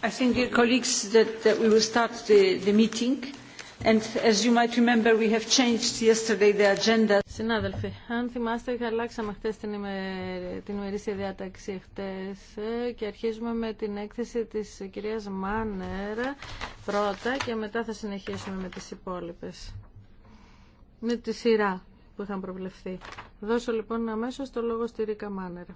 I think, dear colleagues, that we will start the meeting. And as you might remember, we have changed yesterday the agenda. Συνάδελφοι, αν θυμάστε, αλλάξαμε χτες την, ημερη, την ημερήσια διάταξη χτες ε, και αρχίζουμε με την έκθεση της κυρίας Μάνερ πρώτα και μετά θα συνεχίσουμε με τις υπόλοιπες. Με τη σειρά που είχαν προβλεφθεί. Δώσω λοιπόν αμέσως το λόγο στη Ρίκα Μάνερ.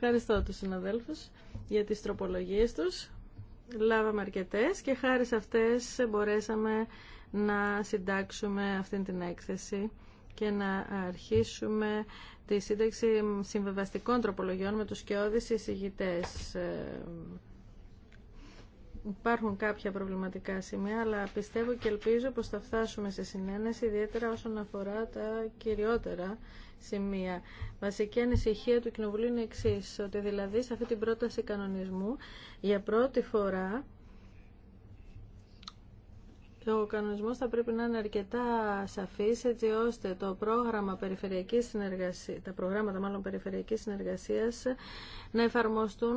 Ευχαριστώ τους συναδέλφους για τις τροπολογίες τους. Λάβαμε αρκετές και χάρη σε αυτές μπορέσαμε να συντάξουμε αυτή την έκθεση και να αρχίσουμε τη σύνταξη συμβεβαστικών τροπολογιών με τους σκιώδεις εισηγητές. Ε, υπάρχουν κάποια προβληματικά σημεία, αλλά πιστεύω και ελπίζω πως θα φτάσουμε σε συνένεση, ιδιαίτερα όσον αφορά τα κυριότερα σημεία. Βασική ανησυχία του Κοινοβουλίου είναι εξή, ότι δηλαδή σε αυτή την πρόταση κανονισμού για πρώτη φορά ο κανονισμός θα πρέπει να είναι αρκετά σαφής έτσι ώστε το πρόγραμμα περιφερειακής συνεργασίας, τα προγράμματα μάλλον περιφερειακής συνεργασίας να εφαρμοστούν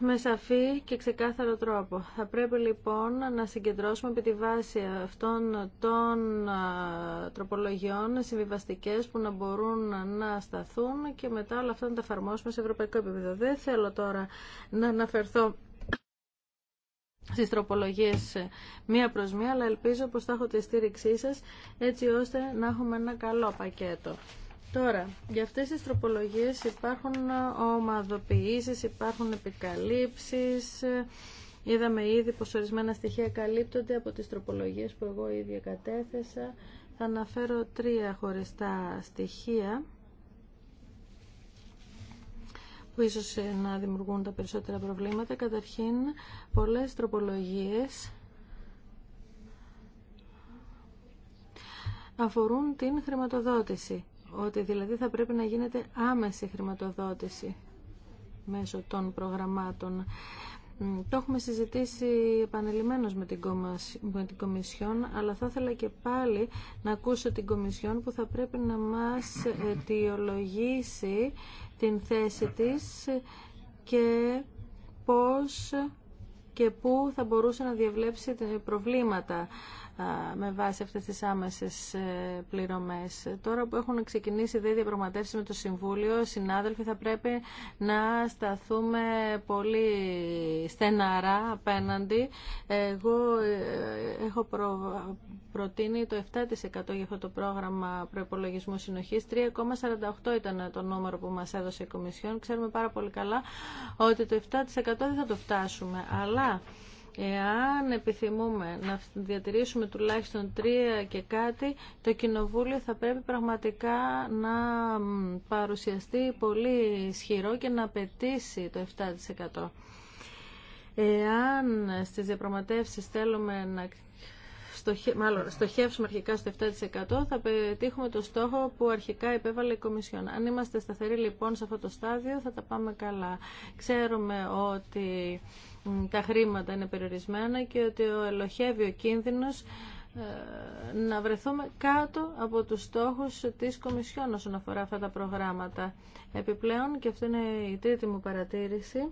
με σαφή και ξεκάθαρο τρόπο. Θα πρέπει λοιπόν να συγκεντρώσουμε επί τη βάση αυτών των τροπολογιών συμβιβαστικέ που να μπορούν να σταθούν και μετά όλα αυτά να τα εφαρμόσουμε σε ευρωπαϊκό επίπεδο. Δεν θέλω τώρα να αναφερθώ στις τροπολογίες μία προς μία, αλλά ελπίζω πως θα έχω τη στήριξή σας έτσι ώστε να έχουμε ένα καλό πακέτο. Τώρα, για αυτές τις τροπολογίες υπάρχουν ομαδοποιήσεις, υπάρχουν επικαλύψεις. Είδαμε ήδη πως ορισμένα στοιχεία καλύπτονται από τις τροπολογίες που εγώ ίδια κατέθεσα. Θα αναφέρω τρία χωριστά στοιχεία που ίσως ε, να δημιουργούν τα περισσότερα προβλήματα. Καταρχήν, πολλές τροπολογίες αφορούν την χρηματοδότηση ότι δηλαδή θα πρέπει να γίνεται άμεση χρηματοδότηση μέσω των προγραμμάτων. Το έχουμε συζητήσει επανελειμμένως με την, με την Κομισιόν, αλλά θα ήθελα και πάλι να ακούσω την Κομισιόν που θα πρέπει να μας αιτιολογήσει την θέση της και πώς και πού θα μπορούσε να διαβλέψει προβλήματα με βάση αυτές τις άμεσες ε, πληρωμές. Τώρα που έχουν ξεκινήσει δύο διαπραγματεύσει με το Συμβούλιο, συνάδελφοι, θα πρέπει να σταθούμε πολύ στεναρά απέναντι. Εγώ ε, έχω προ... προτείνει το 7% για αυτό το πρόγραμμα προπολογισμού συνοχής. 3,48 ήταν το νούμερο που μας έδωσε η Κομισιόν. Ξέρουμε πάρα πολύ καλά ότι το 7% δεν θα το φτάσουμε, αλλά Εάν επιθυμούμε να διατηρήσουμε τουλάχιστον τρία και κάτι, το Κοινοβούλιο θα πρέπει πραγματικά να παρουσιαστεί πολύ ισχυρό και να απαιτήσει το 7%. Εάν στις διαπραγματεύσεις θέλουμε να στοχε... μάλλον, στοχεύσουμε αρχικά στο 7% θα πετύχουμε το στόχο που αρχικά επέβαλε η Κομισιόν. Αν είμαστε σταθεροί λοιπόν σε αυτό το στάδιο θα τα πάμε καλά. Ξέρουμε ότι τα χρήματα είναι περιορισμένα και ότι ο ελοχεύει ο κίνδυνος ε, να βρεθούμε κάτω από τους στόχους της Κομισιόν όσον αφορά αυτά τα προγράμματα. Επιπλέον, και αυτή είναι η τρίτη μου παρατήρηση,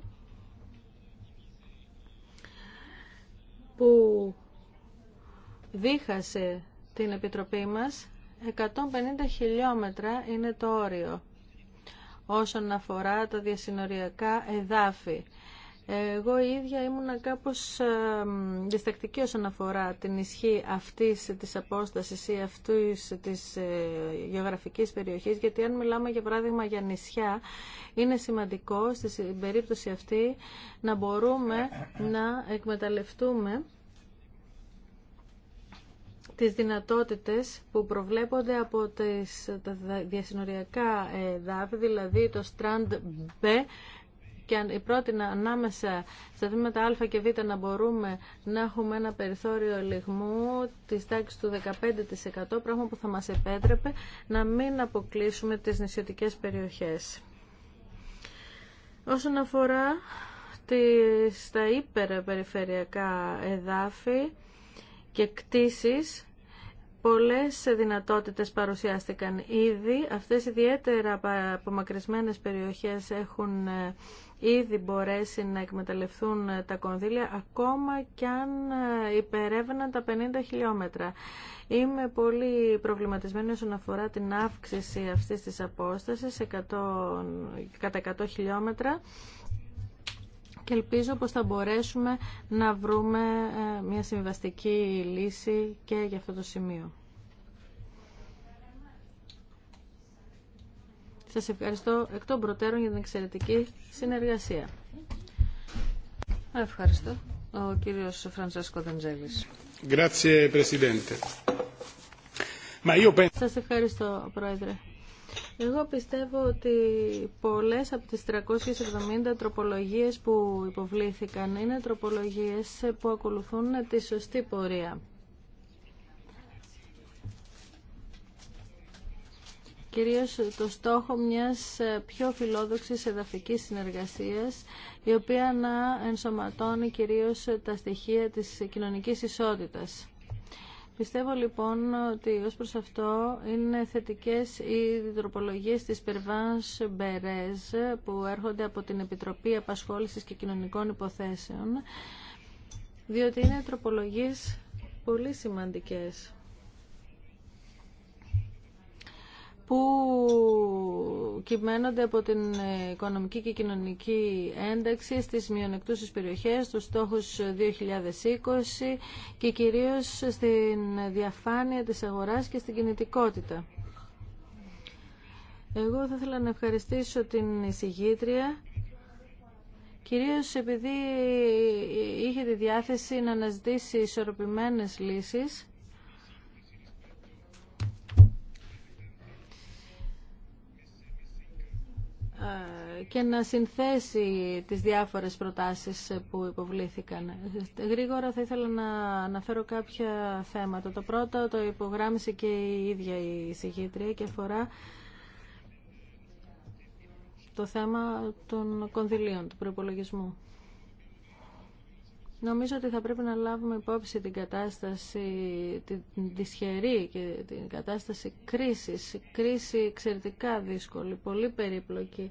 που δίχασε την Επιτροπή μας, 150 χιλιόμετρα είναι το όριο όσον αφορά τα διασυνοριακά εδάφη. Εγώ η ίδια ήμουνα κάπως ε, διστακτική όσον αφορά την ισχύ αυτής της απόστασης ή αυτής της ε, γεωγραφικής περιοχής, γιατί αν μιλάμε για παράδειγμα για νησιά, είναι σημαντικό στην περίπτωση αυτή να μπορούμε να εκμεταλλευτούμε τις δυνατότητες που προβλέπονται από τις, τα διασυνοριακά ε, δάφη, δηλαδή το Strand B, και πρότεινα ανάμεσα στα δήματα Α και Β να μπορούμε να έχουμε ένα περιθώριο ελιγμού της τάξης του 15% πράγμα που θα μας επέτρεπε να μην αποκλείσουμε τις νησιωτικές περιοχές. Όσον αφορά τις, τα υπερπεριφερειακά εδάφη και κτίσεις, πολλές δυνατότητες παρουσιάστηκαν ήδη. Αυτές ιδιαίτερα απομακρυσμένες περιοχές έχουν ε, ήδη μπορέσει να εκμεταλλευτούν τα κονδύλια ακόμα κι αν ε, υπερεύναν τα 50 χιλιόμετρα. Είμαι πολύ προβληματισμένη όσον αφορά την αύξηση αυτής της απόστασης 100, κατά 100 χιλιόμετρα και ελπίζω πως θα μπορέσουμε να βρούμε ε, μια συμβαστική λύση και για αυτό το σημείο. Σας ευχαριστώ εκ των προτέρων για την εξαιρετική συνεργασία. Ευχαριστώ. Ο κύριος Φρανσέσκο Δεντζέλης. Σας ευχαριστώ, Πρόεδρε. Εγώ πιστεύω ότι πολλές από τις 370 τροπολογίες που υποβλήθηκαν είναι τροπολογίες που ακολουθούν τη σωστή πορεία. κυρίως το στόχο μιας ε, πιο φιλόδοξης εδαφικής συνεργασίας, η οποία να ενσωματώνει κυρίως ε, τα στοιχεία της κοινωνικής ισότητας. Πιστεύω λοιπόν ότι ως προς αυτό είναι θετικές οι τροπολογίες της Περβάνς Μπερέζ, που έρχονται από την Επιτροπή Απασχόλησης και Κοινωνικών Υποθέσεων διότι είναι τροπολογίες πολύ σημαντικές. που κυμαίνονται από την οικονομική και κοινωνική ένταξη στις μειονεκτούσες περιοχές, στους στόχους 2020 και κυρίως στην διαφάνεια της αγοράς και στην κινητικότητα. Εγώ θα ήθελα να ευχαριστήσω την εισηγήτρια κυρίως επειδή είχε τη διάθεση να αναζητήσει ισορροπημένες λύσεις και να συνθέσει τις διάφορες προτάσεις που υποβλήθηκαν. Γρήγορα θα ήθελα να αναφέρω κάποια θέματα. Το πρώτο το υπογράμμισε και η ίδια η συγχύτρια και αφορά το θέμα των κονδυλίων, του προπολογισμού. Νομίζω ότι θα πρέπει να λάβουμε υπόψη την κατάσταση, την δυσχερή και την κατάσταση κρίσης. Κρίση εξαιρετικά δύσκολη, πολύ περίπλοκη,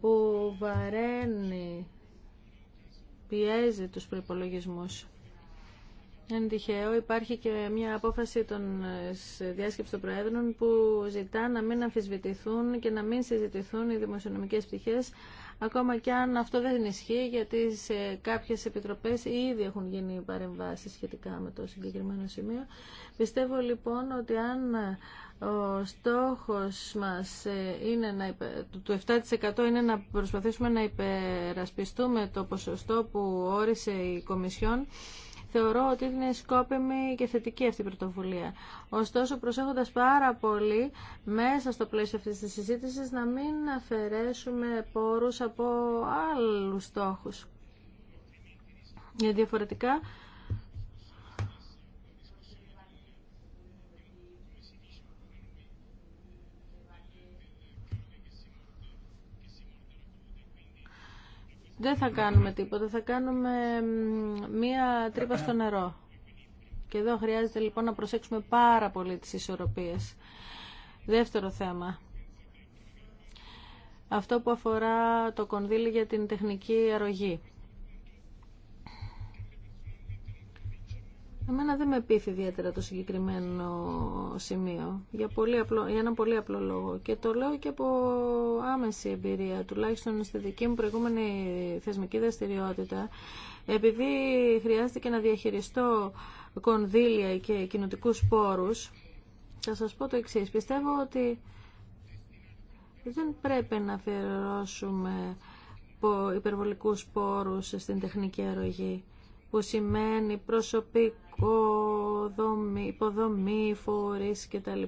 που βαραίνει, πιέζει τους προϋπολογισμούς. Είναι τυχαίο. Υπάρχει και μια απόφαση των ε, διάσκεψη των Προέδρων που ζητά να μην αμφισβητηθούν και να μην συζητηθούν οι δημοσιονομικές πτυχές ακόμα και αν αυτό δεν ισχύει γιατί σε κάποιες επιτροπές ήδη έχουν γίνει παρεμβάσεις σχετικά με το συγκεκριμένο σημείο. Πιστεύω λοιπόν ότι αν ο στόχος μας ε, είναι να, 7% είναι να προσπαθήσουμε να υπερασπιστούμε το ποσοστό που όρισε η Κομισιόν, θεωρώ ότι είναι σκόπιμη και θετική αυτή η πρωτοβουλία. Ωστόσο, προσέχοντας πάρα πολύ μέσα στο πλαίσιο αυτής της συζήτησης να μην αφαιρέσουμε πόρους από άλλους στόχους. Γιατί διαφορετικά δεν θα κάνουμε τίποτα, θα κάνουμε μία τρύπα στο νερό. Και εδώ χρειάζεται λοιπόν να προσέξουμε πάρα πολύ τις ισορροπίες. Δεύτερο θέμα. Αυτό που αφορά το κονδύλι για την τεχνική αρρωγή. Εμένα δεν με πείθει ιδιαίτερα το συγκεκριμένο σημείο, για, πολύ απλό, για ένα πολύ απλό λόγο. Και το λέω και από άμεση εμπειρία, τουλάχιστον στη δική μου προηγούμενη θεσμική δραστηριότητα, επειδή χρειάστηκε να διαχειριστώ κονδύλια και κοινωτικούς πόρους, θα σας πω το εξή. Πιστεύω ότι δεν πρέπει να αφιερώσουμε υπερβολικούς πόρους στην τεχνική αρρωγή που σημαίνει προσωπικό υποδομή, υποδομή, φορείς κτλ.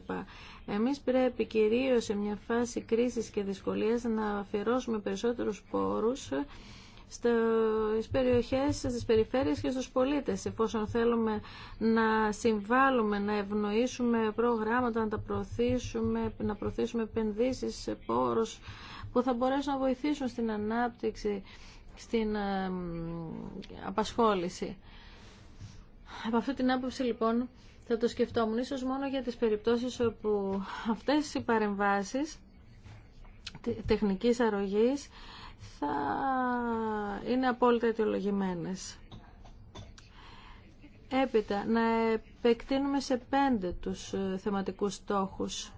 Εμείς πρέπει κυρίως σε μια φάση κρίσης και δυσκολίας να αφιερώσουμε περισσότερους πόρους στις περιοχές, στις περιφέρειες και στους πολίτες εφόσον θέλουμε να συμβάλλουμε, να ευνοήσουμε προγράμματα, να τα προωθήσουμε, να προωθήσουμε επενδύσεις, πόρους που θα μπορέσουν να βοηθήσουν στην ανάπτυξη, στην ε, απασχόληση. Από αυτή την άποψη λοιπόν θα το σκεφτόμουν ίσως μόνο για τις περιπτώσεις όπου αυτές οι παρεμβάσεις τεχνικής αρρωγής θα είναι απόλυτα αιτιολογημένες. Έπειτα, να επεκτείνουμε σε πέντε τους ε, θεματικούς στόχους.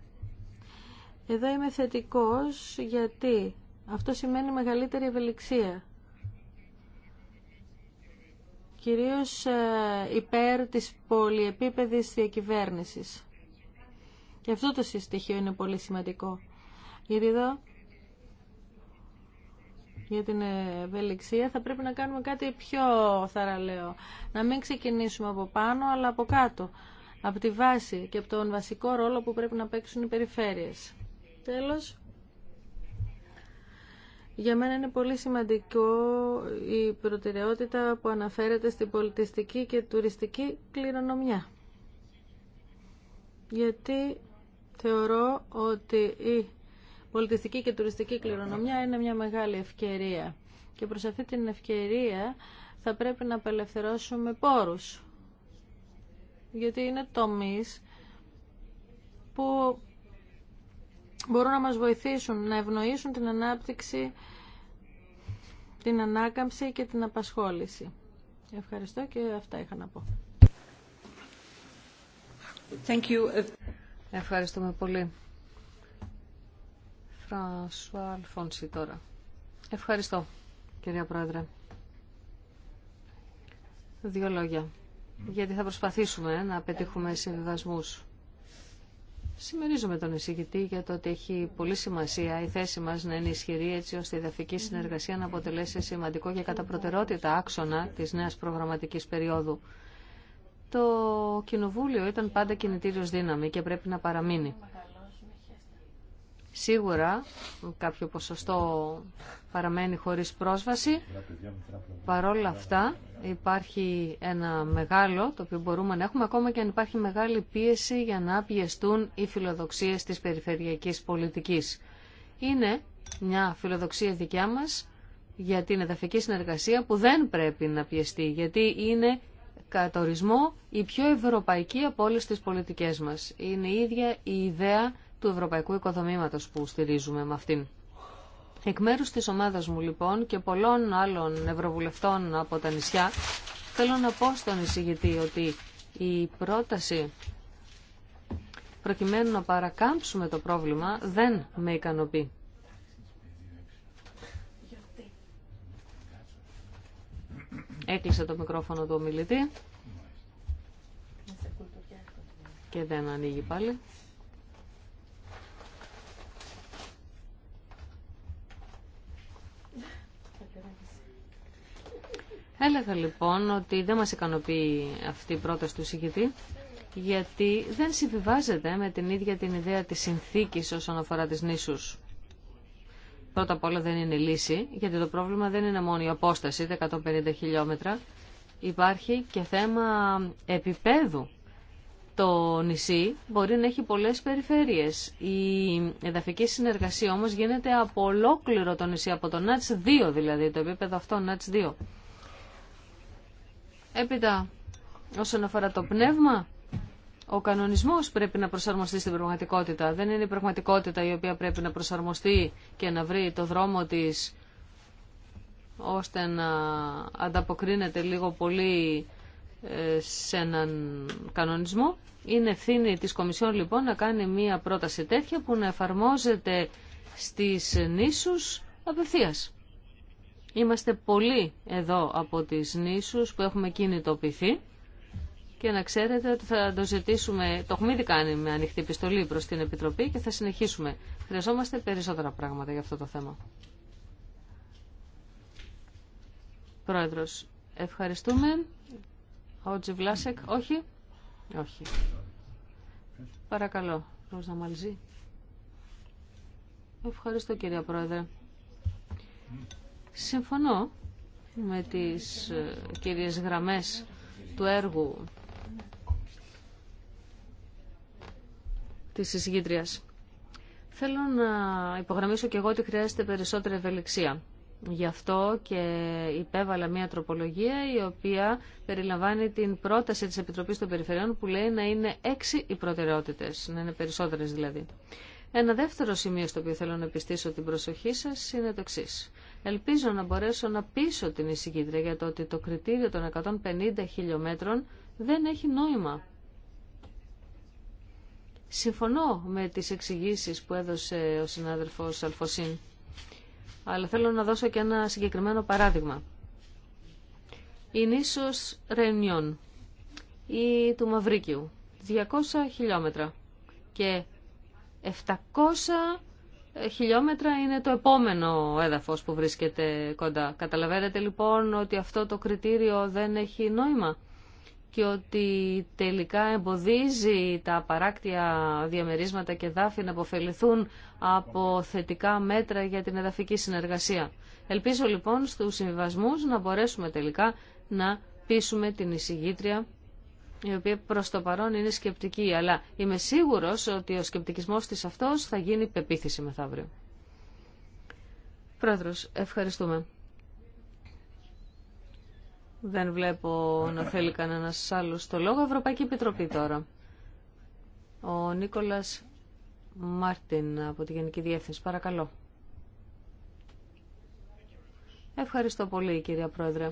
Εδώ είμαι θετικός γιατί αυτό σημαίνει μεγαλύτερη ευελιξία κυρίως ε, υπέρ της πολυεπίπεδης διακυβέρνησης. Και αυτό το συστοιχείο είναι πολύ σημαντικό. Γιατί εδώ για την ευελιξία θα πρέπει να κάνουμε κάτι πιο θαραλέο. Να μην ξεκινήσουμε από πάνω αλλά από κάτω. Από τη βάση και από τον βασικό ρόλο που πρέπει να παίξουν οι περιφέρειες. Τέλος. Για μένα είναι πολύ σημαντικό η προτεραιότητα που αναφέρεται στην πολιτιστική και τουριστική κληρονομιά. Γιατί θεωρώ ότι η πολιτιστική και τουριστική κληρονομιά είναι μια μεγάλη ευκαιρία. Και προς αυτή την ευκαιρία θα πρέπει να απελευθερώσουμε πόρους. Γιατί είναι τομείς που μπορούν να μας βοηθήσουν να ευνοήσουν την ανάπτυξη, την ανάκαμψη και την απασχόληση. Ευχαριστώ και αυτά είχα να πω. Thank you. Ευχαριστούμε πολύ. Φρανσουά Αλφόνση τώρα. Ευχαριστώ, κυρία Πρόεδρε. Δύο λόγια. Γιατί θα προσπαθήσουμε να πετύχουμε συμβιβασμούς. Συμμερίζομαι τον εισηγητή για το ότι έχει πολύ σημασία η θέση μας να είναι ισχυρή έτσι ώστε η δαφική συνεργασία να αποτελέσει σημαντικό και κατά προτερότητα άξονα της νέας προγραμματικής περίοδου. Το Κοινοβούλιο ήταν πάντα κινητήριος δύναμη και πρέπει να παραμείνει. Σίγουρα κάποιο ποσοστό παραμένει χωρίς πρόσβαση. Παρόλα αυτά υπάρχει ένα μεγάλο το οποίο μπορούμε να έχουμε ακόμα και αν υπάρχει μεγάλη πίεση για να πιεστούν οι φιλοδοξίες της περιφερειακής πολιτικής. Είναι μια φιλοδοξία δικιά μας για την εδαφική συνεργασία που δεν πρέπει να πιεστεί γιατί είναι κατορισμό η πιο ευρωπαϊκή από όλες τις πολιτικές μας. Είναι η ίδια η ιδέα του ευρωπαϊκού οικοδομήματος που στηρίζουμε με αυτήν. Εκ μέρους της ομάδας μου λοιπόν και πολλών άλλων ευρωβουλευτών από τα νησιά θέλω να πω στον εισηγητή ότι η πρόταση προκειμένου να παρακάμψουμε το πρόβλημα δεν με ικανοποιεί. Έκλεισε το μικρόφωνο του ομιλητή και δεν ανοίγει πάλι. Έλεγα λοιπόν ότι δεν μας ικανοποιεί αυτή η πρόταση του συγκητή γιατί δεν συμβιβάζεται με την ίδια την ιδέα της συνθήκης όσον αφορά τις νήσους. Πρώτα απ' όλα δεν είναι λύση, γιατί το πρόβλημα δεν είναι μόνο η απόσταση, 150 χιλιόμετρα. Υπάρχει και θέμα επίπεδου. Το νησί μπορεί να έχει πολλές περιφέρειες. Η εδαφική συνεργασία όμως γίνεται από ολόκληρο το νησί, από το ΝΑΤΣ 2 δηλαδή, το επίπεδο αυτό ΝΑΤΣ 2. Έπειτα, όσον αφορά το πνεύμα, ο κανονισμός πρέπει να προσαρμοστεί στην πραγματικότητα. Δεν είναι η πραγματικότητα η οποία πρέπει να προσαρμοστεί και να βρει το δρόμο της ώστε να ανταποκρίνεται λίγο πολύ ε, σε έναν κανονισμό. Είναι ευθύνη της Κομισιόν λοιπόν να κάνει μία πρόταση τέτοια που να εφαρμόζεται στις νήσους απευθείας. Είμαστε πολλοί εδώ από τις νήσους που έχουμε κινητοποιηθεί και να ξέρετε ότι θα το ζητήσουμε, το έχουμε ήδη κάνει με ανοιχτή επιστολή προς την Επιτροπή και θα συνεχίσουμε. Χρειαζόμαστε περισσότερα πράγματα για αυτό το θέμα. Πρόεδρος, ευχαριστούμε. Ο Τζιβλάσεκ, όχι. Όχι. Παρακαλώ, Ρόζα Μαλζή. Ευχαριστώ κυρία Πρόεδρε. Συμφωνώ με τις ε, κυρίες γραμμές του έργου της εισηγήτριας. Θέλω να υπογραμμίσω και εγώ ότι χρειάζεται περισσότερη ευελιξία. Γι' αυτό και υπέβαλα μια τροπολογία η οποία περιλαμβάνει την πρόταση της Επιτροπής των Περιφερειών που λέει να είναι έξι οι προτεραιότητες, να είναι περισσότερες δηλαδή. Ένα δεύτερο σημείο στο οποίο θέλω να επιστήσω την προσοχή σας είναι το εξή. Ελπίζω να μπορέσω να πείσω την εισηγήτρια για το ότι το κριτήριο των 150 χιλιόμετρων δεν έχει νόημα. Συμφωνώ με τις εξηγήσει που έδωσε ο συνάδελφος Αλφωσίν, αλλά θέλω να δώσω και ένα συγκεκριμένο παράδειγμα. Η νήσος Ρενιόν ή του Μαυρίκιου, 200 χιλιόμετρα και 700 χιλιόμετρα είναι το επόμενο έδαφος που βρίσκεται κοντά. Καταλαβαίνετε λοιπόν ότι αυτό το κριτήριο δεν έχει νόημα και ότι τελικά εμποδίζει τα παράκτια διαμερίσματα και δάφη να αποφεληθούν από θετικά μέτρα για την εδαφική συνεργασία. Ελπίζω λοιπόν στους συμβιβασμούς να μπορέσουμε τελικά να πείσουμε την εισηγήτρια η οποία προ το παρόν είναι σκεπτική, αλλά είμαι σίγουρος ότι ο σκεπτικισμός της αυτός θα γίνει πεποίθηση μεθαύριο. Πρόεδρο, ευχαριστούμε. Δεν βλέπω να θέλει κανένα άλλο το λόγο. Ευρωπαϊκή Επιτροπή τώρα. Ο Νίκολας Μάρτιν από τη Γενική Διεύθυνση. Παρακαλώ. Ευχαριστώ πολύ κυρία Πρόεδρε.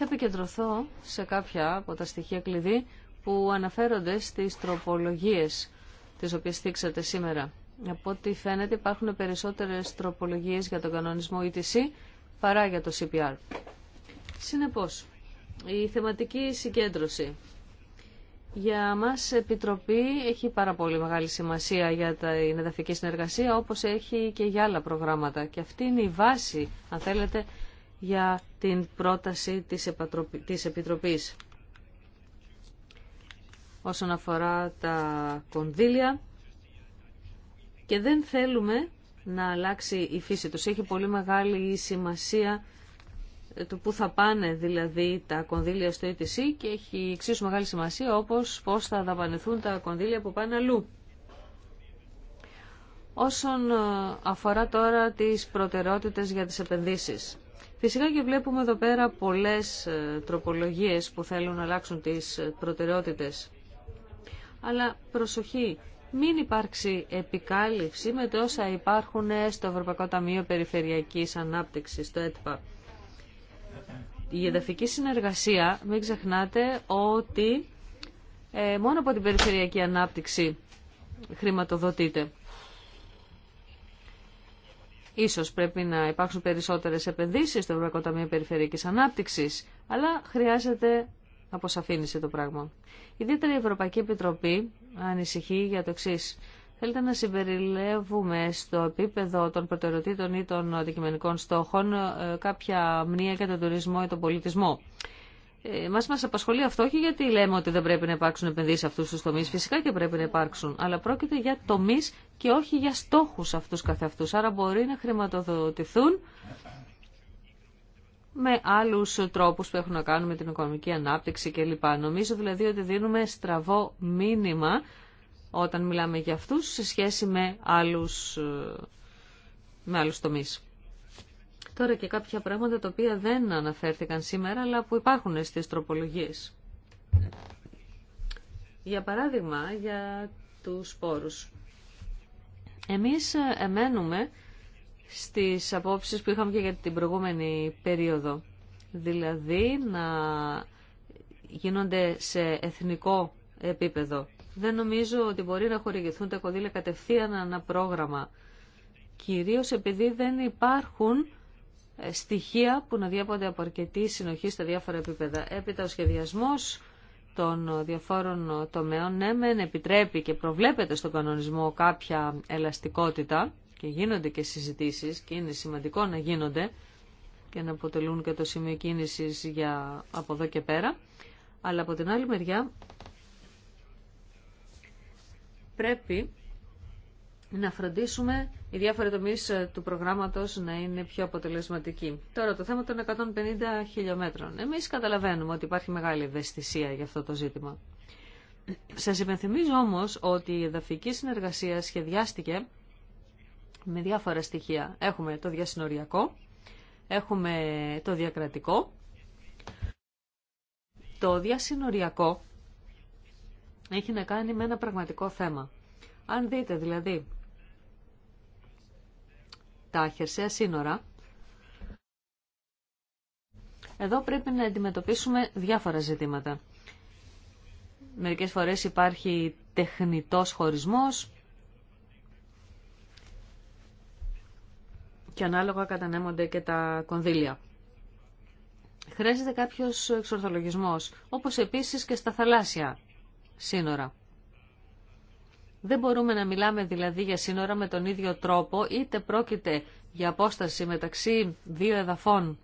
Θα επικεντρωθώ σε κάποια από τα στοιχεία κλειδί που αναφέρονται στις τροπολογίες τις οποίες θίξατε σήμερα. Από ό,τι φαίνεται υπάρχουν περισσότερες τροπολογίες για τον κανονισμό ETC παρά για το CPR. Συνεπώς, η θεματική συγκέντρωση. Για μας Επιτροπή έχει πάρα πολύ μεγάλη σημασία για την εδαφική συνεργασία όπως έχει και για άλλα προγράμματα. Και αυτή είναι η βάση, αν θέλετε, για την πρόταση της Επιτροπής. Όσον αφορά τα κονδύλια και δεν θέλουμε να αλλάξει η φύση τους. Έχει πολύ μεγάλη σημασία ε, το που θα πάνε δηλαδή τα κονδύλια στο ETC ε και έχει εξίσου μεγάλη σημασία όπως πώς θα δαπανηθούν τα κονδύλια που πάνε αλλού. Όσον ε, αφορά τώρα τις προτεραιότητες για τις επενδύσεις. Φυσικά και βλέπουμε εδώ πέρα πολλές ε, τροπολογίες που θέλουν να αλλάξουν τις ε, προτεραιότητες. Αλλά προσοχή, μην υπάρξει επικάλυψη με τόσα υπάρχουν ε, στο Ευρωπαϊκό Ταμείο Περιφερειακής Ανάπτυξης, το ΕΤΠΑ. Η εδαφική συνεργασία, μην ξεχνάτε ότι μόνο από την περιφερειακή ανάπτυξη χρηματοδοτείται. Ίσως πρέπει να υπάρξουν περισσότερες επενδύσεις στο Ευρωπαϊκό Ταμείο Περιφερειακής Ανάπτυξης, αλλά χρειάζεται αποσαφήνιση το πράγμα. Ιδιαίτερα η Ευρωπαϊκή Επιτροπή ανησυχεί για το εξή. Θέλετε να συμπεριλεύουμε στο επίπεδο των προτεραιοτήτων ή των αντικειμενικών στόχων ε, κάποια μνήμα για τον τουρισμό ή τον πολιτισμό. Ε, μας μας απασχολεί αυτό όχι γιατί λέμε ότι δεν πρέπει να υπάρξουν επενδύσεις σε αυτούς τους τομείς. Φυσικά και πρέπει να υπάρξουν, αλλά πρόκειται για τομείς και όχι για στόχους αυτούς καθεαυτούς. Άρα μπορεί να χρηματοδοτηθούν με άλλους τρόπους που έχουν να κάνουν με την οικονομική ανάπτυξη κλπ. Νομίζω δηλαδή ότι δίνουμε στραβό μήνυμα όταν μιλάμε για αυτούς σε σχέση με άλλους, ε, με άλλους τομείς. Τώρα και κάποια πράγματα τα οποία δεν αναφέρθηκαν σήμερα, αλλά που υπάρχουν στις τροπολογίες. Για παράδειγμα, για τους σπόρους. Εμείς ε, εμένουμε στις απόψεις που είχαμε και για την προηγούμενη περίοδο. Δηλαδή να γίνονται σε εθνικό επίπεδο. Δεν νομίζω ότι μπορεί να χορηγηθούν τα κονδύλια κατευθείαν ένα πρόγραμμα. Κυρίως επειδή δεν υπάρχουν στοιχεία που να διέπονται από αρκετή συνοχή στα διάφορα επίπεδα. Έπειτα ο σχεδιασμός των διαφόρων τομέων, ναι, μεν επιτρέπει και προβλέπεται στον κανονισμό κάποια ελαστικότητα και γίνονται και συζητήσεις και είναι σημαντικό να γίνονται και να αποτελούν και το σημείο κίνησης για από εδώ και πέρα. Αλλά από την άλλη μεριά πρέπει να φροντίσουμε οι διάφοροι τομείς ε, του προγράμματος να είναι πιο αποτελεσματικοί. Τώρα το θέμα των 150 χιλιόμετρων. Εμείς καταλαβαίνουμε ότι υπάρχει μεγάλη ευαισθησία για αυτό το ζήτημα. Σας υπενθυμίζω όμως ότι η εδαφική συνεργασία σχεδιάστηκε με διάφορα στοιχεία. Έχουμε το διασυνοριακό, έχουμε το διακρατικό. Το διασυνοριακό έχει να κάνει με ένα πραγματικό θέμα. Αν δείτε δηλαδή τα χερσαία σύνορα, εδώ πρέπει να αντιμετωπίσουμε διάφορα ζητήματα. Μερικές φορές υπάρχει τεχνητός χωρισμός και ανάλογα κατανέμονται και τα κονδύλια. Χρειάζεται κάποιος εξορθολογισμός, όπως επίσης και στα θαλάσσια σύνορα. Δεν μπορούμε να μιλάμε δηλαδή για σύνορα με τον ίδιο τρόπο, είτε πρόκειται για απόσταση μεταξύ δύο εδαφών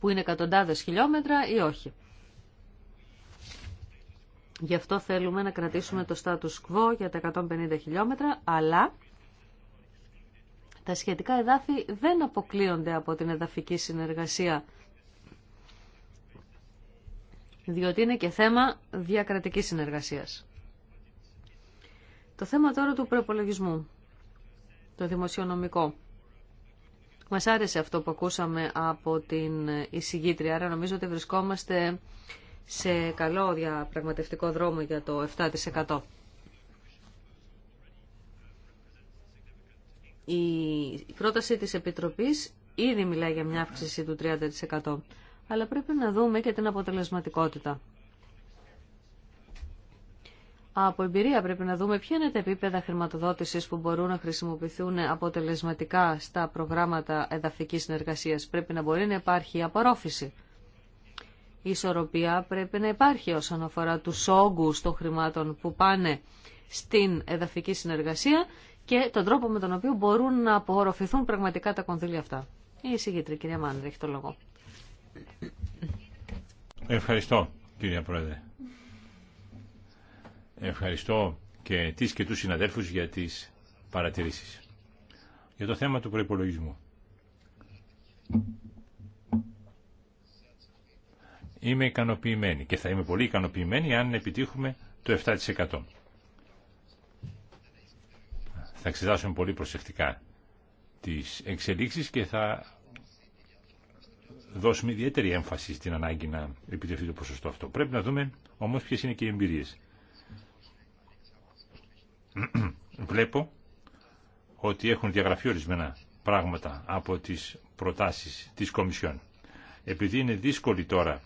που είναι εκατοντάδες χιλιόμετρα ή όχι. Γι' αυτό θέλουμε να κρατήσουμε το status quo για τα 150 χιλιόμετρα, αλλά τα σχετικά εδάφη δεν αποκλείονται από την εδαφική συνεργασία, διότι είναι και θέμα διακρατικής συνεργασίας. Το θέμα τώρα του προπολογισμού, το δημοσιονομικό. Μας άρεσε αυτό που ακούσαμε από την εισηγήτρια, άρα νομίζω ότι βρισκόμαστε σε καλό διαπραγματευτικό δρόμο για το 7%. Η πρόταση της Επιτροπής ήδη μιλάει για μια αύξηση του 30%. Αλλά πρέπει να δούμε και την αποτελεσματικότητα από εμπειρία πρέπει να δούμε ποια είναι τα επίπεδα χρηματοδότησης που μπορούν να χρησιμοποιηθούν αποτελεσματικά στα προγράμματα εδαφικής συνεργασίας. Πρέπει να μπορεί να υπάρχει απορρόφηση. Η ισορροπία πρέπει να υπάρχει όσον αφορά τους όγκους των χρημάτων που πάνε στην εδαφική συνεργασία και τον τρόπο με τον οποίο μπορούν να απορροφηθούν πραγματικά τα κονδύλια αυτά. Η εισηγήτρια, κυρία Μάνερ, έχει το λόγο. Ευχαριστώ, κυρία Πρόεδρε. Ευχαριστώ και τις και τους συναδέλφους για τις παρατηρήσεις. Για το θέμα του προϋπολογισμού. Είμαι ικανοποιημένη και θα είμαι πολύ ικανοποιημένη αν επιτύχουμε το 7%. Θα εξετάσουμε πολύ προσεκτικά τις εξελίξεις και θα δώσουμε ιδιαίτερη έμφαση στην ανάγκη να επιτευχθεί το ποσοστό αυτό. Πρέπει να δούμε όμως ποιες είναι και οι εμπειρίες. βλέπω ότι έχουν διαγραφεί ορισμένα πράγματα από τις προτάσεις της Κομισιόν. Επειδή είναι δύσκολη τώρα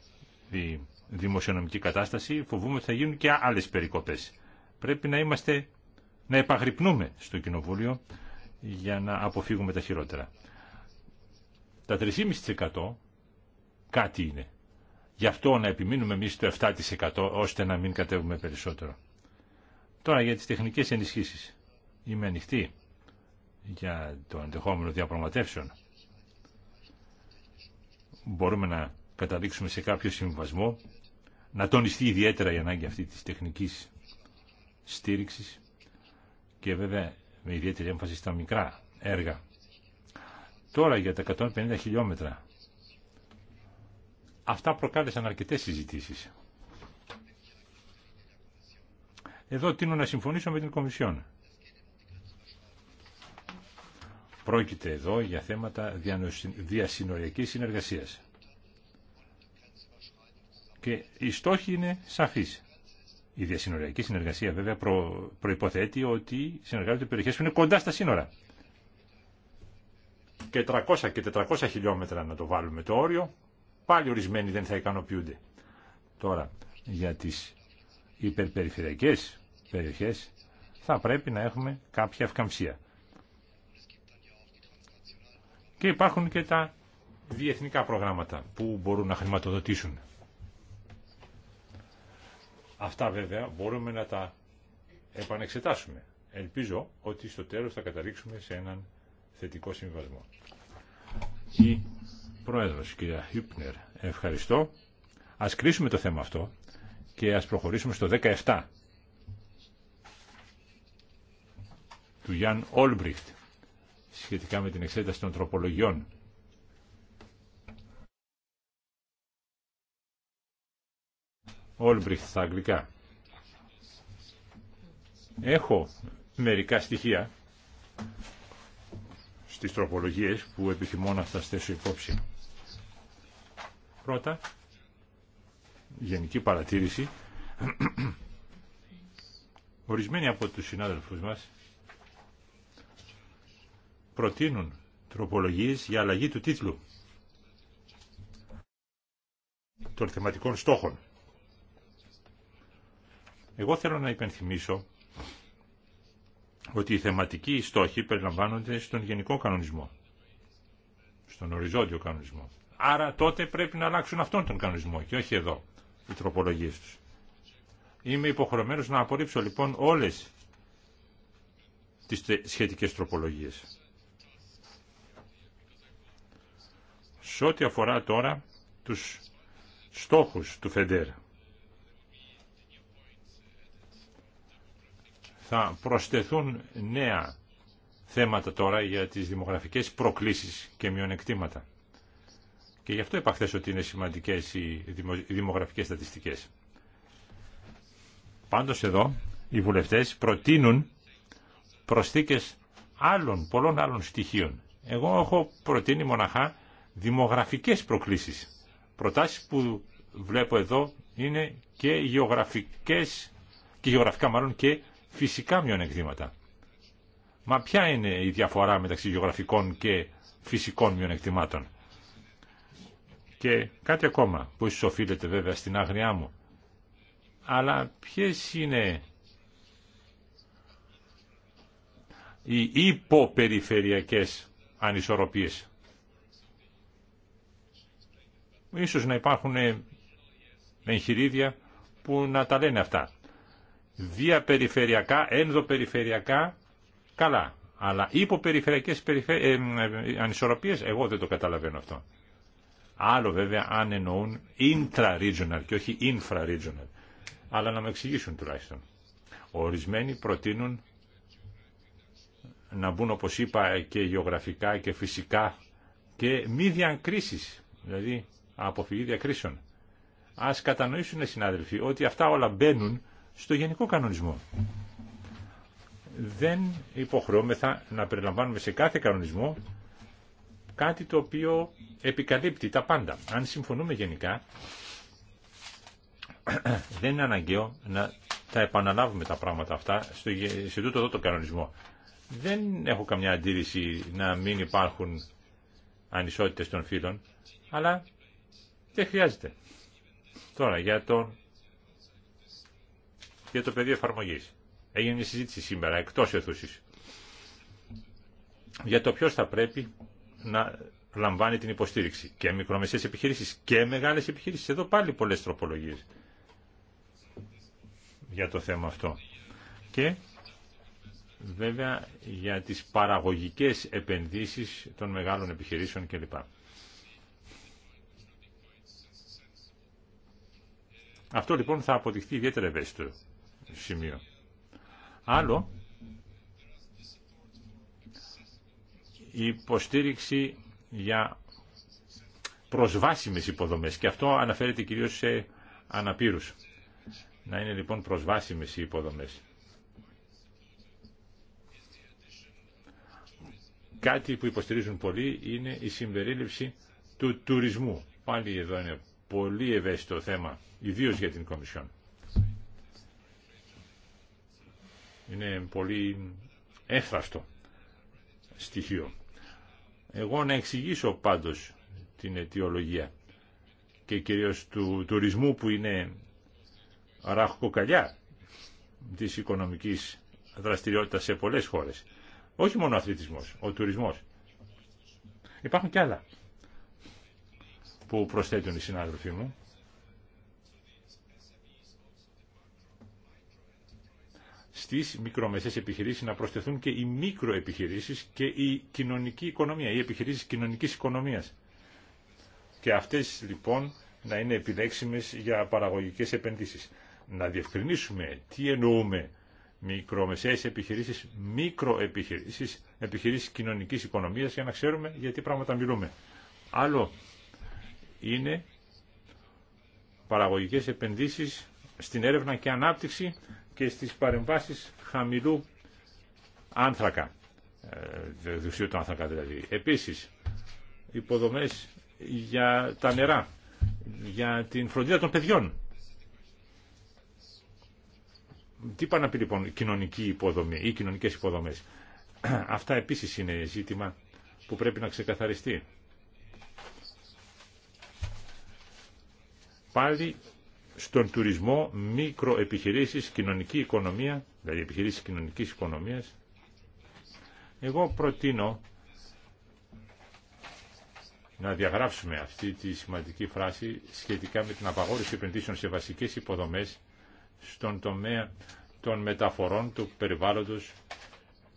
η δημοσιονομική κατάσταση, φοβούμαι ότι θα γίνουν και άλλες περικοπές. Πρέπει να είμαστε, να επαγρυπνούμε στο Κοινοβούλιο για να αποφύγουμε τα χειρότερα. Τα 3,5% κάτι είναι. Γι' αυτό να επιμείνουμε εμεί το 7% ώστε να μην κατέβουμε περισσότερο. Τώρα για τις τεχνικές ενισχύσεις. Είμαι ανοιχτή για το ενδεχόμενο διαπραγματεύσεων. Μπορούμε να καταλήξουμε σε κάποιο συμβασμό, να τονιστεί ιδιαίτερα η ανάγκη αυτή της τεχνικής στήριξης και βέβαια με ιδιαίτερη έμφαση στα μικρά έργα. Τώρα για τα 150 χιλιόμετρα. Αυτά προκάλεσαν αρκετές συζητήσεις. Εδώ τίνω να συμφωνήσω με την Κομισιόν. Πρόκειται εδώ για θέματα διασυνοριακής συνεργασίας. Και η στόχη είναι σαφής. Η διασυνοριακή συνεργασία βέβαια προ, προϋποθέτει ότι συνεργάζονται περιοχές που είναι κοντά στα σύνορα. Και 300 και 400 χιλιόμετρα να το βάλουμε το όριο, πάλι ορισμένοι δεν θα ικανοποιούνται. Τώρα, για τις υπερπεριφερειακές περιοχές θα πρέπει να έχουμε κάποια ευκαμψία. Και υπάρχουν και τα διεθνικά προγράμματα που μπορούν να χρηματοδοτήσουν. Αυτά βέβαια μπορούμε να τα επανεξετάσουμε. Ελπίζω ότι στο τέλος θα καταλήξουμε σε έναν θετικό συμβασμό. Η Πρόεδρος, κυρία Χίπνερ, ευχαριστώ. Ας κλείσουμε το θέμα αυτό και ας προχωρήσουμε στο 17 του Γιάνν Όλμπριχτ σχετικά με την εξέταση των τροπολογιών. Όλμπριχτ στα αγγλικά. Έχω μερικά στοιχεία στις τροπολογίες που επιθυμώ να σας θέσω υπόψη. Πρώτα, γενική παρατήρηση. Ορισμένοι από τους συνάδελφους μας προτείνουν τροπολογίες για αλλαγή του τίτλου των θεματικών στόχων. Εγώ θέλω να υπενθυμίσω ότι οι θεματικοί στόχοι περιλαμβάνονται στον γενικό κανονισμό, στον οριζόντιο κανονισμό. Άρα τότε πρέπει να αλλάξουν αυτόν τον κανονισμό και όχι εδώ οι Είμαι υποχρεωμένο να απορρίψω λοιπόν όλες τις σχετικές τροπολογίες. Σε ό,τι αφορά τώρα τους στόχους του ΦΕΝΤΕΡ. Θα προσθεθούν νέα θέματα τώρα για τις δημογραφικές προκλήσεις και μειονεκτήματα. Και γι' αυτό επαχθέσω ότι είναι σημαντικές οι δημογραφικές στατιστικές. Πάντως εδώ οι βουλευτές προτείνουν προσθήκες άλλων, πολλών άλλων στοιχείων. Εγώ έχω προτείνει μοναχά δημογραφικές προκλήσεις. Προτάσεις που βλέπω εδώ είναι και γεωγραφικές και γεωγραφικά μάλλον και φυσικά μειονεκτήματα. Μα ποια είναι η διαφορά μεταξύ γεωγραφικών και φυσικών μειονεκτημάτων. Και κάτι ακόμα που ίσως οφείλεται βέβαια στην άγριά μου. Αλλά ποιες είναι οι υποπεριφερειακές ανισορροπίες. Ίσως να υπάρχουν εγχειρίδια που να τα λένε αυτά. Διαπεριφερειακά, ενδοπεριφερειακά, καλά. Αλλά υποπεριφερειακές ε, ε, ανισορροπίες, εγώ δεν το καταλαβαίνω αυτό. Άλλο βέβαια αν εννοούν intra-regional και όχι infra-regional. Αλλά να με εξηγήσουν τουλάχιστον. Ορισμένοι προτείνουν να μπουν όπως είπα και γεωγραφικά και φυσικά και μη διακρίσεις, δηλαδή αποφυγή διακρίσεων. Ας κατανοήσουν συνάδελφοι ότι αυτά όλα μπαίνουν στο γενικό κανονισμό. Δεν υποχρεώμεθα να περιλαμβάνουμε σε κάθε κανονισμό κάτι το οποίο επικαλύπτει τα πάντα. Αν συμφωνούμε γενικά, δεν είναι αναγκαίο να τα επαναλάβουμε τα πράγματα αυτά στο, σε τούτο εδώ το κανονισμό. Δεν έχω καμιά αντίρρηση να μην υπάρχουν ανισότητες των φύλων, αλλά δεν χρειάζεται. Τώρα, για το, για το πεδίο εφαρμογή. Έγινε μια συζήτηση σήμερα, εκτός αιθούσης, για το ποιος θα πρέπει να λαμβάνει την υποστήριξη. Και μικρομεσαίες επιχειρήσεις και μεγάλες επιχειρήσεις. Εδώ πάλι πολλές τροπολογίες για το θέμα αυτό. Και βέβαια για τις παραγωγικές επενδύσεις των μεγάλων επιχειρήσεων κλπ. Αυτό λοιπόν θα αποδειχθεί ιδιαίτερα ευαίσθητο σημείο. Άλλο υποστήριξη για προσβάσιμες υποδομές και αυτό αναφέρεται κυρίως σε αναπήρους. Να είναι λοιπόν προσβάσιμες οι υποδομές. Κάτι που υποστηρίζουν πολλοί είναι η συμπερίληψη του τουρισμού. Πάλι εδώ είναι πολύ ευαίσθητο θέμα, ιδίω για την Κομισιόν. Είναι πολύ έφραστο στοιχείο. Εγώ να εξηγήσω πάντως την αιτιολογία και κυρίως του τουρισμού που είναι ραχοκοκαλιά της οικονομικής δραστηριότητας σε πολλές χώρες. Όχι μόνο ο αθλητισμός, ο τουρισμός. Υπάρχουν και άλλα που προσθέτουν οι συνάδελφοί μου. στις μικρομεσαίες επιχειρήσεις να προσθεθούν και οι μικροεπιχειρήσεις και η κοινωνική οικονομία, οι επιχειρήσεις κοινωνικής οικονομίας. Και αυτές λοιπόν να είναι επιλέξιμες για παραγωγικές επενδύσεις. Να διευκρινίσουμε τι εννοούμε μικρομεσαίες επιχειρήσεις, μικροεπιχειρήσεις, επιχειρήσεις κοινωνικής οικονομίας για να ξέρουμε γιατί πράγματα μιλούμε. Άλλο είναι παραγωγικές επενδύσεις στην έρευνα και ανάπτυξη και στις παρεμβάσεις χαμηλού άνθρακα, ε, δουσίου του άνθρακα δηλαδή. Επίσης, υποδομές για τα νερά, για την φροντίδα των παιδιών. Τι πάνε να πει λοιπόν κοινωνική υποδομή ή κοινωνικές υποδομές. Αυτά επίσης είναι ζήτημα που πρέπει να ξεκαθαριστεί. Πάλι στον τουρισμό μικροεπιχειρήσεις, κοινωνική οικονομία, δηλαδή επιχειρήσεις κοινωνικής οικονομίας. Εγώ προτείνω να διαγράψουμε αυτή τη σημαντική φράση σχετικά με την απαγόρευση επενδύσεων σε βασικές υποδομές στον τομέα των μεταφορών του περιβάλλοντος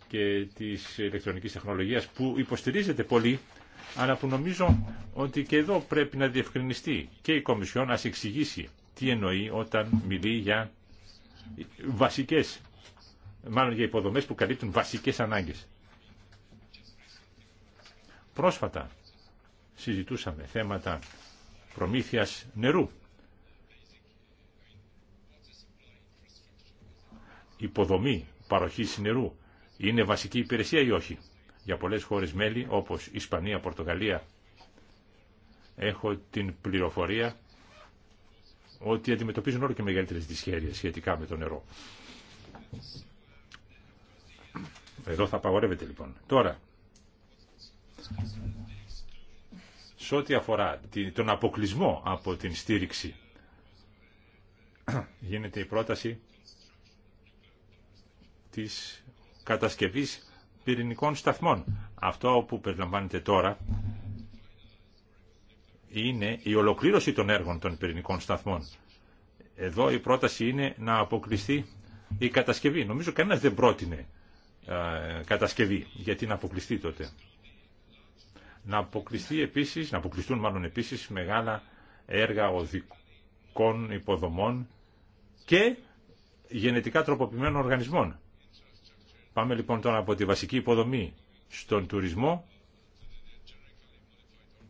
και της ηλεκτρονικής τεχνολογίας που υποστηρίζεται πολύ αλλά που νομίζω ότι και εδώ πρέπει να διευκρινιστεί και η Κομισιόν να εξηγήσει τι εννοεί όταν μιλεί για βασικές, μάλλον για υποδομές που καλύπτουν βασικές ανάγκες. Πρόσφατα συζητούσαμε θέματα προμήθειας νερού. Υποδομή παροχής νερού είναι βασική υπηρεσία ή όχι. Για πολλές χώρες μέλη όπως Ισπανία, Πορτογαλία έχω την πληροφορία ότι αντιμετωπίζουν όλο και μεγαλύτερες δυσχέρειες σχετικά με το νερό. Εδώ θα απαγορεύεται λοιπόν. Τώρα, σε ό,τι αφορά τον αποκλεισμό από την στήριξη, γίνεται η πρόταση της κατασκευής πυρηνικών σταθμών. Αυτό που περιλαμβάνεται τώρα είναι η ολοκλήρωση των έργων των πυρηνικών σταθμών. Εδώ η πρόταση είναι να αποκλειστεί η κατασκευή. Νομίζω κανένα δεν πρότεινε κατασκευή, γιατί να αποκλειστεί τότε. Να αποκλειστεί επίσης, να αποκλειστούν μάλλον επίσης μεγάλα έργα οδικών υποδομών και γενετικά τροποποιημένων οργανισμών. Πάμε λοιπόν τώρα από τη βασική υποδομή στον τουρισμό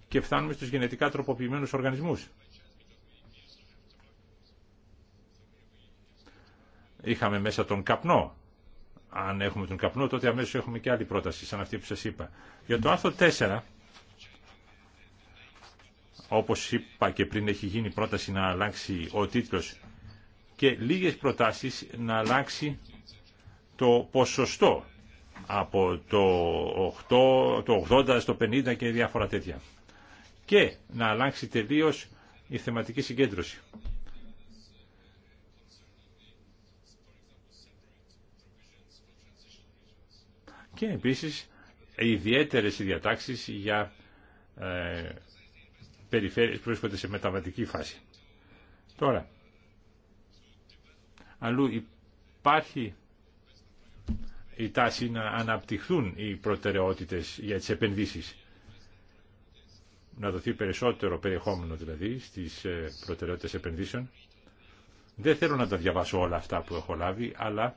και φτάνουμε στους γενετικά τροποποιημένους οργανισμούς. Είχαμε μέσα τον καπνό. Αν έχουμε τον καπνό, τότε αμέσως έχουμε και άλλη πρόταση, σαν αυτή που σας είπα. Για το άρθρο 4, όπως είπα και πριν, έχει γίνει πρόταση να αλλάξει ο τίτλος και λίγες προτάσεις να αλλάξει το ποσοστό από το 8, το 80 στο 50 και διάφορα τέτοια και να αλλάξει τελείως η θεματική συγκέντρωση. Και επίσης ιδιαίτερες διατάξεις για ε, περιφέρειες που βρίσκονται σε μεταβατική φάση. Τώρα, αλλού υπάρχει η τάση να αναπτυχθούν οι προτεραιότητες για τις επενδύσεις να δοθεί περισσότερο περιεχόμενο δηλαδή στις ε, προτεραιότητες επενδύσεων. Δεν θέλω να τα διαβάσω όλα αυτά που έχω λάβει, αλλά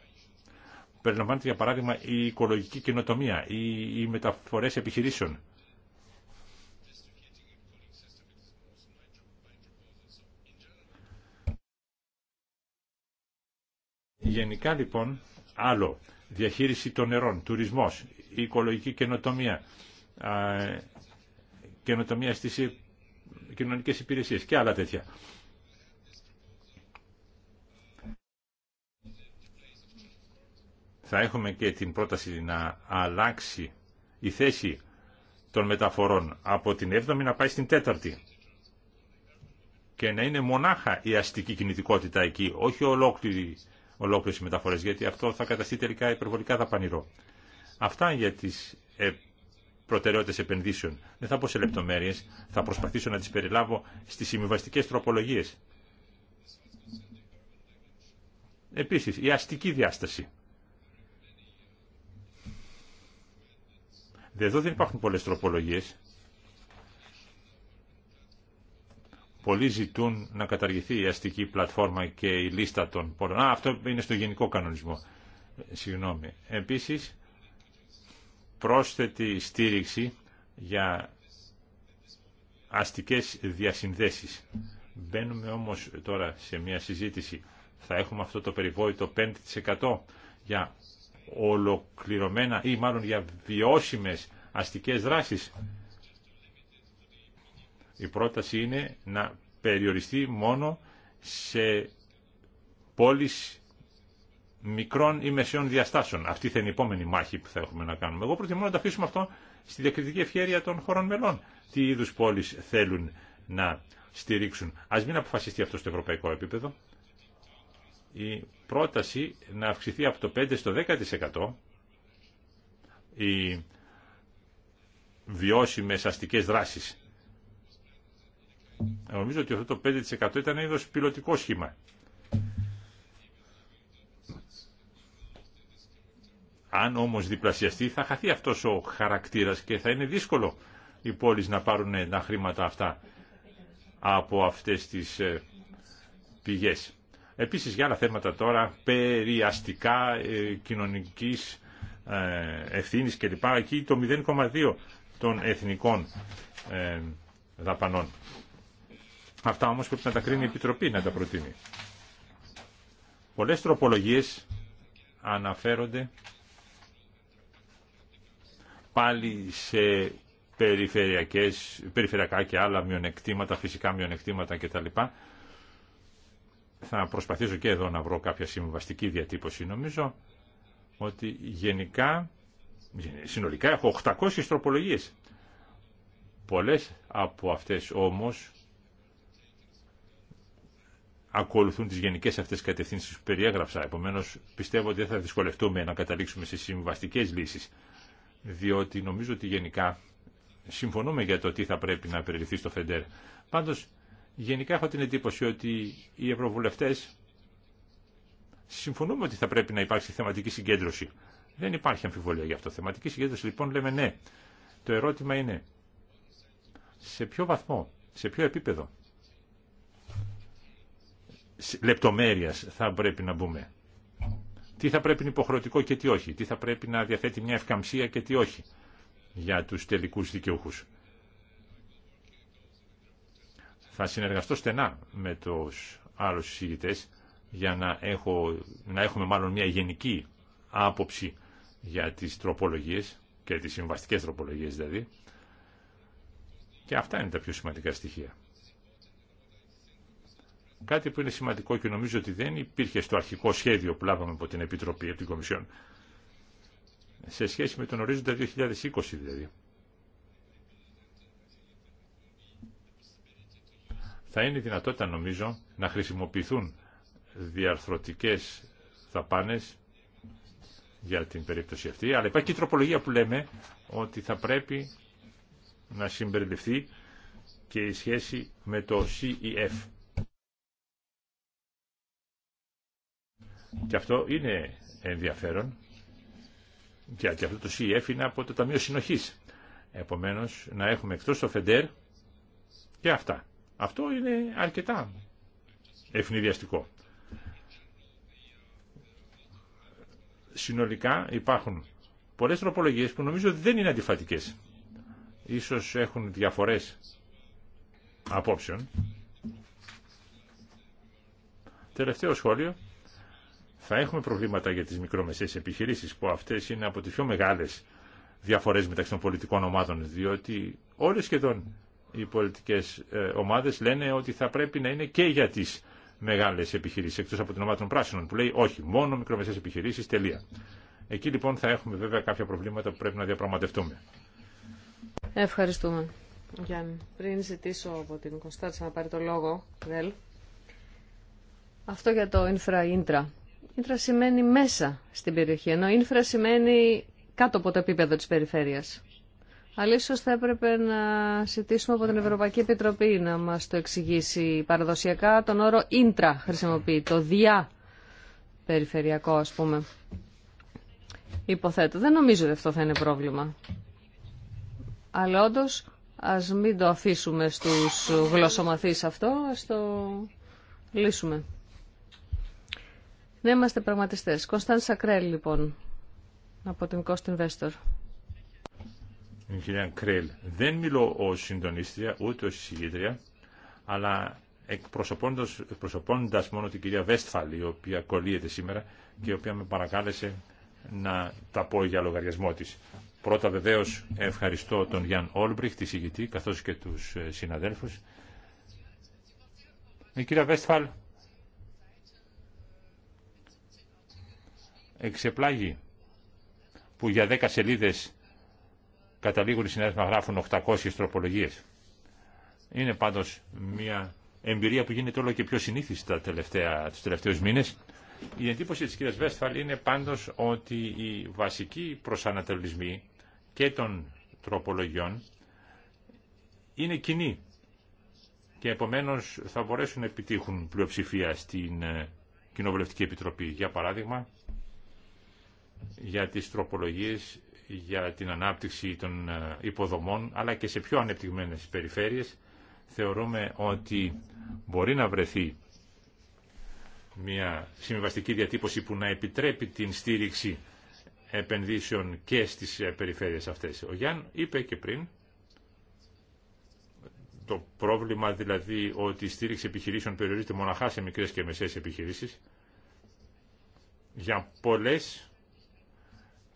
περιλαμβάνεται για παράδειγμα η οικολογική καινοτομία, οι, μεταφορές επιχειρήσεων. Γενικά λοιπόν, άλλο, διαχείριση των νερών, τουρισμός, η οικολογική καινοτομία, καινοτομία στις κοινωνικές υπηρεσίες και άλλα τέτοια. Θα έχουμε και την πρόταση να αλλάξει η θέση των μεταφορών από την 7η να πάει στην 4η και να είναι μονάχα η αστική κινητικότητα εκεί, όχι ολόκληρη, ολόκληρη οι μεταφορές, γιατί αυτό θα καταστεί τελικά υπερβολικά δαπανηρό. Αυτά για τις προτεραιότητες επενδύσεων. Δεν θα πω σε λεπτομέρειες, θα προσπαθήσω να τις περιλάβω στις συμβιβαστικέ τροπολογίες. Επίσης, η αστική διάσταση. Εδώ δεν υπάρχουν πολλές τροπολογίες. Πολλοί ζητούν να καταργηθεί η αστική πλατφόρμα και η λίστα των πόρων. Α, αυτό είναι στο γενικό κανονισμό. Ε, συγγνώμη. Επίσης, πρόσθετη στήριξη για αστικές διασυνδέσεις. Μπαίνουμε όμως τώρα σε μια συζήτηση. Θα έχουμε αυτό το περιβόητο 5% για ολοκληρωμένα ή μάλλον για βιώσιμες αστικές δράσεις. Η πρόταση είναι να περιοριστεί μόνο σε πόλεις μικρών ή μεσαίων διαστάσεων. Αυτή θα είναι η επόμενη μάχη που θα έχουμε να κάνουμε. Εγώ προτιμώ να το αφήσουμε αυτό στη διακριτική ευχέρεια των χωρών μελών. Τι είδου πόλει θέλουν να στηρίξουν. Α μην αποφασιστεί αυτό στο ευρωπαϊκό επίπεδο. Η πρόταση να αυξηθεί από το 5% στο 10% οι βιώσιμες αστικές δράσεις. Νομίζω ότι αυτό το 5% ήταν ένα είδος πιλωτικό σχήμα. Αν όμως διπλασιαστεί θα χαθεί αυτός ο χαρακτήρας και θα είναι δύσκολο οι πόλεις να πάρουν ε, τα χρήματα αυτά από αυτές τις ε, πηγές. Επίσης για άλλα θέματα τώρα, περιαστικά, ε, κοινωνικής ευθύνης κλπ. Εκεί το 0,2 των εθνικών δαπανών. Αυτά όμως πρέπει να τα κρίνει η Επιτροπή να τα προτείνει. Πολλές τροπολογίες αναφέρονται πάλι σε περιφερειακές, περιφερειακά και άλλα μειονεκτήματα, φυσικά μειονεκτήματα κτλ. Θα προσπαθήσω και εδώ να βρω κάποια συμβαστική διατύπωση. Νομίζω ότι γενικά, συνολικά έχω 800 τροπολογίες. Πολλές από αυτές όμως ακολουθούν τις γενικές αυτές κατευθύνσεις που περιέγραψα. Επομένως πιστεύω ότι δεν θα δυσκολευτούμε να καταλήξουμε σε συμβαστικές λύσεις διότι νομίζω ότι γενικά συμφωνούμε για το τι θα πρέπει να περιληφθεί στο ΦΕΝΤΕΡ. Πάντως, γενικά έχω την εντύπωση ότι οι ευρωβουλευτές συμφωνούμε ότι θα πρέπει να υπάρξει θεματική συγκέντρωση. Δεν υπάρχει αμφιβολία για αυτό. Θεματική συγκέντρωση λοιπόν λέμε ναι. Το ερώτημα είναι σε ποιο βαθμό, σε ποιο επίπεδο λεπτομέρειας θα πρέπει να μπούμε τι θα πρέπει να υποχρεωτικό και τι όχι, τι θα πρέπει να διαθέτει μια ευκαμψία και τι όχι για τους τελικούς δικαιούχους. Θα συνεργαστώ στενά με τους άλλους συζητητές για να, έχω, να έχουμε μάλλον μια γενική άποψη για τις τροπολογίες και τις συμβαστικές τροπολογίες δηλαδή. Και αυτά είναι τα πιο σημαντικά στοιχεία. Κάτι που είναι σημαντικό και νομίζω ότι δεν υπήρχε στο αρχικό σχέδιο που λάβαμε από την Επιτροπή, από την Κομισιόν, σε σχέση με τον ορίζοντα 2020 δηλαδή. Θα είναι δυνατότητα νομίζω να χρησιμοποιηθούν διαρθρωτικές δαπάνες για την περίπτωση αυτή, αλλά υπάρχει και η τροπολογία που λέμε ότι θα πρέπει να συμπεριληφθεί και η σχέση με το CEF Και αυτό είναι ενδιαφέρον, γιατί αυτό το CEF είναι από το Ταμείο Συνοχής. Επομένως, να έχουμε εκτός το ΦΕΝΤΕΡ e e και αυτά. Αυτό είναι αρκετά ευνηδιαστικό. Συνολικά υπάρχουν πολλές τροπολογίες που νομίζω δεν είναι αντιφατικές. Ίσως έχουν διαφορές απόψεων. Τελευταίο σχόλιο θα έχουμε προβλήματα για τις μικρομεσαίες επιχειρήσεις που αυτές είναι από τις πιο μεγάλες διαφορές μεταξύ των πολιτικών ομάδων διότι όλες σχεδόν οι πολιτικές ε, ομάδες λένε ότι θα πρέπει να είναι και για τις μεγάλες επιχειρήσεις εκτός από την ομάδα των πράσινων που λέει όχι μόνο μικρομεσαίες επιχειρήσεις τελεία. Εκεί λοιπόν θα έχουμε βέβαια κάποια προβλήματα που πρέπει να διαπραγματευτούμε. Ευχαριστούμε. Γιάννη, πριν ζητήσω από την Κωνστάτσα να πάρει το λόγο, Δελ, αυτό για το infra-intra Ίνφρα σημαίνει μέσα στην περιοχή, ενώ ίνφρα σημαίνει κάτω από το επίπεδο της περιφέρειας. Αλλά θα έπρεπε να ζητήσουμε από την Ευρωπαϊκή Επιτροπή να μας το εξηγήσει παραδοσιακά. Τον όρο ίντρα χρησιμοποιεί, το διά περιφερειακό ας πούμε. Υποθέτω. Δεν νομίζω ότι αυτό θα είναι πρόβλημα. Αλλά όντω ας μην το αφήσουμε στους γλωσσομαθείς αυτό, ας το λύσουμε. Δεν ναι, είμαστε πραγματιστές. Κωνσταντ Σακρέλ, λοιπόν, από την Cost Investor. Κυρία Κρέλ, δεν μιλώ ω συντονίστρια, ούτε ω συγγήτρια, αλλά εκπροσωπώντα μόνο την κυρία Βέσφαλ, η οποία κολλείεται σήμερα και η οποία με παρακάλεσε να τα πω για λογαριασμό τη. Πρώτα βεβαίω ευχαριστώ τον Γιάνν Όλμπριχ, τη συγγητή, καθώ και του ε, συναδέλφους. Η ε, κυρία Βέστφαλ εξεπλάγει που για 10 σελίδες καταλήγουν οι συνάδελφοι να γράφουν 800 τροπολογίες. Είναι πάντως μια εμπειρία που γίνεται όλο και πιο συνήθιστα τα τελευταία, τους τελευταίους μήνες. Η εντύπωση της κυρίας Βέσφαλ είναι πάντως ότι οι βασικοί προσανατολισμοί και των τροπολογιών είναι κοινοί και επομένως θα μπορέσουν να επιτύχουν πλειοψηφία στην ε, Κοινοβουλευτική Επιτροπή. Για παράδειγμα, για τις τροπολογίες για την ανάπτυξη των ε, υποδομών αλλά και σε πιο ανεπτυγμένες περιφέρειες θεωρούμε ότι μπορεί να βρεθεί μια συμβαστική διατύπωση που να επιτρέπει την στήριξη επενδύσεων και στις ε, περιφέρειες αυτές. Ο Γιάνν είπε και πριν το πρόβλημα δηλαδή ότι η στήριξη επιχειρήσεων περιορίζεται μοναχά σε μικρές και μεσαίες επιχειρήσεις για πολλές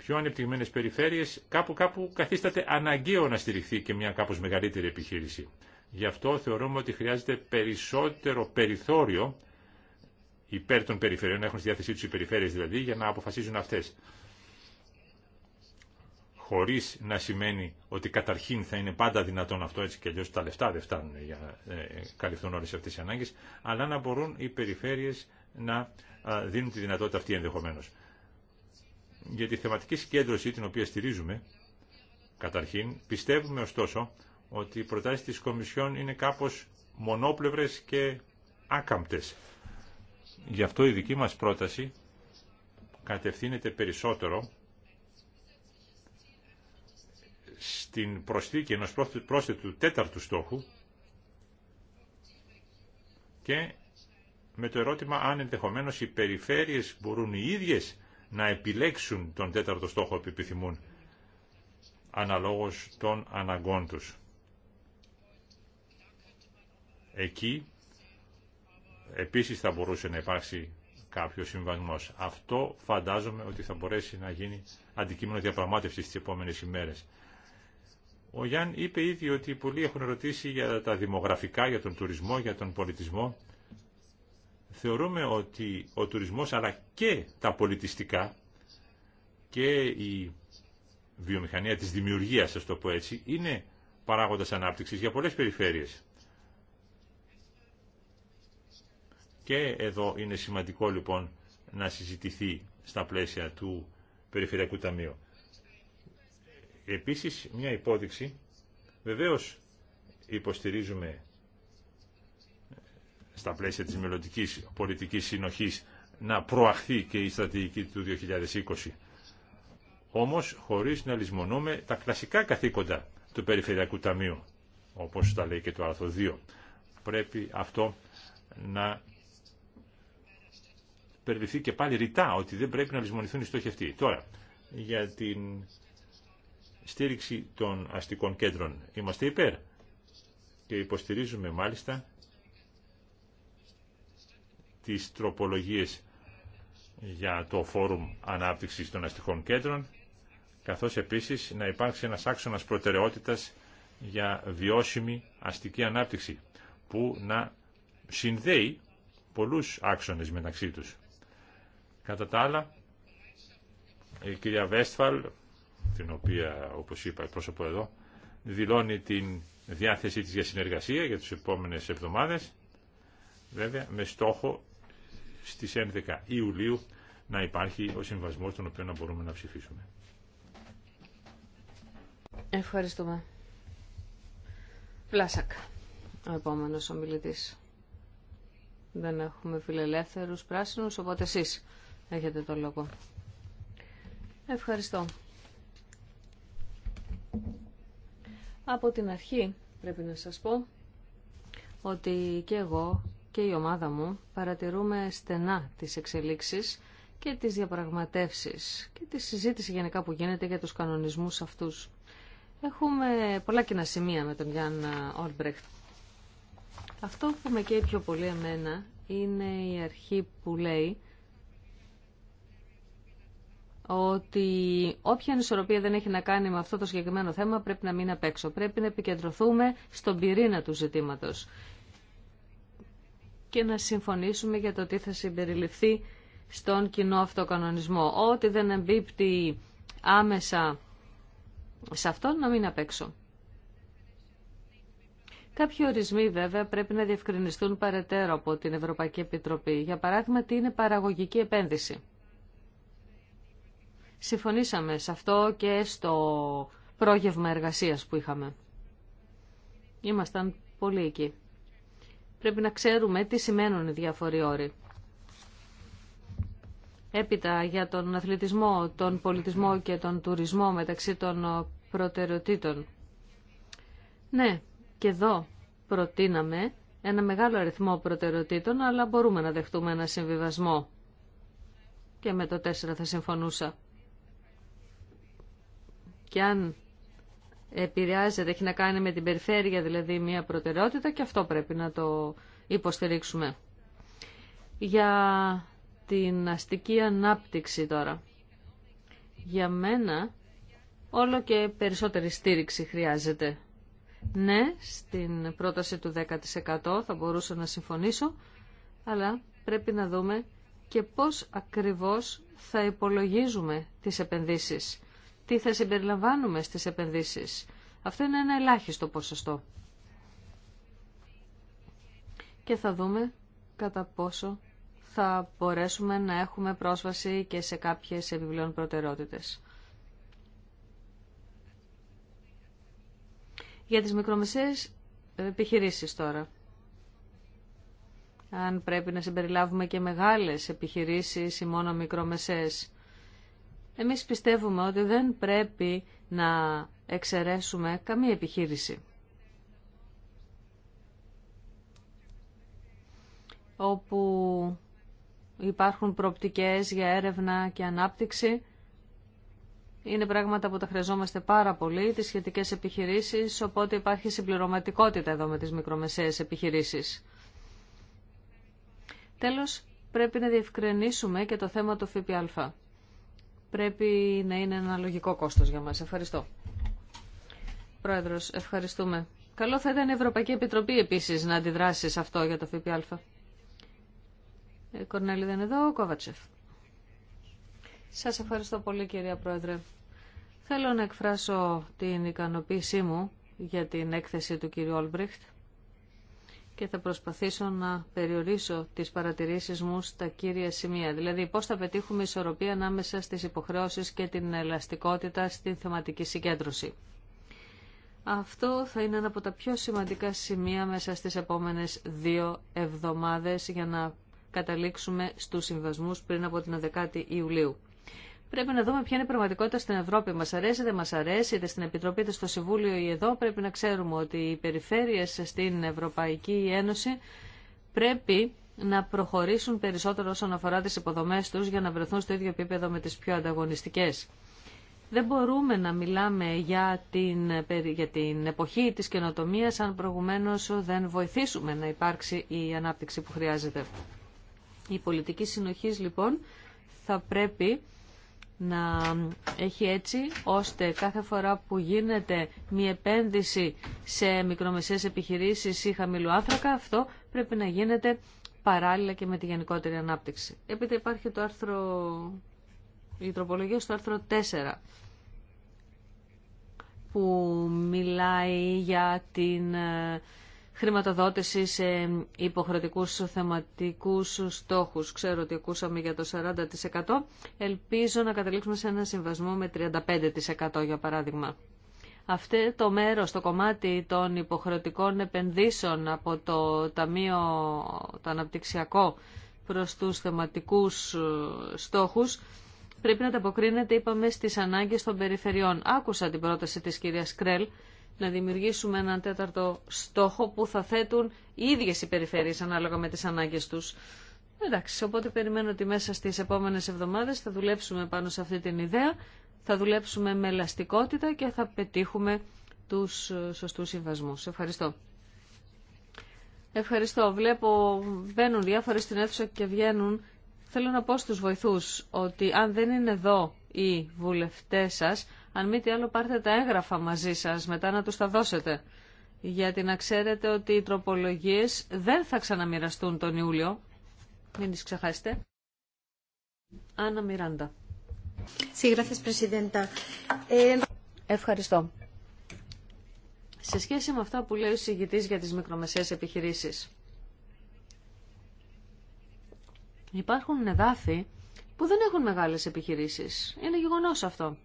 πιο ανεπτυγμένες περιφέρειες, κάπου κάπου καθίσταται αναγκαίο να στηριχθεί και μια κάπως μεγαλύτερη επιχείρηση. Γι' αυτό θεωρούμε ότι χρειάζεται περισσότερο περιθώριο υπέρ των περιφερειών, να έχουν στη διάθεσή τους οι περιφέρειες δηλαδή, για να αποφασίζουν αυτές. Χωρίς να σημαίνει ότι καταρχήν θα είναι πάντα δυνατόν αυτό, έτσι και αλλιώς τα λεφτά δεν φτάνουν για να ε, ε, καλυφθούν όλες αυτές οι ανάγκες, αλλά να μπορούν οι περιφέρειες να δίνουν τη δυνατότητα αυτή ενδεχομένως για τη θεματική συγκέντρωση την οποία στηρίζουμε, καταρχήν, πιστεύουμε ωστόσο ότι οι προτάσεις της Κομισιόν είναι κάπως μονόπλευρες και άκαμπτες. Γι' αυτό η δική μας πρόταση κατευθύνεται περισσότερο στην προσθήκη ενός πρόσθετου τέταρτου στόχου και με το ερώτημα αν ενδεχομένως οι περιφέρειες μπορούν οι ίδιες να επιλέξουν τον τέταρτο στόχο που επιθυμούν αναλόγως των αναγκών τους. Εκεί επίσης θα μπορούσε να υπάρξει κάποιο συμβασμό. Αυτό φαντάζομαι ότι θα μπορέσει να γίνει αντικείμενο διαπραγμάτευση τις επόμενες ημέρες. Ο Γιάνν είπε ήδη ότι πολλοί έχουν ρωτήσει για τα δημογραφικά, για τον τουρισμό, για τον πολιτισμό θεωρούμε ότι ο τουρισμός αλλά και τα πολιτιστικά και η βιομηχανία της δημιουργίας, ας το πω έτσι, είναι παράγοντας ανάπτυξης για πολλές περιφέρειες. Και εδώ είναι σημαντικό λοιπόν να συζητηθεί στα πλαίσια του Περιφερειακού Ταμείου. Επίσης μια υπόδειξη, βεβαίως υποστηρίζουμε στα πλαίσια της μελλοντική πολιτικής συνοχής να προαχθεί και η στρατηγική του 2020. Όμως χωρίς να λησμονούμε τα κλασικά καθήκοντα του Περιφερειακού Ταμείου, όπως τα λέει και το άρθρο 2. Πρέπει αυτό να περιληφθεί και πάλι ρητά, ότι δεν πρέπει να λησμονηθούν οι στόχοι αυτοί. Τώρα, για την στήριξη των αστικών κέντρων είμαστε υπέρ και υποστηρίζουμε μάλιστα τις τροπολογίες για το Φόρουμ Ανάπτυξης των Αστικών Κέντρων, καθώς επίσης να υπάρξει ένας άξονας προτεραιότητας για βιώσιμη αστική ανάπτυξη, που να συνδέει πολλούς άξονες μεταξύ τους. Κατά τα άλλα, η κυρία Βέστφαλ, την οποία, όπως είπα, πρόσωπο εδώ, δηλώνει την διάθεσή της για συνεργασία για τις επόμενες εβδομάδες, βέβαια με στόχο στις 11 Ιουλίου να υπάρχει ο συμβασμός τον οποίο να μπορούμε να ψηφίσουμε. Ευχαριστούμε. Βλάσακ, ο επόμενος ομιλητής. Δεν έχουμε φιλελεύθερους πράσινους, οπότε εσείς έχετε το λόγο. Ευχαριστώ. Από την αρχή πρέπει να σας πω ότι και εγώ και η ομάδα μου παρατηρούμε στενά τις εξελίξεις και τις διαπραγματεύσεις και τη συζήτηση γενικά που γίνεται για τους κανονισμούς αυτούς. Έχουμε πολλά κοινά σημεία με τον Γιάννα Ολμπρεχτ. Αυτό που με καίει πιο πολύ εμένα είναι η αρχή που λέει ότι όποια ανισορροπία δεν έχει να κάνει με αυτό το συγκεκριμένο θέμα πρέπει να μείνει απ' έξω. Πρέπει να επικεντρωθούμε στον πυρήνα του ζητήματος και να συμφωνήσουμε για το τι θα συμπεριληφθεί στον κοινό αυτοκανονισμό. Ό,τι δεν εμπίπτει άμεσα σε αυτό, να μην απέξω. Κάποιοι ορισμοί βέβαια πρέπει να διευκρινιστούν παρετέρω από την Ευρωπαϊκή Επιτροπή. Για παράδειγμα, τι είναι παραγωγική επένδυση. Συμφωνήσαμε σε αυτό και στο πρόγευμα εργασίας που είχαμε. Ήμασταν πολύ εκεί. Πρέπει να ξέρουμε τι σημαίνουν οι διάφοροι όροι. Έπειτα για τον αθλητισμό, τον πολιτισμό και τον τουρισμό μεταξύ των προτεραιοτήτων. Ναι, και εδώ προτείναμε ένα μεγάλο αριθμό προτεραιοτήτων, αλλά μπορούμε να δεχτούμε ένα συμβιβασμό. Και με το 4 θα συμφωνούσα. Και αν επηρεάζεται, έχει να κάνει με την περιφέρεια δηλαδή μια προτεραιότητα και αυτό πρέπει να το υποστηρίξουμε. Για την αστική ανάπτυξη τώρα. Για μένα όλο και περισσότερη στήριξη χρειάζεται. Ναι, στην πρόταση του 10% θα μπορούσα να συμφωνήσω, αλλά πρέπει να δούμε και πώς ακριβώς θα υπολογίζουμε τις επενδύσεις τι θα συμπεριλαμβάνουμε στις επενδύσεις. Αυτό είναι ένα ελάχιστο ποσοστό. Και θα δούμε κατά πόσο θα μπορέσουμε να έχουμε πρόσβαση και σε κάποιες επιπλέον προτεραιότητες. Για τις μικρομεσαίες επιχειρήσεις τώρα. Αν πρέπει να συμπεριλάβουμε και μεγάλες επιχειρήσεις ή μόνο μικρομεσαίες. Εμείς πιστεύουμε ότι δεν πρέπει να εξαιρέσουμε καμία επιχείρηση. όπου υπάρχουν προοπτικές για έρευνα και ανάπτυξη. Είναι πράγματα που τα χρειαζόμαστε πάρα πολύ, τις σχετικές επιχειρήσεις, οπότε υπάρχει συμπληρωματικότητα εδώ με τις μικρομεσαίες επιχειρήσεις. Τέλος, πρέπει να διευκρινίσουμε και το θέμα του ΦΠΑ πρέπει να είναι ένα λογικό κόστος για μας. Ευχαριστώ. Πρόεδρος, ευχαριστούμε. Καλό θα ήταν η Ευρωπαϊκή Επιτροπή επίσης να αντιδράσει σε αυτό για το ΦΠΑ. Ε, Κορνέλη δεν είναι εδώ, Κόβατσεφ. Σας ευχαριστώ πολύ κυρία Πρόεδρε. Θέλω να εκφράσω την ικανοποίησή μου για την έκθεση του κυρίου Όλμπριχτ και θα προσπαθήσω να περιορίσω τις παρατηρήσεις μου στα κύρια σημεία. Δηλαδή, πώς θα πετύχουμε ισορροπία ανάμεσα στις υποχρεώσεις και την ελαστικότητα στην θεματική συγκέντρωση. Αυτό θα είναι ένα από τα πιο σημαντικά σημεία μέσα στις επόμενες δύο εβδομάδες για να καταλήξουμε στους συμβασμούς πριν από την 10η Ιουλίου. Πρέπει να δούμε ποια είναι η πραγματικότητα στην Ευρώπη. Μα αρέσει, δεν μα αρέσει, είτε στην Επιτροπή, είτε στο Συμβούλιο ή εδώ. Πρέπει να ξέρουμε ότι οι περιφέρειες στην Ευρωπαϊκή Ένωση πρέπει να προχωρήσουν περισσότερο όσον αφορά τι υποδομέ του για να βρεθούν στο ίδιο επίπεδο με τι πιο ανταγωνιστικέ. Δεν μπορούμε να μιλάμε για την, για την εποχή της καινοτομία αν προηγουμένως δεν βοηθήσουμε να υπάρξει η ανάπτυξη που χρειάζεται. Η πολιτική συνοχής λοιπόν θα πρέπει να έχει έτσι ώστε κάθε φορά που γίνεται μια επένδυση σε μικρομεσαίες επιχειρήσεις ή χαμηλού άνθρακα αυτό πρέπει να γίνεται παράλληλα και με τη γενικότερη ανάπτυξη. Έπειτα υπάρχει το άρθρο, η τροπολογία στο άρθρο 4 που μιλάει για την ε, χρηματοδότηση σε υποχρεωτικούς θεματικούς στόχους. Ξέρω ότι ακούσαμε για το 40%. Ελπίζω να καταλήξουμε σε ένα συμβασμό με 35% για παράδειγμα. Αυτό το μέρος, το κομμάτι των υποχρεωτικών επενδύσεων από το Ταμείο το Αναπτυξιακό προς τους θεματικούς ε, στόχους, πρέπει να τα αποκρίνεται, είπαμε, στις ανάγκες των περιφερειών. Άκουσα την πρόταση της κυρίας Κρέλ να δημιουργήσουμε έναν τέταρτο στόχο που θα θέτουν οι ίδιες οι περιφέρειες ανάλογα με τις ανάγκες τους. Εντάξει, οπότε περιμένω ότι μέσα στις επόμενες εβδομάδες θα δουλέψουμε πάνω σε αυτή την ιδέα, θα δουλέψουμε με ελαστικότητα και θα πετύχουμε τους ε, σωστούς συμβασμούς. Ευχαριστώ. Ευχαριστώ. Βλέπω μπαίνουν διάφορε στην αίθουσα και βγαίνουν. Θέλω να πω στους βοηθούς ότι αν δεν είναι εδώ οι βουλευτές σας, αν μη τι άλλο πάρτε τα έγγραφα μαζί σας, μετά να τους τα δώσετε. Γιατί να ξέρετε ότι οι τροπολογίες δεν θα ξαναμοιραστούν τον Ιούλιο. Μην τις ξεχάσετε. Άννα Μιράντα. Ε, Ευχαριστώ. Σε σχέση με αυτά που λέει ο συγγητής για τις μικρομεσαίες επιχειρήσεις, υπάρχουν εδάφη που δεν έχουν μεγάλες επιχειρήσεις. Είναι γεγονός αυτό.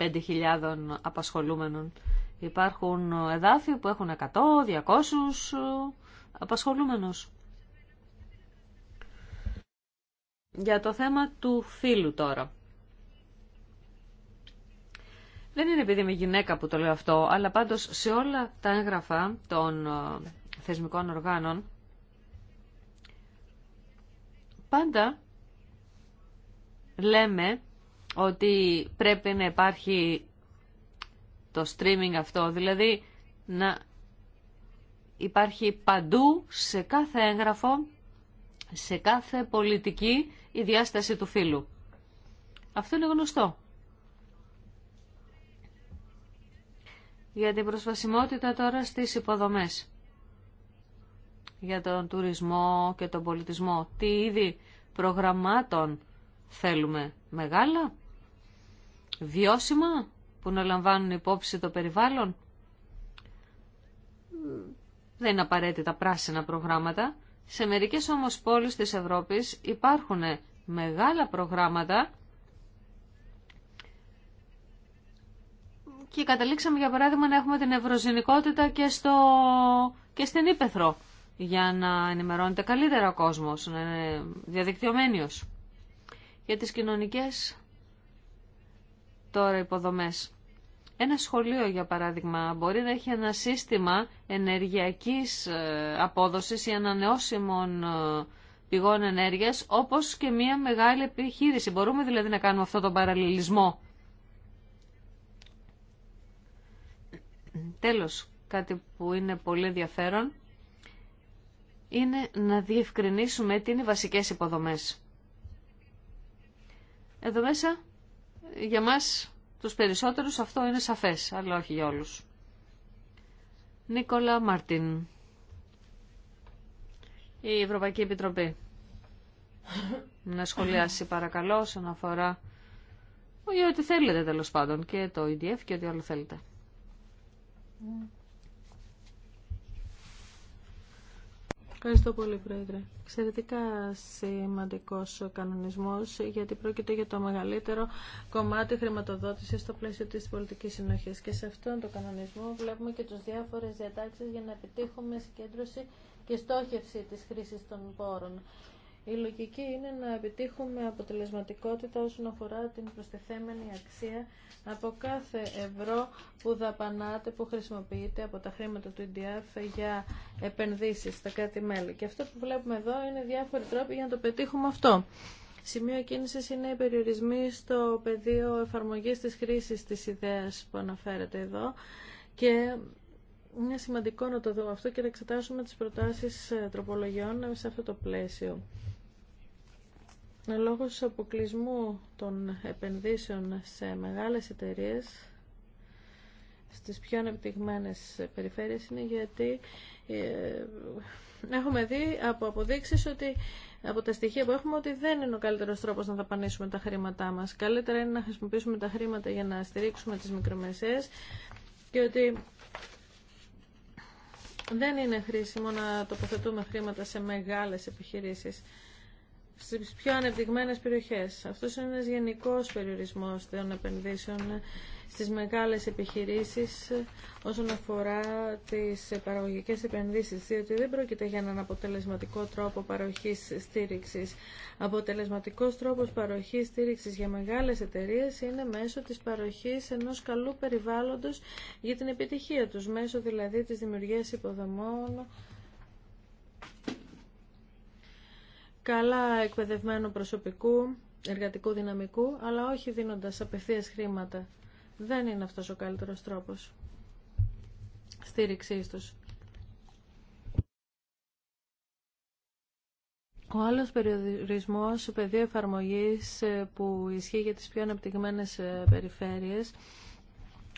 5.000 απασχολούμενων. Υπάρχουν εδάφη που έχουν 100, 200 ε, απασχολούμενους. Για το θέμα του φίλου τώρα. Δεν είναι επειδή είμαι γυναίκα που το λέω αυτό, αλλά πάντως σε όλα τα έγγραφα των ε, θεσμικών οργάνων πάντα λέμε ότι πρέπει να υπάρχει το streaming αυτό, δηλαδή να υπάρχει παντού σε κάθε έγγραφο, σε κάθε πολιτική η διάσταση του φίλου. Αυτό είναι γνωστό. Για την προσβασιμότητα τώρα στις υποδομές. Για τον τουρισμό και τον πολιτισμό. Τι είδη προγραμμάτων θέλουμε. Μεγάλα βιώσιμα που να λαμβάνουν υπόψη το περιβάλλον. Δεν είναι απαραίτητα πράσινα προγράμματα. Σε μερικές όμως πόλεις της Ευρώπης υπάρχουν μεγάλα προγράμματα και καταλήξαμε για παράδειγμα να έχουμε την ευρωζηνικότητα και, στο... και στην Ήπεθρο για να ενημερώνεται καλύτερα ο κόσμος, να είναι διαδικτυωμένιος. Για τις κοινωνικές Τώρα υποδομές. Ένα σχολείο, για παράδειγμα, μπορεί να έχει ένα σύστημα ενεργειακής ε, απόδοσης ή ανανεώσιμων ε, πηγών ενέργειας, όπως και μια μεγάλη επιχείρηση. Μπορούμε δηλαδή να κάνουμε αυτό τον παραλληλισμό. Τέλος, κάτι που είναι πολύ ενδιαφέρον, είναι να διευκρινίσουμε τι είναι οι βασικές υποδομές. Εδώ μέσα για μας τους περισσότερους αυτό είναι σαφές, αλλά όχι για όλους. Νίκολα Μαρτίν η Ευρωπαϊκή Επιτροπή. Να σχολιάσει παρακαλώ όσον αφορά ό,τι θέλετε τέλος πάντων και το EDF και ό,τι άλλο θέλετε. Mm. Ευχαριστώ πολύ, Πρόεδρε. Εξαιρετικά σημαντικό ο κανονισμό, γιατί πρόκειται για το μεγαλύτερο κομμάτι χρηματοδότηση στο πλαίσιο τη πολιτική συνοχή. Και σε αυτόν τον κανονισμό βλέπουμε και τι διάφορε διατάξει για να επιτύχουμε συγκέντρωση και στόχευση της χρήση των πόρων. Η λογική είναι να επιτύχουμε αποτελεσματικότητα όσον αφορά την προσθεθέμενη αξία από κάθε ευρώ που δαπανάτε, που χρησιμοποιείτε από τα χρήματα του EDF για επενδύσεις στα κάτι μελη Και αυτό που βλέπουμε εδώ είναι διάφοροι τρόποι για να το πετύχουμε αυτό. Σημείο κίνηση είναι οι περιορισμοί στο πεδίο εφαρμογής της χρήσης της ιδέας που αναφέρεται εδώ και είναι σημαντικό να το δούμε αυτό και να εξετάσουμε τις προτάσεις ε, τροπολογιών σε αυτό το πλαίσιο. Λόγω αποκλεισμού των επενδύσεων σε μεγάλες εταιρείες στις πιο ανεπτυγμένες περιφέρειες είναι γιατί ε, έχουμε δει από αποδείξεις ότι από τα στοιχεία που έχουμε ότι δεν είναι ο καλύτερος τρόπος να δαπανίσουμε τα χρήματά μας. Καλύτερα είναι να χρησιμοποιήσουμε τα χρήματα για να στηρίξουμε τις μικρομεσαίες και ότι δεν είναι χρήσιμο να τοποθετούμε χρήματα σε μεγάλες επιχειρήσεις. Στι πιο ανεπτυγμένε περιοχές. Αυτός είναι ένας γενικός περιορισμό των επενδύσεων στις μεγάλες επιχειρήσεις όσον αφορά τις παραγωγικέ επενδύσεις, διότι δεν πρόκειται για έναν αποτελεσματικό τρόπο παροχής στήριξης. Αποτελεσματικός τρόπος παροχή στήριξης για μεγάλες εταιρείε είναι μέσω τη παροχή ενό καλού περιβάλλοντο για την επιτυχία του μέσω δηλαδή τη δημιουργία υποδομών καλά εκπαιδευμένου προσωπικού, εργατικού δυναμικού, αλλά όχι δίνοντας απευθείας χρήματα. Δεν είναι αυτός ο καλύτερος τρόπος στήριξής τους. Ο άλλος περιορισμός πεδίο εφαρμογής ε, που ισχύει για τις πιο αναπτυγμένες ε, περιφέρειες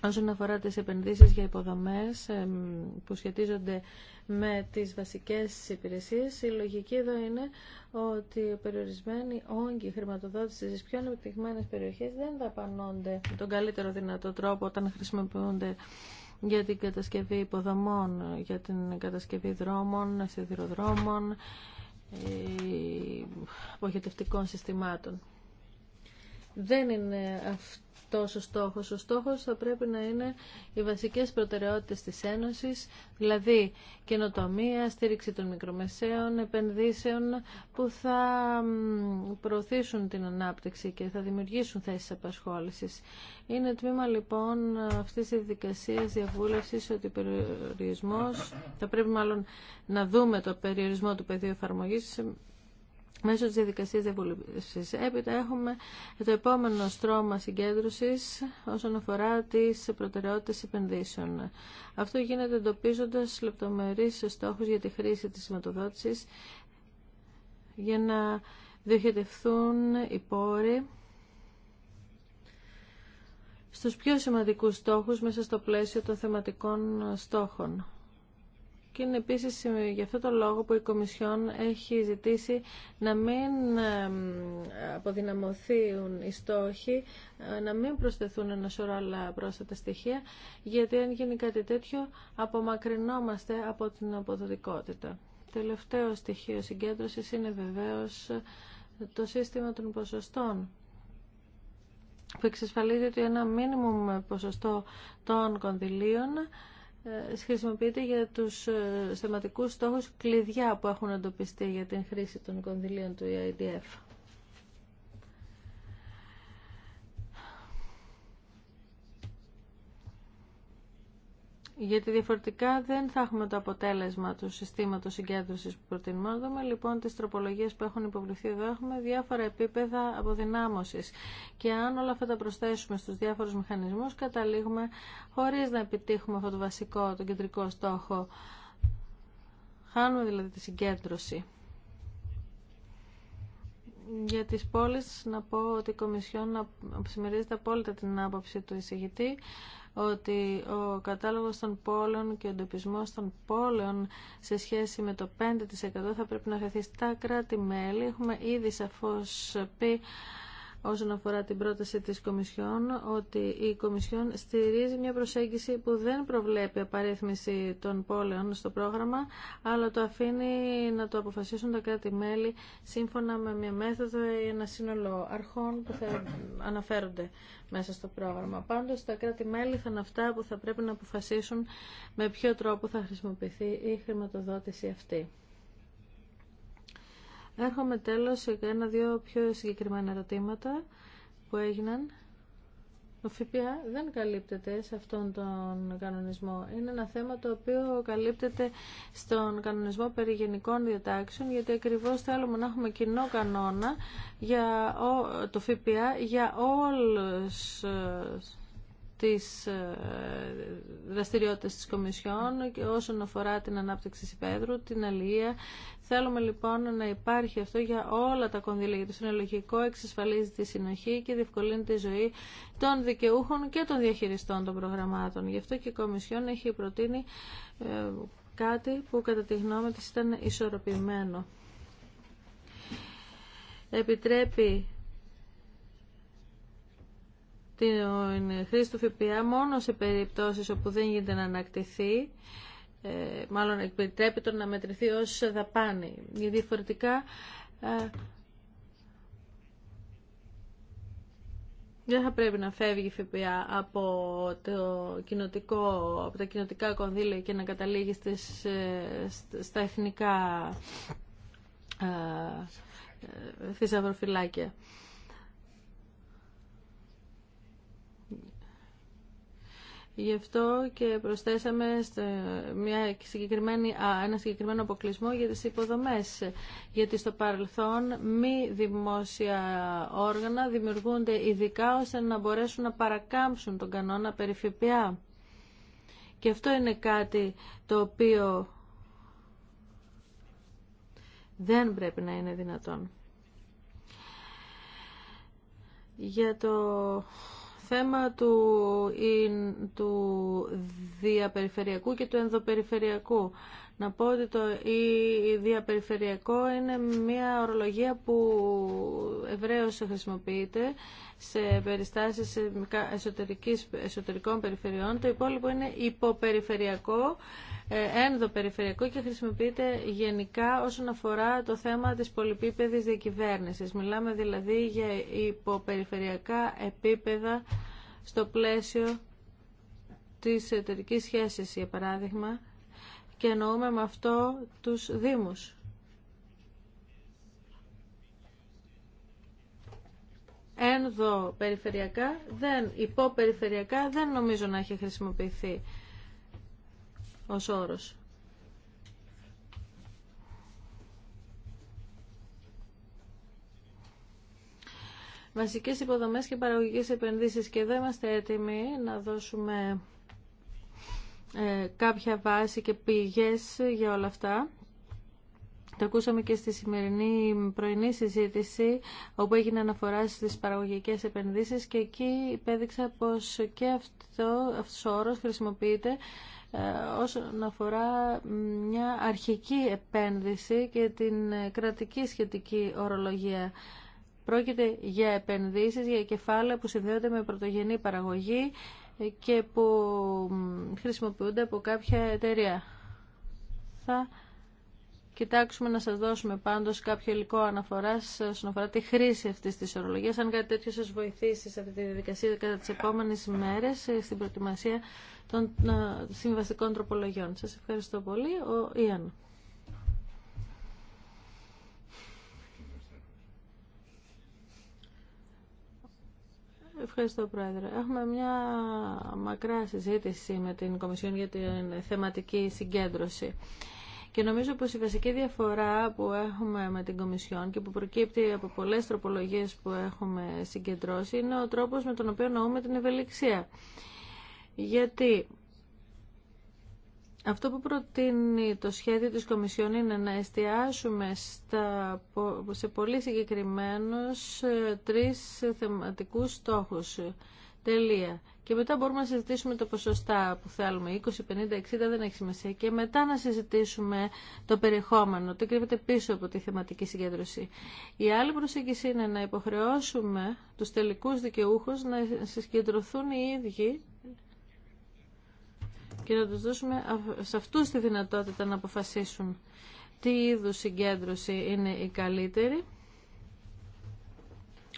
όσον αφορά τις επενδύσεις για υποδομές που σχετίζονται με τις βασικές υπηρεσίες, η λογική εδώ είναι ότι οι περιορισμένοι όγκοι χρηματοδότησης στις πιο ανεπτυγμένες περιοχές δεν δαπανώνται με τον καλύτερο δυνατό τρόπο όταν χρησιμοποιούνται για την κατασκευή υποδομών, για την κατασκευή δρόμων, σιδηροδρόμων, ε, αποχετευτικών συστημάτων. Δεν είναι αυτό αυτός ο στόχος. Ο στόχος θα πρέπει να είναι οι βασικές προτεραιότητες της Ένωσης, δηλαδή καινοτομία, στήριξη των μικρομεσαίων, επενδύσεων που θα προωθήσουν την ανάπτυξη και θα δημιουργήσουν θέσεις απασχόλησης. Είναι τμήμα λοιπόν αυτής της δικασίας διαβούλευσης ότι περιορισμός, θα πρέπει μάλλον να δούμε το περιορισμό του πεδίου εφαρμογής Μέσω της διαδικασίας διαβούλευσης έπειτα έχουμε το επόμενο στρώμα συγκέντρωσης όσον αφορά τις προτεραιότητες επενδύσεων. Αυτό γίνεται εντοπίζοντας λεπτομερείς στόχους για τη χρήση της σηματοδότησης για να διοχετευθούν οι πόροι στους πιο σημαντικούς στόχους μέσα στο πλαίσιο των θεματικών στόχων. Και είναι επίσης ε, για αυτό το λόγο που η Κομισιόν έχει ζητήσει να μην αποδυναμωθούν οι στόχοι, ε, να μην προσθεθούν ένα σωρό άλλα πρόσθετα στοιχεία, γιατί αν γίνει κάτι τέτοιο απομακρυνόμαστε από την αποδοτικότητα. Τελευταίο στοιχείο συγκέντρωση είναι βεβαίω ε, το σύστημα των ποσοστών που εξασφαλίζει ότι ένα μίνιμουμ ποσοστό των κονδυλίων ε, χρησιμοποιείται για τους ε, θεματικούς στόχους κλειδιά που έχουν εντοπιστεί για την χρήση των κονδυλίων του EIDF. γιατί διαφορετικά δεν θα έχουμε το αποτέλεσμα του συστήματος συγκέντρωσης που προτείνουμε. δούμε λοιπόν τις τροπολογίες που έχουν υποβληθεί εδώ, έχουμε διάφορα επίπεδα αποδυνάμωσης. Και αν όλα αυτά τα προσθέσουμε στους διάφορους μηχανισμούς, καταλήγουμε χωρίς να επιτύχουμε αυτό το βασικό, τον κεντρικό στόχο. Χάνουμε δηλαδή τη συγκέντρωση. Για τις πόλεις να πω ότι η Κομισιόν συμμερίζεται απόλυτα την άποψη του εισηγητή ότι ο κατάλογος των πόλεων και ο εντοπισμό των πόλεων σε σχέση με το 5% θα πρέπει να θεθεί στα κράτη-μέλη. Έχουμε ήδη σαφώς πει όσον αφορά την πρόταση της Κομισιόν ότι η Κομισιόν στηρίζει μια προσέγγιση που δεν προβλέπει απαρίθμηση των πόλεων στο πρόγραμμα αλλά το αφήνει να το αποφασίσουν τα κράτη-μέλη σύμφωνα με μια μέθοδο ή ένα σύνολο αρχών που θα αναφέρονται μέσα στο πρόγραμμα. Πάντως τα κράτη-μέλη θα είναι αυτά που θα πρέπει να αποφασίσουν με ποιο τρόπο θα χρησιμοποιηθεί η χρηματοδότηση αυτή. Έρχομαι τέλος σε ένα-δύο πιο συγκεκριμένα ερωτήματα που έγιναν. Το ΦΠΑ δεν καλύπτεται σε αυτόν τον κανονισμό. Είναι ένα θέμα το οποίο καλύπτεται στον κανονισμό περί γενικών διατάξεων, γιατί ακριβώς θέλουμε να έχουμε κοινό κανόνα για το ΦΠΑ για όλους ε, τις ε, δραστηριότητες της Κομισιόν και όσον αφορά την ανάπτυξη της υπέδρου, την αλληλεία. Θέλουμε λοιπόν να υπάρχει αυτό για όλα τα κονδύλια, γιατί είναι λογικό, εξασφαλίζει τη συνοχή και διευκολύνει τη ζωή των δικαιούχων και των διαχειριστών των προγραμμάτων. Γι' αυτό και η Κομισιόν έχει προτείνει ε, κάτι που κατά τη γνώμη της ήταν ισορροπημένο. Επιτρέπει την χρήση του ΦΠΑ μόνο σε περιπτώσεις όπου δεν γίνεται να ανακτηθεί, ε, μάλλον επιτρέπεται να μετρηθεί ως δαπάνη. Γιατί διαφορετικά ε, δεν θα πρέπει να φεύγει η ΦΠΑ από, το κοινοτικό, από τα κοινοτικά κονδύλια και να καταλήγει στις, ε, στα εθνικά θησαυροφυλάκια. Γι' αυτό και προσθέσαμε μια συγκεκριμένη, ένα συγκεκριμένο αποκλεισμό για τις υποδομές. Γιατί στο παρελθόν μη δημόσια όργανα δημιουργούνται ειδικά ώστε να μπορέσουν να παρακάμψουν τον κανόνα ΦΠΑ. Και αυτό είναι κάτι το οποίο δεν πρέπει να είναι δυνατόν. Για το θέμα του, του διαπεριφερειακού και του ενδοπεριφερειακού. Να πω ότι το η διαπεριφερειακό είναι μια ορολογία που ευρέως χρησιμοποιείται σε περιστάσεις εσωτερικής, εσωτερικών περιφερειών. Το υπόλοιπο είναι υποπεριφερειακό, ένδοπεριφερειακό ε, και χρησιμοποιείται γενικά όσον αφορά το θέμα της πολυπίπεδης διακυβέρνησης. Μιλάμε δηλαδή για υποπεριφερειακά επίπεδα στο πλαίσιο της εταιρικής σχέσης, για παράδειγμα, και εννοούμε με αυτό τους Δήμους. Ένδο περιφερειακά, δεν, περιφερειακά δεν νομίζω να έχει χρησιμοποιηθεί ως όρος. Βασικές υποδομές και παραγωγικές επενδύσεις και εδώ είμαστε έτοιμοι να δώσουμε ε, κάποια βάση και πηγές για όλα αυτά. Το ακούσαμε και στη σημερινή πρωινή συζήτηση όπου έγινε αναφορά στις παραγωγικές επενδύσεις και εκεί υπέδειξα πως και αυτό, αυτός ο όρος χρησιμοποιείται ε, όσον αφορά μια αρχική επένδυση και την κρατική σχετική ορολογία. Πρόκειται για επενδύσεις, για κεφάλαια που συνδέονται με πρωτογενή παραγωγή και που χρησιμοποιούνται από κάποια εταιρεία. Θα κοιτάξουμε να σας δώσουμε πάντως κάποιο υλικό αναφοράς ε, όσον αφορά τη χρήση αυτής της ορολογίας. Αν κάτι τέτοιο σας βοηθήσει σε αυτή τη διαδικασία κατά τις επόμενες μέρες ε, στην προετοιμασία των ε, συμβαστικών τροπολογιών. Σας ευχαριστώ πολύ. Ο Ιαν. Ευχαριστώ, Πρόεδρε. Έχουμε μια μακρά συζήτηση με την Κομισιόν για την θεματική συγκέντρωση. Και νομίζω πως η βασική διαφορά που έχουμε με την Κομισιόν και που προκύπτει από πολλές τροπολογίες που έχουμε συγκεντρώσει είναι ο τρόπος με τον οποίο νοούμε την ευελιξία. Γιατί αυτό που προτείνει το σχέδιο της Κομισιόν είναι να εστιάσουμε στα, σε πολύ συγκεκριμένους ε, τρεις θεματικούς στόχους. Τελεία. Και μετά μπορούμε να συζητήσουμε τα ποσοστά που θέλουμε. 20, 50, 60 δεν έχει σημασία. Και μετά να συζητήσουμε το περιεχόμενο. Το κρύβεται πίσω από τη θεματική συγκέντρωση. Η άλλη προσέγγιση είναι να υποχρεώσουμε τους τελικούς δικαιούχους να συγκεντρωθούν οι ίδιοι και να τους δώσουμε σε αυτούς τη δυνατότητα να αποφασίσουν τι είδου συγκέντρωση είναι η καλύτερη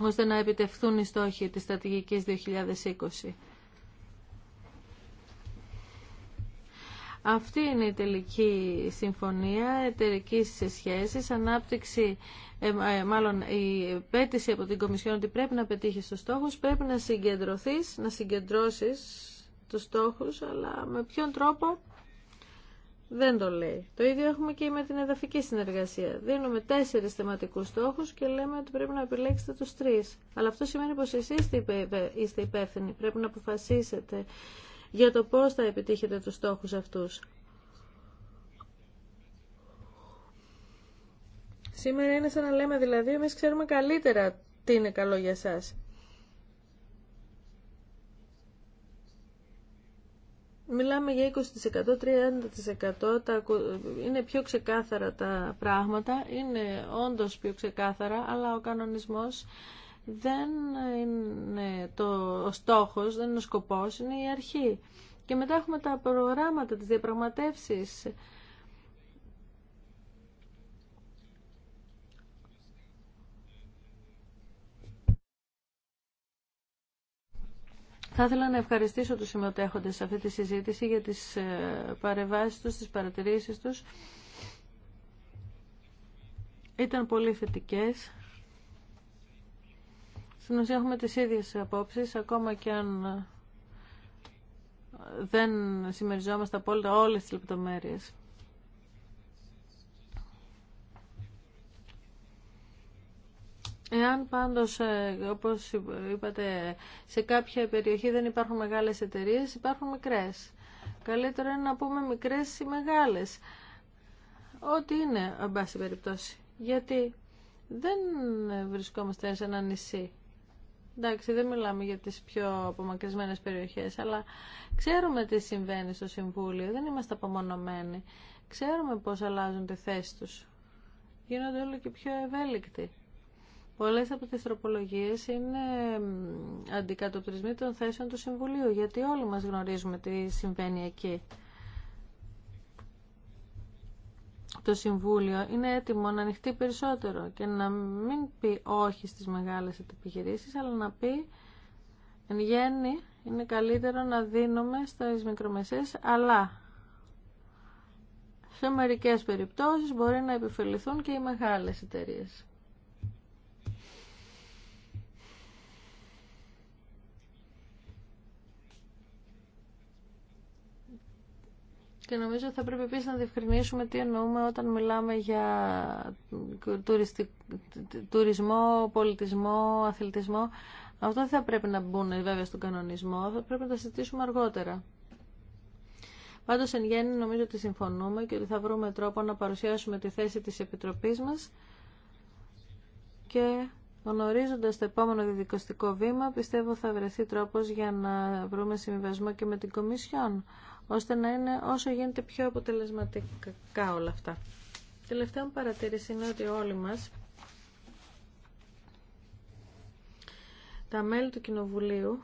ώστε να επιτευχθούν οι στόχοι της στρατηγικής 2020. Αυτή είναι η τελική συμφωνία εταιρική σχέση, ανάπτυξη, ε, ε, μάλλον η πέτηση από την Κομισιόν ότι πρέπει να πετύχει του στόχους πρέπει να συγκεντρωθεί, να συγκεντρώσει τους στόχους, αλλά με ποιον τρόπο δεν το λέει. Το ίδιο έχουμε και με την εδαφική συνεργασία. Δίνουμε τέσσερις θεματικούς στόχους και λέμε ότι πρέπει να επιλέξετε τους τρεις. Αλλά αυτό σημαίνει πως εσείς είστε υπεύθυνοι. Πρέπει να αποφασίσετε για το πώς θα επιτύχετε τους στόχους αυτούς. Σήμερα είναι σαν να λέμε δηλαδή, εμείς ξέρουμε καλύτερα τι είναι καλό για σας. Μιλάμε για 20%, 30%, τα, είναι πιο ξεκάθαρα τα πράγματα, είναι όντως πιο ξεκάθαρα, αλλά ο κανονισμός δεν είναι το, ο στόχος, δεν είναι ο σκοπός, είναι η αρχή. Και μετά έχουμε τα προγράμματα, τι διαπραγματεύσει. Θα ήθελα να ευχαριστήσω τους συμμετέχοντες σε αυτή τη συζήτηση για τις ε, παρεμβάσεις τους, τις παρατηρήσεις τους. Ήταν πολύ θετικές. Στην ουσία έχουμε τις ίδιες απόψεις, ακόμα και αν ε, δεν συμμεριζόμαστε απόλυτα όλες τις λεπτομέρειες. Εάν πάντως, ε, όπως είπατε, σε κάποια περιοχή δεν υπάρχουν μεγάλες εταιρείες, υπάρχουν μικρές. Καλύτερο είναι να πούμε μικρές ή μεγάλες. Ό,τι είναι, εν πάση περιπτώσει. Γιατί δεν βρισκόμαστε σε ένα νησί. Εντάξει, δεν μιλάμε για τις πιο απομακρυσμένες περιοχές, αλλά ξέρουμε τι συμβαίνει στο Συμβούλιο. Δεν είμαστε απομονωμένοι. Ξέρουμε πώς αλλάζουν τη θέση τους. Γίνονται όλο και πιο ευέλικτοι. Πολλέ από τι τροπολογίε είναι αντικατοπτρισμοί των θέσεων του Συμβουλίου, γιατί όλοι μας γνωρίζουμε τι συμβαίνει εκεί. Το Συμβούλιο είναι έτοιμο να ανοιχτεί περισσότερο και να μην πει όχι στις μεγάλες επιχειρήσεις, αλλά να πει εν γέννη είναι καλύτερο να δίνουμε στις μικρομεσές, αλλά σε μερικές περιπτώσεις μπορεί να επιφεληθούν και οι μεγάλες εταιρείες. Και νομίζω θα πρέπει επίση να διευκρινίσουμε τι εννοούμε όταν μιλάμε για τουρισμό, πολιτισμό, αθλητισμό. Αυτό δεν θα πρέπει να μπουν βέβαια στον κανονισμό, θα πρέπει να τα συζητήσουμε αργότερα. Πάντως εν γέννη νομίζω ότι συμφωνούμε και ότι θα βρούμε τρόπο να παρουσιάσουμε τη θέση τη επιτροπή μα και Γνωρίζοντας το επόμενο διδικοστικό βήμα, πιστεύω θα βρεθεί τρόπο για να βρούμε συμβιβασμό και με την Κομισιόν ώστε να είναι όσο γίνεται πιο αποτελεσματικά όλα αυτά. Τελευταία μου παρατήρηση είναι ότι όλοι μας, τα μέλη του Κοινοβουλίου,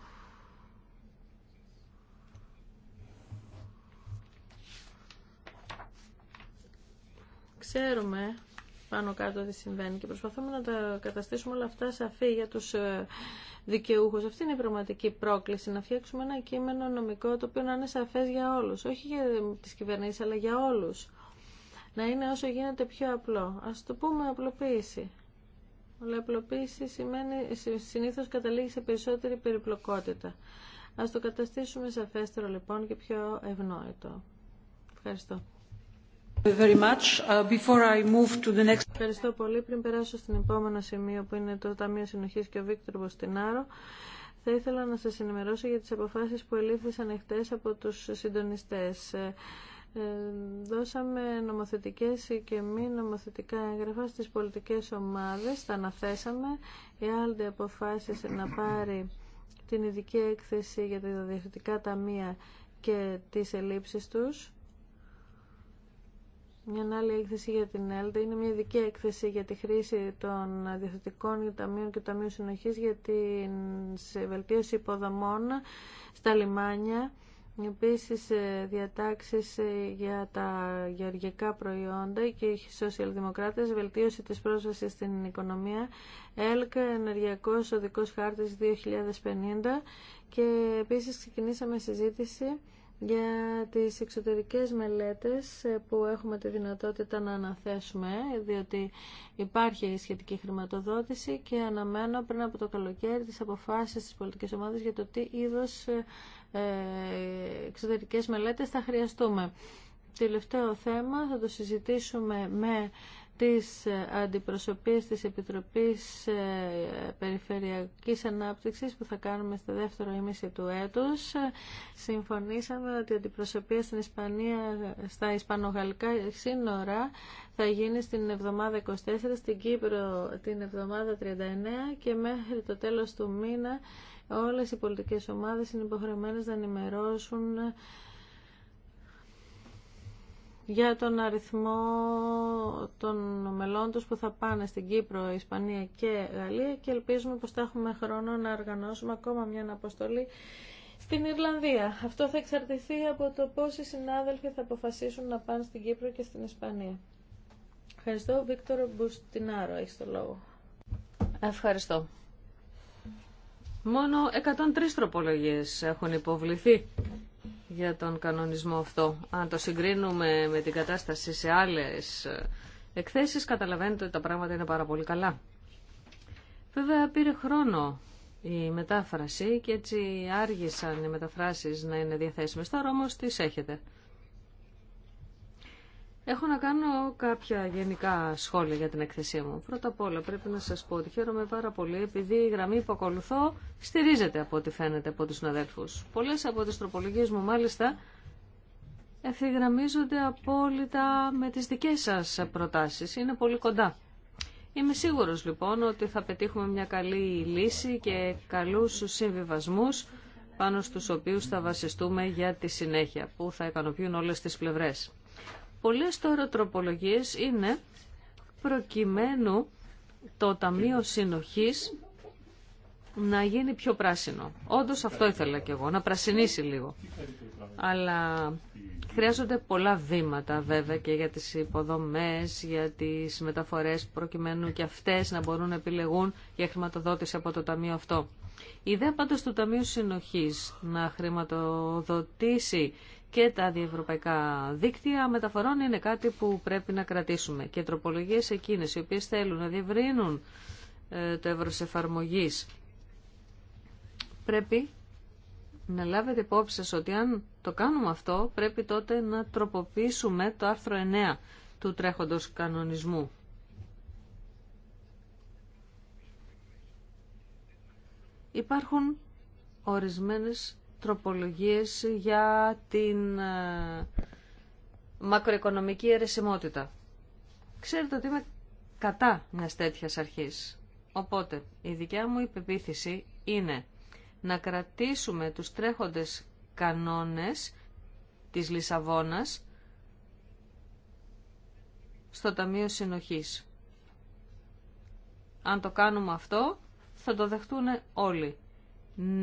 ξέρουμε πάνω κάτω τι συμβαίνει και προσπαθούμε να τα καταστήσουμε όλα αυτά σαφή για τους ε, δικαιούχο. Αυτή είναι η πραγματική πρόκληση, να φτιάξουμε ένα κείμενο νομικό το οποίο να είναι σαφέ για όλους, όχι για τις κυβερνήσεις, αλλά για όλους. Να είναι όσο γίνεται πιο απλό. Ας το πούμε απλοποίηση. Αλλά απλοποίηση σημαίνει, συνήθως καταλήγει σε περισσότερη περιπλοκότητα. Ας το καταστήσουμε σαφέστερο λοιπόν και πιο ευνόητο. Ευχαριστώ. Uh, Ευχαριστώ πολύ. Πριν περάσω στην επόμενο σημείο που είναι το Ταμείο Συνοχής και ο Βίκτρο Βοστινάρο, θα ήθελα να σα ενημερώσω για τις αποφάσεις που ελήφθησαν εχθές από τους συντονιστές. Ε, δώσαμε νομοθετικές και μη νομοθετικά έγγραφα στις πολιτικές ομάδες, τα αναθέσαμε. Η Άλντε αποφάσισε να πάρει την ειδική έκθεση για τα διευθυντικά ταμεία και τις ελλείψεις τους. Μια άλλη έκθεση για την ΕΛΤΑ είναι μια ειδική έκθεση για τη χρήση των διαθετικών ταμείων και ταμείων συνοχής για την βελτίωση υποδομών στα λιμάνια. Επίσης ε, διατάξεις ε, για τα γεωργικά προϊόντα και οι σοσιαλδημοκράτες, βελτίωση της πρόσβασης στην οικονομία, ΕΛΚ, ενεργειακό οδικός χάρτης 2050 και επίσης ξεκινήσαμε συζήτηση για τις εξωτερικές μελέτες ε, που έχουμε τη δυνατότητα να αναθέσουμε, διότι υπάρχει σχετική χρηματοδότηση και αναμένω πριν από το καλοκαίρι τις αποφάσεις της πολιτικής ομάδας για το τι είδος ε, ε, εξωτερικές μελέτες θα χρειαστούμε. Τελευταίο θέμα θα το συζητήσουμε με τις αντιπροσωπείες της Επιτροπής ε, Περιφερειακής Ανάπτυξης που θα κάνουμε στο δεύτερο ήμιση του έτους. Συμφωνήσαμε ότι η αντιπροσωπεία στην Ισπανία, στα Ισπανογαλλικά σύνορα θα γίνει στην εβδομάδα 24, στην Κύπρο την εβδομάδα 39 και μέχρι το τέλος του μήνα όλες οι πολιτικές ομάδες είναι υποχρεωμένες να ενημερώσουν για τον αριθμό των μελών τους που θα πάνε στην Κύπρο, Ισπανία και Γαλλία και ελπίζουμε πως θα έχουμε χρόνο να οργανώσουμε ακόμα μια αναποστολή στην Ιρλανδία. Αυτό θα εξαρτηθεί από το πώς οι συνάδελφοι θα αποφασίσουν να πάνε στην Κύπρο και στην Ισπανία. Ευχαριστώ. Βίκτορο Μπουστινάρο, έχει το λόγο. Ευχαριστώ. Μόνο 103 τροπολογίες έχουν υποβληθεί για τον κανονισμό αυτό. Αν το συγκρίνουμε με την κατάσταση σε άλλες ε, εκθέσεις, καταλαβαίνετε ότι τα πράγματα είναι πάρα πολύ καλά. Βέβαια πήρε χρόνο η μετάφραση και έτσι άργησαν οι μεταφράσεις να είναι διαθέσιμες. Τώρα όμως τις έχετε. Έχω να κάνω κάποια γενικά σχόλια για την εκθεσία μου. Πρώτα απ' όλα πρέπει να σας πω ότι χαίρομαι πάρα πολύ επειδή η γραμμή που ακολουθώ στηρίζεται από ό,τι φαίνεται από τους συναδέλφους. Πολλές από τις τροπολογίες μου μάλιστα ευθυγραμμίζονται απόλυτα με τις δικές σας προτάσεις. Είναι πολύ κοντά. Είμαι σίγουρος λοιπόν ότι θα πετύχουμε μια καλή λύση και καλούς συμβιβασμούς πάνω στους οποίους θα βασιστούμε για τη συνέχεια που θα ικανοποιούν όλες τις πλευρές. Πολλές τώρα τροπολογίες είναι προκειμένου το Ταμείο Συνοχής να γίνει πιο πράσινο. Όντως αυτό ήθελα κι εγώ, να πρασινίσει λίγο. Αλλά χρειάζονται πολλά βήματα βέβαια και για τις υποδομές, για τις μεταφορές προκειμένου και αυτές να μπορούν να επιλεγούν για χρηματοδότηση από το Ταμείο αυτό. Η ιδέα πάντως του Ταμείου Συνοχής να χρηματοδοτήσει και τα διευρωπαϊκά δίκτυα μεταφορών είναι κάτι που πρέπει να κρατήσουμε. Και οι τροπολογίες εκείνες οι οποίε θέλουν να διευρύνουν ε, το εύρο εφαρμογή. πρέπει να λάβετε υπόψη σας ότι αν το κάνουμε αυτό πρέπει τότε να τροποποιήσουμε το άρθρο 9 του τρέχοντος κανονισμού. Υπάρχουν ορισμένες τροπολογίες για την ε, μακροοικονομική αιρεσιμότητα. Ξέρετε ότι είμαι κατά μια τέτοια αρχής. Οπότε, η δικιά μου υπεποίθηση είναι να κρατήσουμε τους τρέχοντες κανόνες της Λισαβόνας στο Ταμείο Συνοχής. Αν το κάνουμε αυτό, θα το δεχτούν όλοι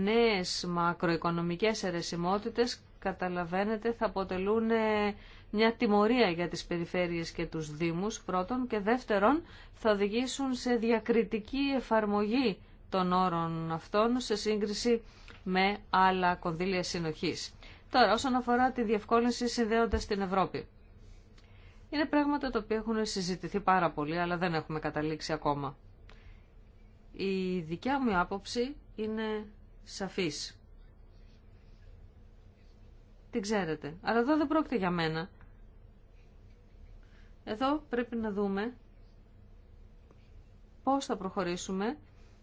νέες μακροοικονομικές αιρεσιμότητες καταλαβαίνετε θα αποτελούν ε, μια τιμωρία για τις περιφέρειες και τους δήμους πρώτον και δεύτερον θα οδηγήσουν σε διακριτική εφαρμογή των όρων αυτών σε σύγκριση με άλλα κονδύλια συνοχής. Τώρα, όσον αφορά τη διευκόλυνση συνδέοντας την Ευρώπη. Είναι πράγματα τα οποία έχουν συζητηθεί πάρα πολύ, αλλά δεν έχουμε καταλήξει ακόμα. Η δικιά μου άποψη είναι σαφής. Την ξέρετε. Αλλά εδώ δεν πρόκειται για μένα. Εδώ πρέπει να δούμε πώς θα προχωρήσουμε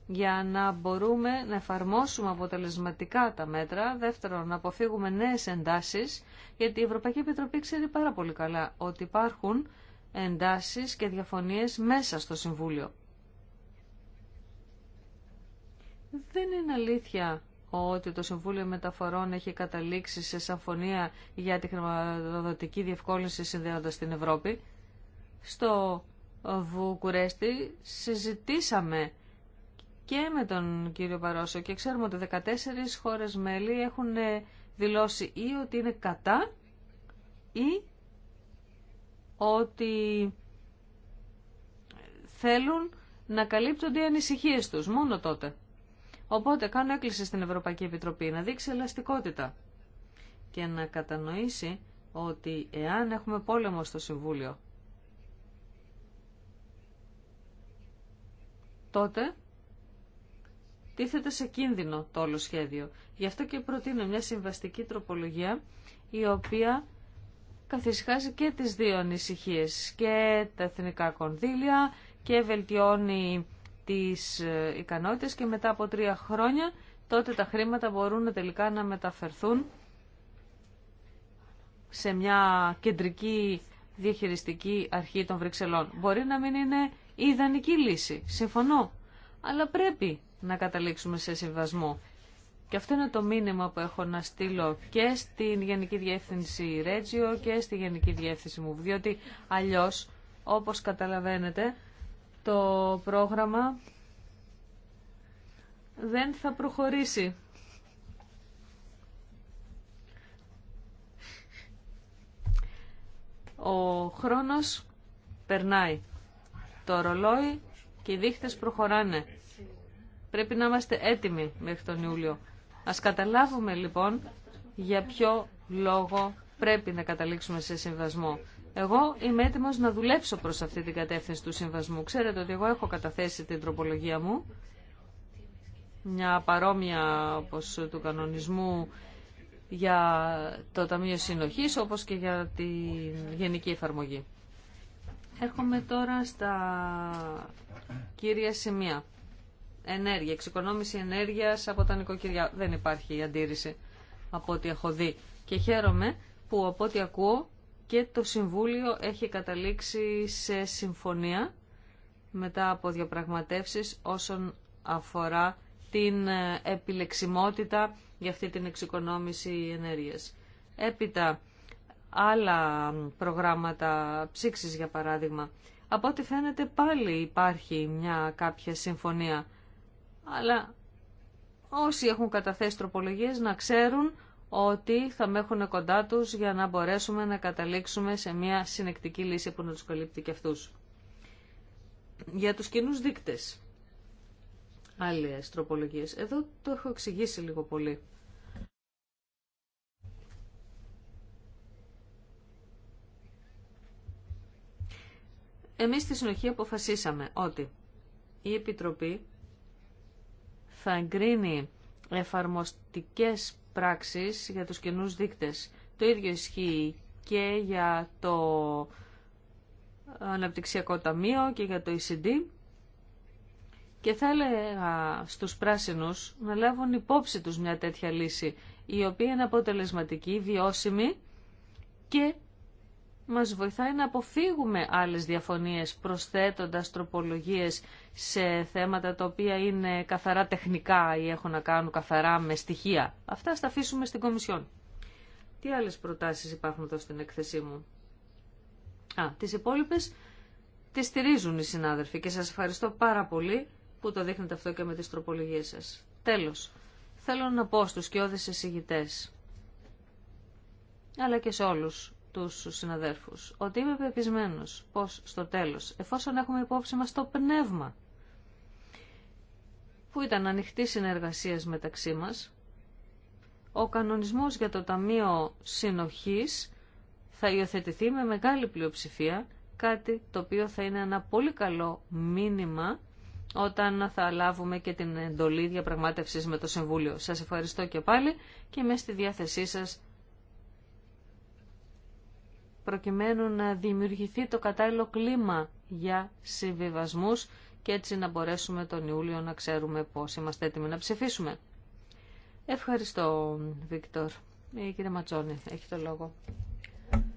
για να μπορούμε να εφαρμόσουμε αποτελεσματικά τα μέτρα, δεύτερον να αποφύγουμε νέες εντάσεις, γιατί η Ευρωπαϊκή Επιτροπή ξέρει πάρα πολύ καλά ότι υπάρχουν εντάσεις και διαφωνίες μέσα στο Συμβούλιο. Δεν είναι αλήθεια ότι το Συμβούλιο Μεταφορών έχει καταλήξει σε συμφωνία για τη χρηματοδοτική διευκόλυνση συνδέοντας την Ευρώπη. Στο Βουκουρέστι συζητήσαμε και με τον κύριο Παρόσο και ξέρουμε ότι 14 χώρες μέλη έχουν ε, δηλώσει ή ότι είναι κατά ή ότι θέλουν να καλύπτονται οι ανησυχίες τους μόνο τότε. Οπότε κάνω έκκληση στην Ευρωπαϊκή Επιτροπή να δείξει ελαστικότητα και να κατανοήσει ότι εάν έχουμε πόλεμο στο Συμβούλιο, τότε τίθεται σε κίνδυνο το όλο σχέδιο. Γι' αυτό και προτείνω μια συμβαστική τροπολογία η οποία καθισχάζει και τις δύο ανησυχίε και τα εθνικά κονδύλια και βελτιώνει τις ε, ικανότητες και μετά από τρία χρόνια τότε τα χρήματα μπορούν τελικά να μεταφερθούν σε μια κεντρική διαχειριστική αρχή των Βρυξελών. Μπορεί να μην είναι η ιδανική λύση, συμφωνώ, αλλά πρέπει να καταλήξουμε σε συμβασμό. Και αυτό είναι το μήνυμα που έχω να στείλω και στην Γενική Διεύθυνση Ρέτζιο και στη Γενική Διεύθυνση μου, διότι αλλιώς, όπως καταλαβαίνετε, το πρόγραμμα δεν θα προχωρήσει. Ο χρόνος περνάει. Το ρολόι και οι δείχτες προχωράνε. Πρέπει να είμαστε έτοιμοι μέχρι τον Ιούλιο. Ας καταλάβουμε λοιπόν για ποιο λόγο πρέπει να καταλήξουμε σε συμβασμό. Εγώ είμαι έτοιμος να δουλέψω προς αυτή την κατεύθυνση του συμβασμού. Ξέρετε ότι εγώ έχω καταθέσει την τροπολογία μου, μια παρόμοια όπως του κανονισμού για το Ταμείο Συνοχής, όπως και για τη γενική εφαρμογή. Έρχομαι τώρα στα κύρια σημεία. Ενέργεια, εξοικονόμηση ενέργειας από τα νοικοκυριά. Δεν υπάρχει αντίρρηση από ό,τι έχω δει. Και χαίρομαι που από ό,τι ακούω και το Συμβούλιο έχει καταλήξει σε συμφωνία μετά από διαπραγματεύσεις όσον αφορά την ε, επιλεξιμότητα για αυτή την εξοικονόμηση ενέργειας. Έπειτα, άλλα προγράμματα ψήξης για παράδειγμα. Από ό,τι φαίνεται πάλι υπάρχει μια κάποια συμφωνία. Αλλά όσοι έχουν καταθέσει τροπολογίες να ξέρουν ότι θα με έχουν κοντά τους για να μπορέσουμε να καταλήξουμε σε μια συνεκτική λύση που να τους καλύπτει και αυτούς. Για τους κοινού δείκτες, άλλες τροπολογίες. Εδώ το έχω εξηγήσει λίγο πολύ. Εμείς στη συνοχή αποφασίσαμε ότι η Επιτροπή θα εγκρίνει εφαρμοστικές πράξεις για τους καινούς δείκτες. Το ίδιο ισχύει και για το Αναπτυξιακό Ταμείο και για το ECD. Και θα έλεγα στους πράσινους να λάβουν υπόψη τους μια τέτοια λύση, η οποία είναι αποτελεσματική, βιώσιμη και μας βοηθάει να αποφύγουμε άλλες διαφωνίες προσθέτοντας τροπολογίες σε θέματα τα οποία είναι καθαρά τεχνικά ή έχουν να κάνουν καθαρά με στοιχεία. Αυτά στα αφήσουμε στην Κομισιόν. Τι άλλες προτάσεις υπάρχουν εδώ στην εκθεσή μου. Α, τις υπόλοιπες τις στηρίζουν οι συνάδελφοι και σας ευχαριστώ πάρα πολύ που το δείχνετε αυτό και με τις τροπολογίες σας. Τέλος, θέλω να πω στους και εισηγητές, αλλά και σε όλους τους συναδέρφους ότι είμαι πεπισμένος πως στο τέλος, εφόσον έχουμε υπόψη μας το πνεύμα που ήταν ανοιχτή συνεργασία μεταξύ μας, ο κανονισμός για το Ταμείο Συνοχής θα υιοθετηθεί με μεγάλη πλειοψηφία, κάτι το οποίο θα είναι ένα πολύ καλό μήνυμα όταν θα λάβουμε και την εντολή διαπραγμάτευσης με το Συμβούλιο. Σας ευχαριστώ και πάλι και είμαι στη διάθεσή σας προκειμένου να δημιουργηθεί το κατάλληλο κλίμα για συμβιβασμούς και έτσι να μπορέσουμε τον Ιούλιο να ξέρουμε πώς είμαστε έτοιμοι να ψηφίσουμε. Ευχαριστώ, Βίκτορ. Η κυρία Ματσόνη έχει το λόγο.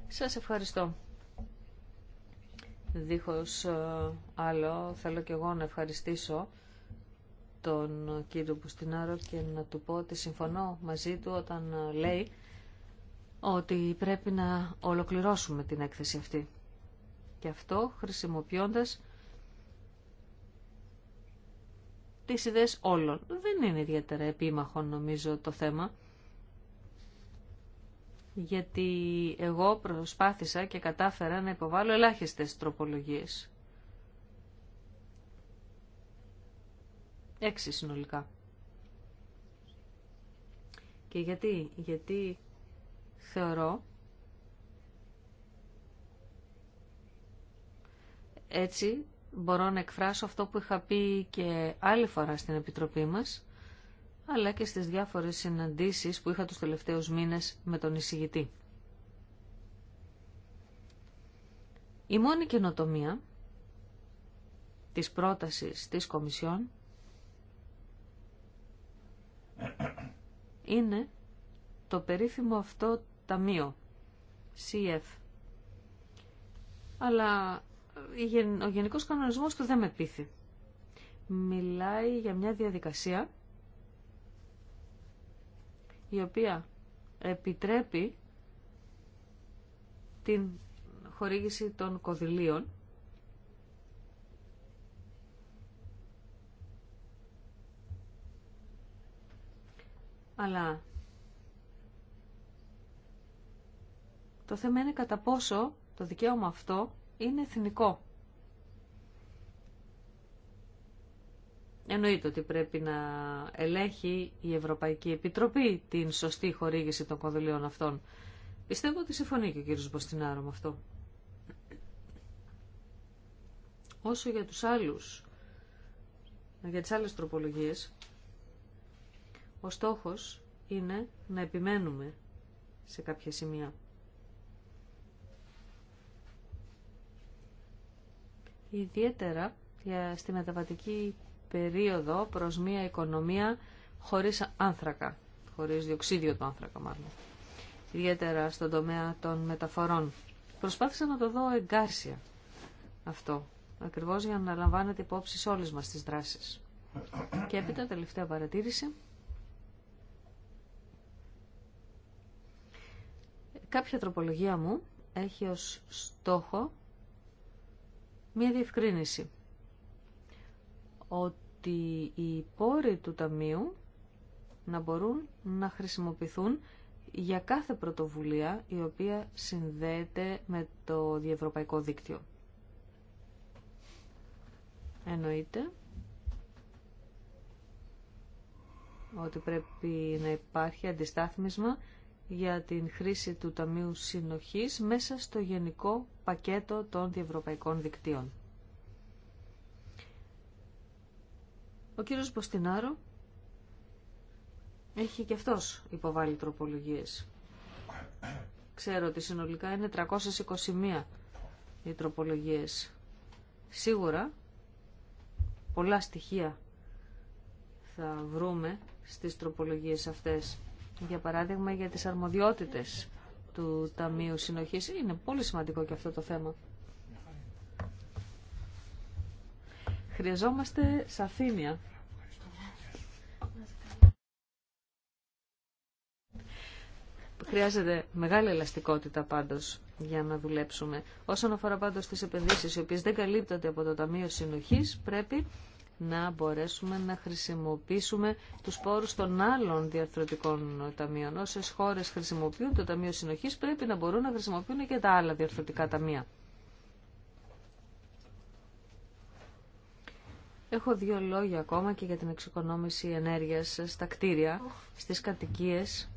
Σας ευχαριστώ. Δίχως ε, άλλο, θέλω και εγώ να ευχαριστήσω τον κύριο Μπουστινάρο και να του πω ότι συμφωνώ μαζί του όταν ε, λέει ότι πρέπει να ολοκληρώσουμε την έκθεση αυτή. Και αυτό χρησιμοποιώντας τις ιδέες όλων. Δεν είναι ιδιαίτερα επίμαχο νομίζω το θέμα. Γιατί εγώ προσπάθησα και κατάφερα να υποβάλω ελάχιστες τροπολογίες. Έξι συνολικά. Και γιατί, γιατί θεωρώ έτσι μπορώ να εκφράσω αυτό που είχα πει και άλλη φορά στην Επιτροπή μας, αλλά και στις διάφορες συναντήσεις που είχα τους τελευταίους μήνες με τον εισηγητή. Η μόνη καινοτομία της πρότασης της Κομισιόν είναι το περίφημο αυτό ταμείο, CF. Αλλά ο γενικός κανονισμός του δεν με πείθει. Μιλάει για μια διαδικασία η οποία επιτρέπει την χορήγηση των κοδηλίων αλλά Το θέμα είναι κατά πόσο το δικαίωμα αυτό είναι εθνικό. Εννοείται ότι πρέπει να ελέγχει η Ευρωπαϊκή Επιτροπή την σωστή χορήγηση των κονδυλίων αυτών. Πιστεύω ότι συμφωνεί και ο κύριος Μποστινάρο με αυτό. Όσο για τους άλλους, για τις άλλες τροπολογίες, ο στόχος είναι να επιμένουμε σε κάποια σημεία. ιδιαίτερα για στη μεταβατική περίοδο προς μια οικονομία χωρίς άνθρακα, χωρίς διοξίδιο του άνθρακα μάλλον, ιδιαίτερα στον τομέα των μεταφορών. Προσπάθησα να το δω εγκάρσια αυτό, ακριβώς για να λαμβάνετε υπόψη σε όλες μας τις δράσεις. Και έπειτα τελευταία παρατήρηση. Κάποια τροπολογία μου έχει ως στόχο μία διευκρίνηση. Ότι οι πόροι του Ταμείου να μπορούν να χρησιμοποιηθούν για κάθε πρωτοβουλία η οποία συνδέεται με το διευρωπαϊκό δίκτυο. Εννοείται ότι πρέπει να υπάρχει αντιστάθμισμα για την χρήση του Ταμείου Συνοχής μέσα στο γενικό πακέτο των διευρωπαϊκών δικτύων. Ο κύριος Μποστινάρο έχει και αυτός υποβάλει τροπολογίες. Ξέρω ότι συνολικά είναι 321 οι τροπολογίες. Σίγουρα πολλά στοιχεία θα βρούμε στις τροπολογίες αυτές για παράδειγμα για τις αρμοδιότητες του Ταμείου Συνοχής. Είναι πολύ σημαντικό και αυτό το θέμα. Χρειαζόμαστε σαφήνεια. Χρειάζεται μεγάλη ελαστικότητα πάντως για να δουλέψουμε. Όσον αφορά πάντως τις επενδύσεις οι οποίες δεν καλύπτονται από το Ταμείο Συνοχής πρέπει να μπορέσουμε να χρησιμοποιήσουμε τους πόρους των άλλων διαρθρωτικών ταμείων. Όσες χώρες χρησιμοποιούν το Ταμείο Συνοχής πρέπει να μπορούν να χρησιμοποιούν και τα άλλα διαρθρωτικά ταμεία. Έχω δύο λόγια ακόμα και για την εξοικονόμηση ενέργειας στα κτίρια, στις κατοικίες.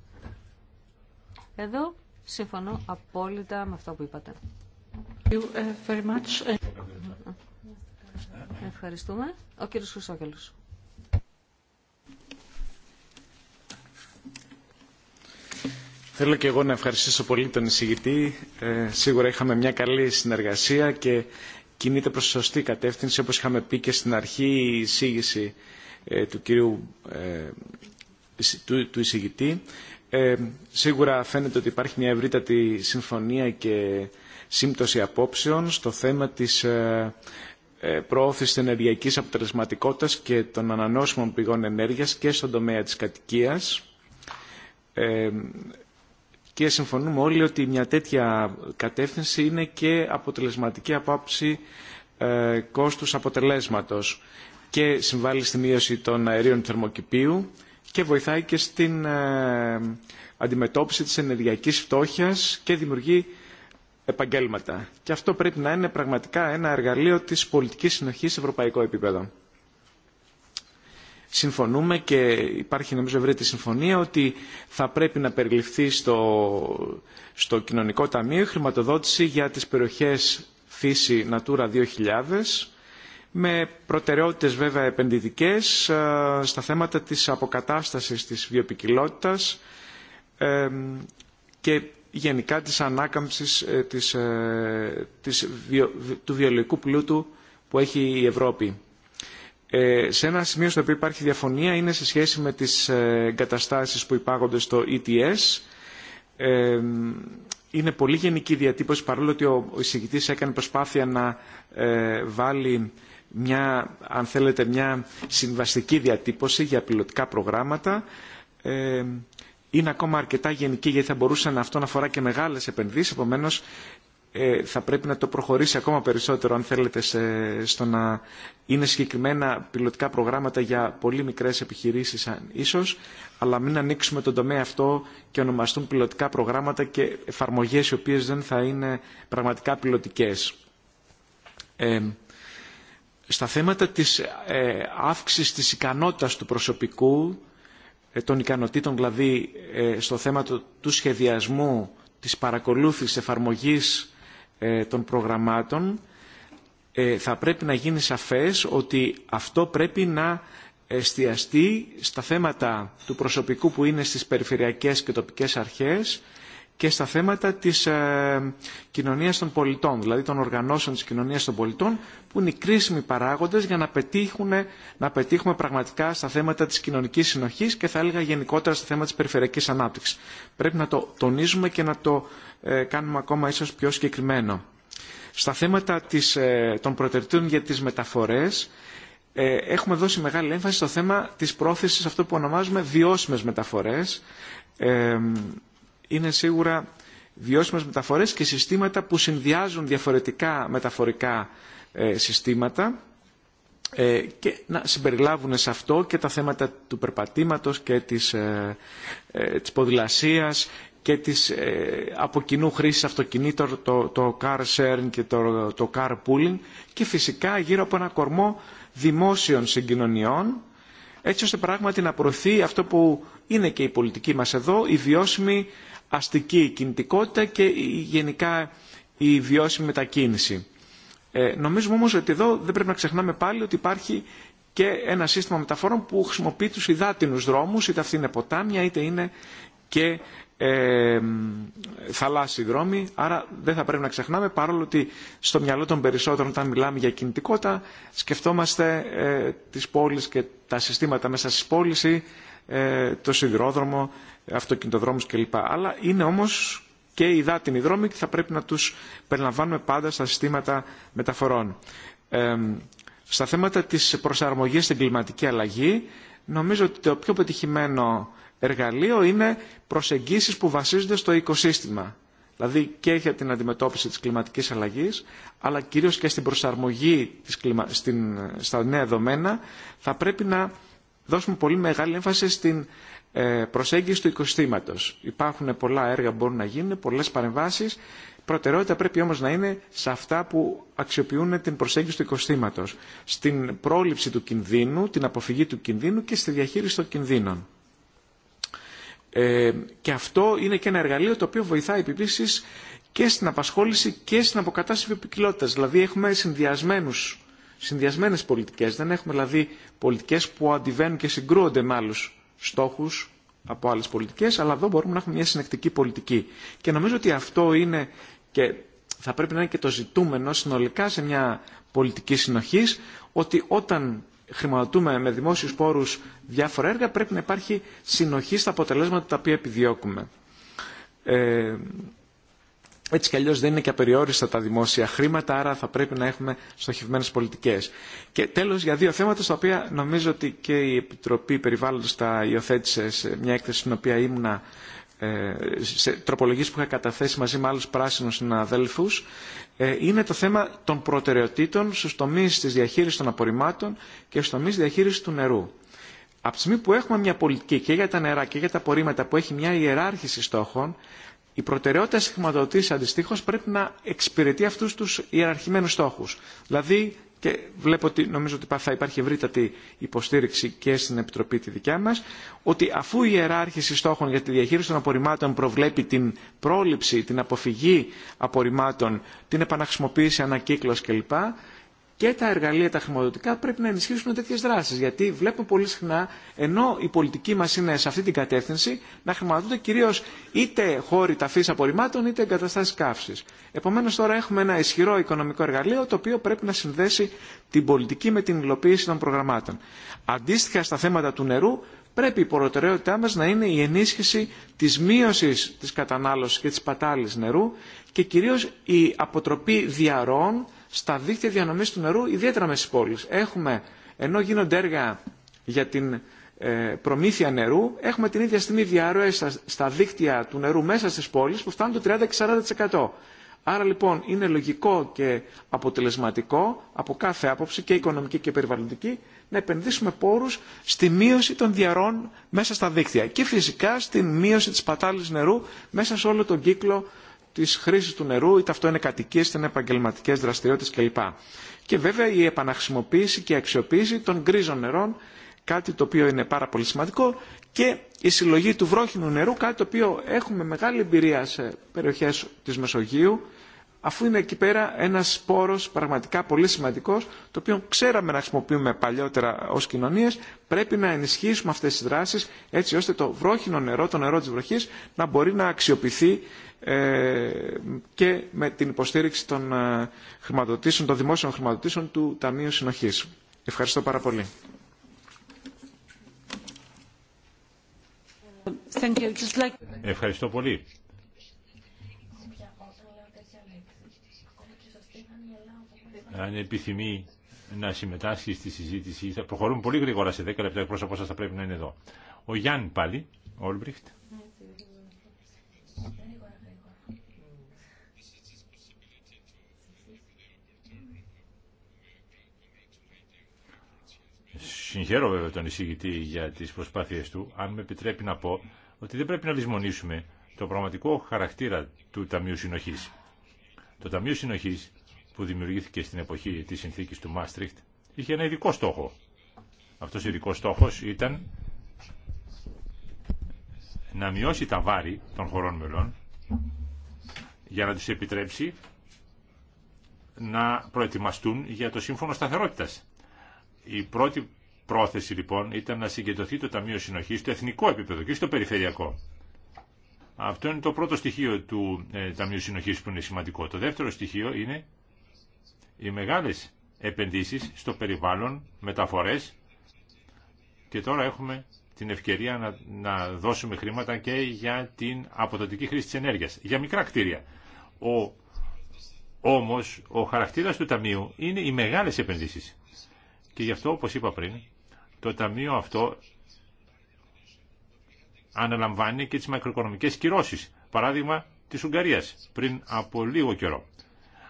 Εδώ συμφωνώ απόλυτα με αυτό που είπατε. Ευχαριστούμε. Ο κύριος Χρυσόγελος. Θέλω και εγώ να ευχαριστήσω πολύ τον εισηγητή. Ε, σίγουρα είχαμε μια καλή συνεργασία και κινείται προς σωστή κατεύθυνση, όπως είχαμε πει και στην αρχή η εισήγηση ε, του, κυρίου, ε, του, του εισηγητή. Σίγουρα φαίνεται ότι υπάρχει μια ευρύτατη συμφωνία και σύμπτωση απόψεων στο θέμα της ε, προώθηση της ενεργειακής αποτελεσματικότητας και των ανανεώσιμων πηγών ενέργειας και στον τομέα της κατοικίας. Ε, και συμφωνούμε όλοι ότι μια τέτοια κατεύθυνση είναι και αποτελεσματική από άψη ε, κόστους αποτελέσματος και συμβάλλει στη μείωση των αερίων θερμοκηπίου και βοηθάει και στην αντιμετώπιση της ενεργειακής φτώχειας και δημιουργεί επαγγέλματα. Και αυτό πρέπει να είναι πραγματικά ένα εργαλείο της πολιτικής συνοχής σε ευρωπαϊκό επίπεδο. Συμφωνούμε και υπάρχει νομίζω ευρύτη συμφωνία ότι θα πρέπει να περιληφθεί στο, στο κοινωνικό ταμείο η χρηματοδότηση για τις περιοχές φύση Natura 2000 με προτεραιότητες βέβαια επενδυτικές ε, στα θέματα της αποκατάστασης της βιοπικιλότητας ε, και γενικά της ανάκαμψης ε, της, ε, της, του βιολογικού πλούτου που έχει η Ευρώπη. Ε, σε ένα σημείο στο οποίο υπάρχει διαφωνία είναι σε σχέση με τις εγκαταστάσεις που υπάγονται στο ETS. Ε, είναι πολύ γενική διατύπωση παρόλο ότι ο εισηγητής έκανε προσπάθεια να βάλει μια, αν θέλετε, μια συμβαστική διατύπωση για πιλωτικά προγράμματα είναι ακόμα αρκετά γενική γιατί θα μπορούσε να αυτό να αφορά και μεγάλες επενδύσεις. Επομένως ε, θα πρέπει να το προχωρήσει ακόμα περισσότερο αν θέλετε στο να είναι συγκεκριμένα πιλωτικά προγράμματα για πολύ μικρές επιχειρήσεις ίσως αλλά μην ανοίξουμε τον τομέα αυτό και ονομαστούν πιλωτικά προγράμματα και εφαρμογές οι οποίες δεν θα είναι πραγματικά πιλωτικές. Ε, στα θέματα της ε, αύξησης της ικανότητας του προσωπικού ε, των ικανοτήτων δηλαδή ε, στο θέμα του σχεδιασμού της παρακολούθησης εφαρμογής ε, των προγραμμάτων θα πρέπει να γίνει σαφές ότι αυτό πρέπει να εστιαστεί στα θέματα του προσωπικού που είναι στις περιφερειακές και τοπικές αρχές και στα θέματα της ε, κοινωνίας των πολιτών, δηλαδή των οργανώσεων της κοινωνίας των πολιτών, που είναι οι κρίσιμοι παράγοντες για να, να πετύχουμε πραγματικά στα θέματα της κοινωνικής συνοχής και θα έλεγα γενικότερα στα θέματα της περιφερειακής ανάπτυξης. Πρέπει να το τονίζουμε και να το ε, κάνουμε ακόμα ίσως πιο συγκεκριμένο. Στα θέματα της, ε, των προτεραιτήτων για τις μεταφορές, ε, έχουμε δώσει μεγάλη έμφαση στο θέμα της πρόθεσης αυτό που ονομάζουμε βιώσιμες μεταφορές είναι σίγουρα βιώσιμες μεταφορές και συστήματα που συνδυάζουν διαφορετικά μεταφορικά ε, συστήματα ε, και να συμπεριλάβουν σε αυτό και τα θέματα του περπατήματος και της, ε, της ποδηλασίας και της από κοινού χρήσης αυτοκινήτων, το, το car sharing και το, το car pooling και φυσικά γύρω από ένα κορμό δημόσιων συγκοινωνιών έτσι ώστε πράγματι να προωθεί αυτό που είναι και η πολιτική μας εδώ, η βιώσιμη αστική κινητικότητα και γενικά η βιώσιμη μετακίνηση. Ε, νομίζουμε όμως ότι εδώ δεν πρέπει να ξεχνάμε πάλι ότι υπάρχει και ένα σύστημα μεταφορών που χρησιμοποιεί τους υδάτινους δρόμους, είτε αυτή είναι ποτάμια, είτε είναι και ε, θαλάσσιοι δρόμοι. Άρα δεν θα πρέπει να ξεχνάμε, παρόλο ότι στο μυαλό των περισσότερων όταν μιλάμε για κινητικότητα, σκεφτόμαστε ε, τις πόλεις και τα συστήματα μέσα στις πόλεις ή ε, το σιδηρόδρομο αυτοκινητοδρόμους κλπ. Αλλά είναι όμως και υδάτινοι δρόμοι και θα πρέπει να τους περιλαμβάνουμε πάντα στα συστήματα μεταφορών. Ε, στα θέματα της προσαρμογής στην κλιματική αλλαγή, νομίζω ότι το πιο πετυχημένο εργαλείο είναι προσεγγίσεις που βασίζονται στο οικοσύστημα. Δηλαδή και για την αντιμετώπιση της κλιματικής αλλαγής, αλλά κυρίως και στην προσαρμογή της στην... στα νέα δεδομένα, θα πρέπει να δώσουμε πολύ μεγάλη έμφαση στην ε, προσέγγιση του οικοστήματος. Υπάρχουν πολλά έργα που μπορούν να γίνουν, πολλέ παρεμβάσει. Προτεραιότητα πρέπει όμω να είναι σε αυτά που αξιοποιούν την προσέγγιση του οικοστήματος. Στην πρόληψη του κινδύνου, την αποφυγή του κινδύνου και στη διαχείριση των κινδύνων. Ε, και αυτό είναι και ένα εργαλείο το οποίο βοηθάει επίση και στην απασχόληση και στην αποκατάσταση βιοπικιλότητας. Δηλαδή έχουμε συνδυασμένους, συνδυασμένες πολιτικές. Δεν έχουμε δηλαδή πολιτικές που αντιβαίνουν και συγκρούονται με άλλους Στόχου από άλλε πολιτικέ, αλλά εδώ μπορούμε να έχουμε μια συνεκτική πολιτική. Και νομίζω ότι αυτό είναι και θα πρέπει να είναι και το ζητούμενο συνολικά σε μια πολιτική συνοχή, ότι όταν χρηματοδοτούμε με δημόσιου πόρου διάφορα έργα, πρέπει να υπάρχει συνοχή στα αποτελέσματα τα οποία επιδιώκουμε. Ε, έτσι κι αλλιώ δεν είναι και απεριόριστα τα δημόσια χρήματα, άρα θα πρέπει να έχουμε στοχευμένε πολιτικέ. Και τέλο, για δύο θέματα, στα οποία νομίζω ότι και η Επιτροπή Περιβάλλοντο τα υιοθέτησε σε μια έκθεση στην οποία ήμουνα ε, σε τροπολογίες που είχα καταθέσει μαζί με άλλους πράσινους συναδέλφους ε, είναι το θέμα των προτεραιοτήτων στου τομεί της διαχείρισης των απορριμμάτων και στους τομείς διαχείριση του νερού. Από τη στιγμή που έχουμε μια πολιτική και για τα νερά και για τα απορρίμματα που έχει μια ιεράρχηση στόχων, η προτεραιότητα τη χρηματοδοτήση αντιστοίχω πρέπει να εξυπηρετεί αυτού του ιεραρχημένου στόχου. Δηλαδή, και βλέπω ότι νομίζω ότι θα υπάρχει ευρύτατη υποστήριξη και στην Επιτροπή τη δικιά μα, ότι αφού η ιεράρχηση στόχων για τη διαχείριση των απορριμμάτων προβλέπει την πρόληψη, την αποφυγή απορριμμάτων, την επαναχρησιμοποίηση, ανακύκλωση κλπ και τα εργαλεία τα χρηματοδοτικά πρέπει να ενισχύσουν τέτοιε δράσει. Γιατί βλέπουμε πολύ συχνά, ενώ η πολιτική μα είναι σε αυτή την κατεύθυνση, να χρηματοδοτούνται κυρίω είτε χώροι ταφή απορριμμάτων είτε εγκαταστάσει καύση. Επομένω, τώρα έχουμε ένα ισχυρό οικονομικό εργαλείο το οποίο πρέπει να συνδέσει την πολιτική με την υλοποίηση των προγραμμάτων. Αντίστοιχα στα θέματα του νερού, πρέπει η προτεραιότητά μα να είναι η ενίσχυση τη μείωση τη κατανάλωση και τη πατάλη νερού και κυρίω η αποτροπή διαρροών στα δίκτυα διανομής του νερού, ιδιαίτερα μέσα στις πόλεις. Έχουμε, ενώ γίνονται έργα για την ε, προμήθεια νερού, έχουμε την ίδια στιγμή διαρροές στα δίκτυα του νερού μέσα στις πόλεις που φτάνουν το 30 40%. Άρα λοιπόν είναι λογικό και αποτελεσματικό από κάθε άποψη και οικονομική και περιβαλλοντική να επενδύσουμε πόρους στη μείωση των διαρών μέσα στα δίκτυα και φυσικά στη μείωση της πατάλης νερού μέσα σε όλο τον κύκλο της χρήσης του νερού, είτε αυτό είναι κατοικίε, είτε είναι επαγγελματικές δραστηριότητες κλπ. Και βέβαια η επαναχρησιμοποίηση και η αξιοποίηση των γκρίζων νερών, κάτι το οποίο είναι πάρα πολύ σημαντικό, και η συλλογή του βρόχινου νερού, κάτι το οποίο έχουμε μεγάλη εμπειρία σε περιοχές της Μεσογείου, αφού είναι εκεί πέρα ένα πόρο πραγματικά πολύ σημαντικό, το οποίο ξέραμε να χρησιμοποιούμε παλιότερα ω κοινωνίε, πρέπει να ενισχύσουμε αυτέ τι δράσει έτσι ώστε το βρόχινο νερό, το νερό τη βροχή, να μπορεί να αξιοποιηθεί ε, και με την υποστήριξη των, ε, χρηματοδοτήσεων, των δημόσιων χρηματοδοτήσεων του Ταμείου Συνοχή. Ευχαριστώ πάρα πολύ. Ευχαριστώ πολύ. αν επιθυμεί να συμμετάσχει στη συζήτηση. Θα προχωρούμε πολύ γρήγορα σε 10 λεπτά. Ο πρόσωπό θα πρέπει να είναι εδώ. Ο Γιάννη πάλι, Όλμπριχτ. Συγχαίρω βέβαια τον εισηγητή για τις προσπάθειες του, αν με επιτρέπει να πω ότι δεν πρέπει να λησμονήσουμε το πραγματικό χαρακτήρα του Ταμείου Συνοχής. Το Ταμείο Συνοχής που δημιουργήθηκε στην εποχή της συνθήκης του Μάστριχτ είχε ένα ειδικό στόχο. Αυτός ο ειδικό στόχος ήταν να μειώσει τα βάρη των χωρών μελών για να τους επιτρέψει να προετοιμαστούν για το Σύμφωνο Σταθερότητας. Η πρώτη πρόθεση λοιπόν ήταν να συγκεντρωθεί το Ταμείο Συνοχής στο εθνικό επίπεδο και στο περιφερειακό. Αυτό είναι το πρώτο στοιχείο του ε, Ταμείου Συνοχής που είναι σημαντικό. Το δεύτερο στοιχείο είναι οι μεγάλες επενδύσεις στο περιβάλλον, μεταφορές και τώρα έχουμε την ευκαιρία να, να δώσουμε χρήματα και για την αποδοτική χρήση της ενέργειας, για μικρά κτίρια. Ο, όμως, ο χαρακτήρας του Ταμείου είναι οι μεγάλες επενδύσεις. Και γι' αυτό, όπως είπα πριν, το Ταμείο αυτό αναλαμβάνει και τις μακροοικονομικές κυρώσεις. Παράδειγμα της Ουγγαρίας, πριν από λίγο καιρό.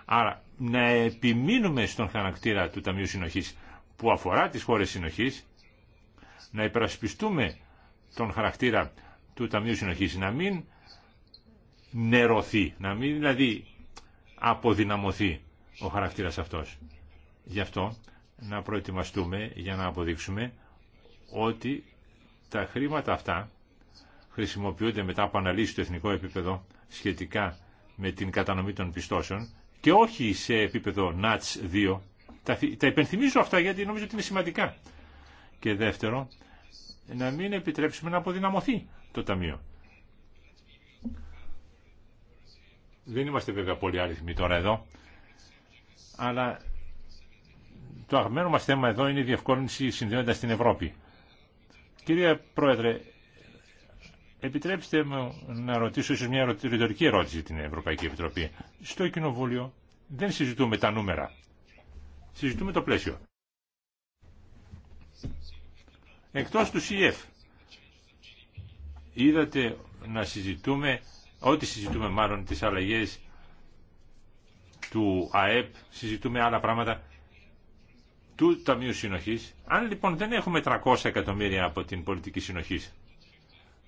Άρα, να επιμείνουμε στον χαρακτήρα του Ταμείου Συνοχής που αφορά τις χώρες συνοχής, να υπερασπιστούμε τον χαρακτήρα του Ταμείου Συνοχής, να μην νερωθεί, να μην δηλαδή αποδυναμωθεί ο χαρακτήρας αυτός. Γι' αυτό να προετοιμαστούμε για να αποδείξουμε ότι τα χρήματα αυτά χρησιμοποιούνται μετά από αναλύσεις στο εθνικό επίπεδο σχετικά με την κατανομή των πιστώσεων και όχι σε επίπεδο ΝΑΤΣ 2. Τα υπενθυμίζω αυτά γιατί νομίζω ότι είναι σημαντικά. Και δεύτερο, να μην επιτρέψουμε να αποδυναμωθεί το Ταμείο. Δεν είμαστε βέβαια πολύ αριθμοί τώρα εδώ, αλλά το αγμένο μας θέμα εδώ είναι η διευκόλυνση συνδέοντας την Ευρώπη. Κύριε Πρόεδρε, Επιτρέψτε μου να ρωτήσω ίσως μια ρητορική ερώτηση την Ευρωπαϊκή Επιτροπή. Στο Κοινοβούλιο δεν συζητούμε τα νούμερα. Συζητούμε το πλαίσιο. Εκτός του ΣΥΕΦ Είδατε να συζητούμε, ό,τι συζητούμε μάλλον τις αλλαγές του ΑΕΠ, συζητούμε άλλα πράγματα του Ταμείου Συνοχής. Αν λοιπόν δεν έχουμε 300 εκατομμύρια από την πολιτική συνοχής,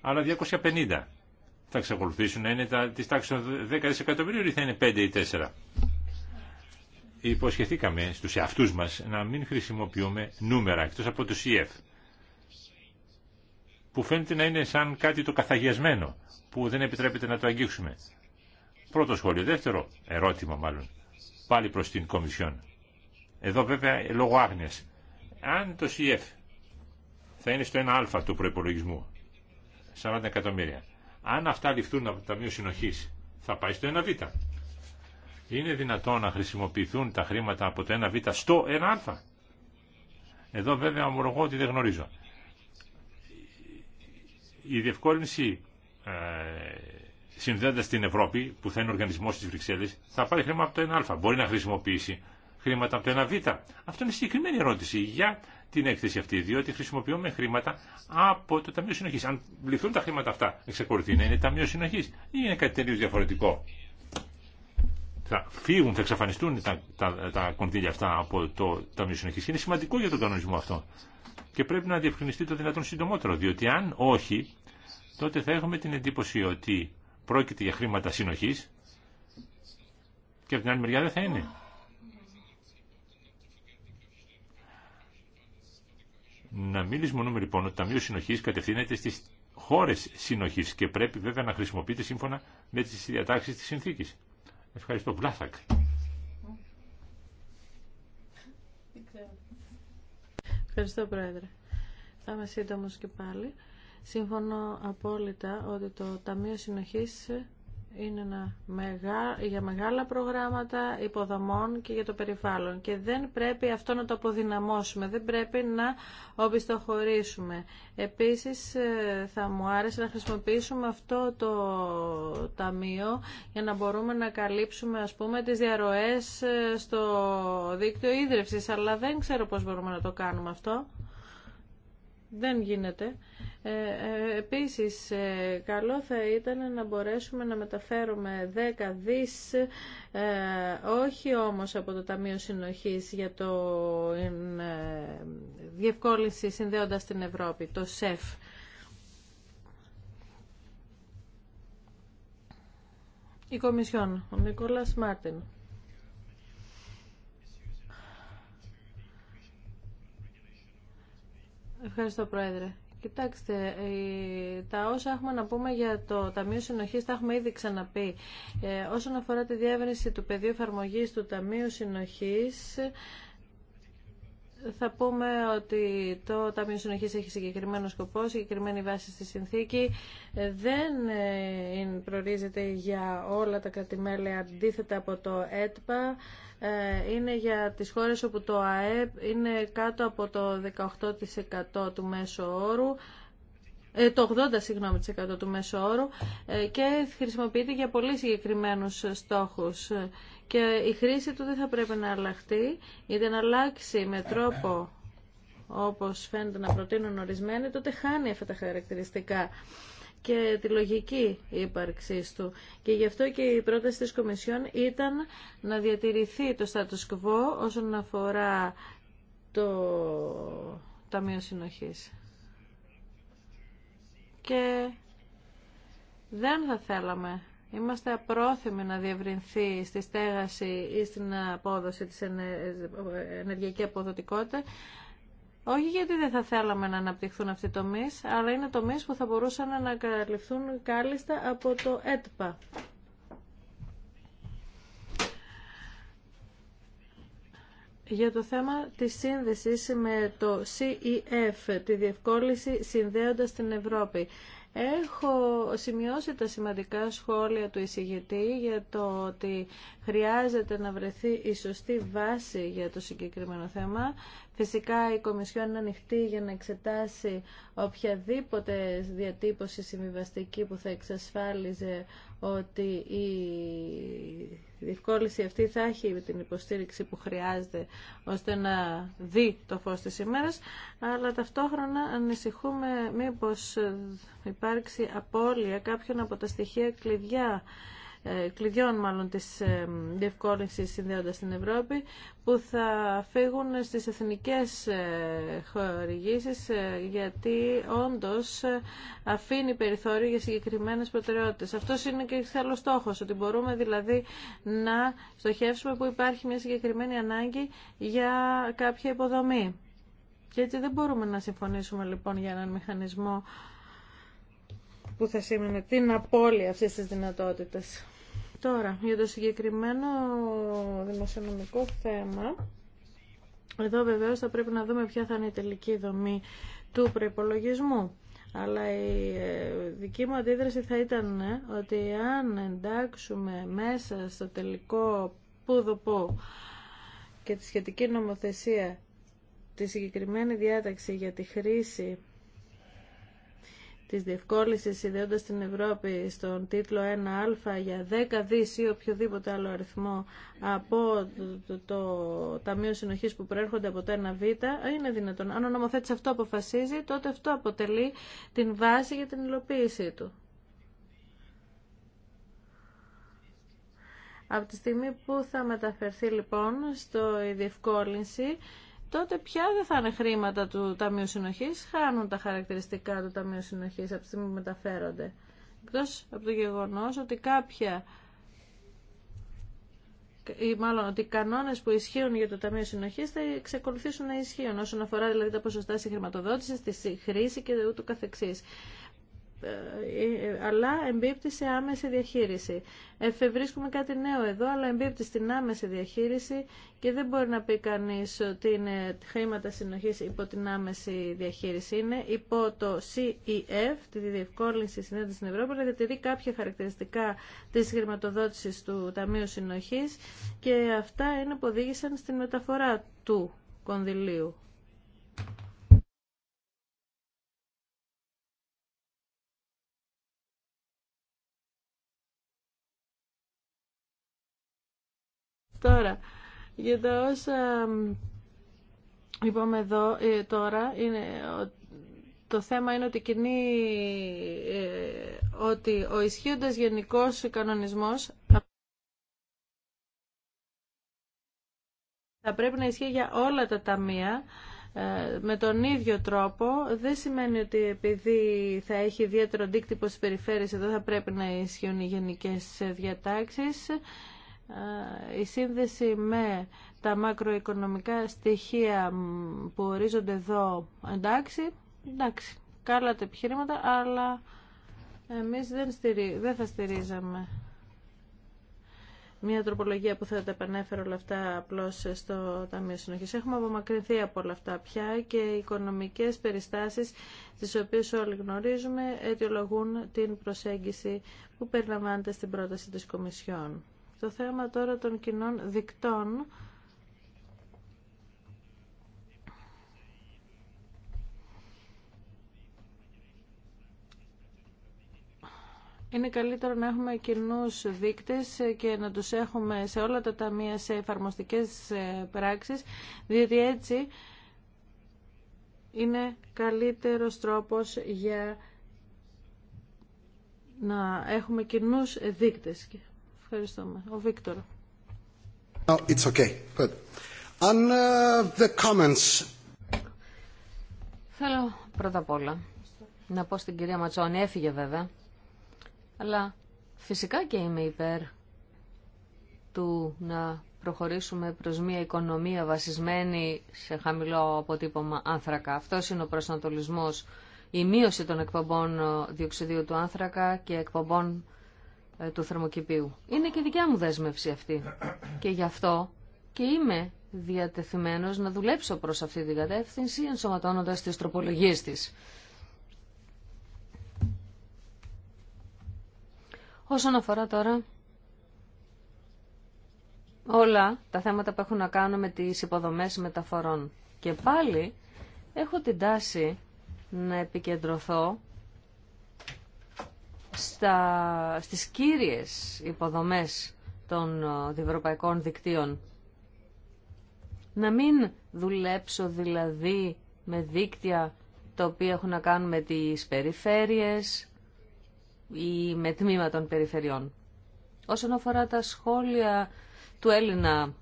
αλλά 250 θα εξακολουθήσουν να είναι τα, τάξη των 10 δισεκατομμυρίων ή θα είναι 5 ή 4. Υποσχεθήκαμε στους εαυτού μας να μην χρησιμοποιούμε νούμερα εκτός από το CF που φαίνεται να είναι σαν κάτι το καθαγιασμένο που δεν επιτρέπεται να το αγγίξουμε. Πρώτο σχόλιο. Δεύτερο ερώτημα μάλλον. Πάλι προς την Κομισιόν. Εδώ βέβαια λόγω άγνοιας. Αν το CF θα είναι στο 1α του προπολογισμού 40 εκατομμύρια. Αν αυτά ληφθούν από το Ταμείο Συνοχή, θα πάει στο 1Β. Είναι δυνατό να χρησιμοποιηθούν τα χρήματα από το 1Β στο 1Α. Εδώ βέβαια ομολογώ ότι δεν γνωρίζω. Η διευκόλυνση ε, συνδέοντα την Ευρώπη, που θα είναι οργανισμό τη Βρυξέλλη, θα πάρει χρήμα από το 1α. Μπορεί να χρησιμοποιήσει χρήματα από το 1β. Αυτό είναι συγκεκριμένη ερώτηση για την έκθεση αυτή, διότι χρησιμοποιούμε χρήματα από το Ταμείο Συνοχής. Αν ληφθούν τα χρήματα αυτά, εξακολουθεί να είναι Ταμείο Συνοχής ή είναι κάτι τελείως διαφορετικό. Θα φύγουν, θα εξαφανιστούν τα, τα, τα κονδύλια αυτά από το Ταμείο Συνοχής. Είναι σημαντικό για τον κανονισμό αυτό. Και πρέπει να διευκρινιστεί το δυνατόν συντομότερο, διότι αν όχι, τότε θα έχουμε την εντύπωση ότι πρόκειται για χρήματα συνοχής και από την άλλη μεριά δεν θα είναι. Να μην λησμονούμε λοιπόν ότι το Ταμείο Συνοχή κατευθύνεται στι χώρε συνοχή και πρέπει βέβαια να χρησιμοποιείται σύμφωνα με τι διατάξει τη συνθήκη. Ευχαριστώ. Βλάθακ. Ευχαριστώ, Πρόεδρε. Θα είμαι σύντομο και πάλι. Σύμφωνο απόλυτα ότι το Ταμείο Συνοχής είναι ένα μεγά, για μεγάλα προγράμματα υποδομών και για το περιβάλλον και δεν πρέπει αυτό να το αποδυναμώσουμε, δεν πρέπει να οπισθοχωρήσουμε. Επίσης ε, θα μου άρεσε να χρησιμοποιήσουμε αυτό το ταμείο για να μπορούμε να καλύψουμε ας πούμε τις διαρροές ε, στο δίκτυο ίδρυυσης, αλλά δεν ξέρω πώς μπορούμε να το κάνουμε αυτό δεν γίνεται. Ε, ε επίσης, ε, καλό θα ήταν να μπορέσουμε να μεταφέρουμε 10 δις, ε, όχι όμως από το Ταμείο Συνοχής για το ε, διευκόλυνση συνδέοντας την Ευρώπη, το ΣΕΦ. Η Κομισιόν, ο Νικόλας Μάρτιν. Ευχαριστώ, Πρόεδρε. Κοιτάξτε, ε, τα όσα έχουμε να πούμε για το Ταμείο Συνοχής τα έχουμε ήδη ξαναπεί. Ε, όσον αφορά τη διεύρυνση του πεδίου εφαρμογή του Ταμείου Συνοχής, θα πούμε ότι το Ταμείο Συνοχής έχει συγκεκριμένο σκοπό, συγκεκριμένη βάση στη συνθήκη. Δεν ε, προορίζεται για όλα τα κρατημέλη αντίθετα από το ΕΤΠΑ. Ε, είναι για τις χώρες όπου το ΑΕΠ είναι κάτω από το 18% του μέσου όρου ε, το 80% του μέσου όρου και χρησιμοποιείται για πολύ συγκεκριμένους στόχους και η χρήση του δεν θα πρέπει να αλλάχτεί, γιατί να αλλάξει με τρόπο όπως φαίνεται να προτείνουν ορισμένοι, τότε χάνει αυτά τα χαρακτηριστικά και τη λογική ύπαρξή του. Και γι' αυτό και η πρόταση της Κομισιόν ήταν να διατηρηθεί το status quo όσον αφορά το Ταμείο Συνοχής. Και δεν θα θέλαμε Είμαστε απρόθυμοι να διευρυνθεί στη στέγαση ή στην απόδοση της ενεργειακή αποδοτικότητα. Όχι γιατί δεν θα θέλαμε να αναπτυχθούν αυτοί οι τομείς, αλλά είναι τομείς που θα μπορούσαν να καλυφθούν κάλλιστα από το ΕΤΠΑ. για το θέμα της σύνδεσης με το CEF, τη διευκόλυνση συνδέοντας την Ευρώπη. Έχω σημειώσει τα σημαντικά σχόλια του εισηγητή για το ότι χρειάζεται να βρεθεί η σωστή βάση για το συγκεκριμένο θέμα. Φυσικά η Κομισιόν είναι ανοιχτή για να εξετάσει οποιαδήποτε διατύπωση συμβιβαστική που θα εξασφάλιζε ότι η διευκόλυνση αυτή θα έχει την υποστήριξη που χρειάζεται ώστε να δει το φως της ημέρας, αλλά ταυτόχρονα ανησυχούμε μήπως υπάρξει απώλεια κάποιων από τα στοιχεία κλειδιά ε, κλειδιών μάλλον της ε, διευκόλυνσης συνδέοντας την Ευρώπη που θα φύγουν στις εθνικές ε, χορηγήσεις γιατί όντως αφήνει περιθώριο για συγκεκριμένες προτεραιότητες. Αυτό είναι και άλλο στόχος, ότι μπορούμε δηλαδή να στοχεύσουμε που υπάρχει μια συγκεκριμένη ανάγκη για κάποια υποδομή. Και έτσι δεν μπορούμε να συμφωνήσουμε λοιπόν για έναν μηχανισμό που θα σήμαινε την απώλεια αυτής της δυνατότητας. Τώρα, για το συγκεκριμένο δημοσιονομικό θέμα, εδώ βεβαίω θα πρέπει να δούμε ποια θα είναι η τελική δομή του προπολογισμού, Αλλά η ε, δική μου αντίδραση θα ήταν ε, ότι αν εντάξουμε μέσα στο τελικό πουδοπό και τη σχετική νομοθεσία τη συγκεκριμένη διάταξη για τη χρήση της διευκόλυνσης ιδιώντας την Ευρώπη στον τίτλο 1α για 10 δις ή οποιοδήποτε άλλο αριθμό από το, το, Ταμείο Συνοχής που προέρχονται από το 1β είναι δυνατόν. Αν ο νομοθέτης αυτό αποφασίζει τότε αυτό αποτελεί την βάση για την υλοποίησή του. Από τη στιγμή που θα μεταφερθεί λοιπόν στο η διευκόλυνση τότε πια δεν θα είναι χρήματα του Ταμείου Συνοχής, χάνουν τα χαρακτηριστικά του Ταμείου Συνοχής από τη στιγμή που μεταφέρονται. Εκτός από το γεγονός ότι κάποια ή μάλλον ότι οι κανόνε που ισχύουν για το Ταμείο Συνοχή θα εξακολουθήσουν να ισχύουν όσον αφορά δηλαδή τα ποσοστά χρηματοδότηση, στη χρήση και ούτω καθεξής. Ε, ε, αλλά εμπίπτει σε άμεση διαχείριση. Εφευρίσκουμε κάτι νέο εδώ, αλλά εμπίπτει στην άμεση διαχείριση και δεν μπορεί να πει κανείς ότι είναι χρήματα συνοχής υπό την άμεση διαχείριση. Είναι υπό το CEF, τη Διευκόλυνση Συνέντευξη στην Ευρώπη, γιατί διατηρεί κάποια χαρακτηριστικά της χρηματοδότηση του Ταμείου Συνοχής και αυτά είναι που οδήγησαν στην μεταφορά του κονδυλίου Τώρα, για τα όσα είπαμε εδώ ε, τώρα, είναι το θέμα είναι ότι, κοινή, ε, ότι ο ισχύοντας γενικός κανονισμός θα πρέπει να ισχύει για όλα τα ταμεία ε, με τον ίδιο τρόπο. Δεν σημαίνει ότι επειδή θα έχει ιδιαίτερο αντίκτυπο στις περιφέρειες εδώ θα πρέπει να ισχύουν οι γενικές διατάξεις η σύνδεση με τα μακροοικονομικά στοιχεία που ορίζονται εδώ, εντάξει, εντάξει, καλά τα επιχειρήματα, αλλά εμείς δεν, θα στηρίζαμε μια τροπολογία που θα τα επανέφερε όλα αυτά απλώς στο Ταμείο Συνοχής. Έχουμε απομακρυνθεί από όλα αυτά πια και οι οικονομικές περιστάσεις τις οποίες όλοι γνωρίζουμε αιτιολογούν την προσέγγιση που περιλαμβάνεται στην πρόταση της Κομισιόν. Το θέμα τώρα των κοινών δικτών Είναι καλύτερο να έχουμε κοινού δείκτες και να τους έχουμε σε όλα τα ταμεία σε εφαρμοστικές πράξεις, διότι έτσι είναι καλύτερος τρόπος για να έχουμε κοινού δείκτες. Ευχαριστούμε. Ο Βίκτορ. it's okay. Good. On uh, the comments... Θέλω πρώτα απ' όλα να πω στην κυρία Ματσόνη, έφυγε βέβαια, αλλά φυσικά και είμαι υπέρ του να προχωρήσουμε προς μια οικονομία βασισμένη σε χαμηλό αποτύπωμα άνθρακα. Αυτό είναι ο προσανατολισμός, η μείωση των εκπομπών διοξιδίου του άνθρακα και εκπομπών ε, του θερμοκηπίου. Είναι και δικιά μου δέσμευση αυτή. Και γι' αυτό και είμαι διατεθειμένος να δουλέψω προς αυτή την κατεύθυνση ενσωματώνοντας τις τροπολογίες της. Όσον αφορά τώρα όλα τα θέματα που έχουν να κάνουν με τις υποδομές μεταφορών. Και πάλι έχω την τάση να επικεντρωθώ στα, στις κύριες υποδομές των ε, ευρωπαϊκών δικτύων. Να μην δουλέψω δηλαδή με δίκτυα τα οποία έχουν να κάνουν με τις περιφέρειες ή με τμήμα των περιφερειών. Όσον αφορά τα σχόλια του Έλληνα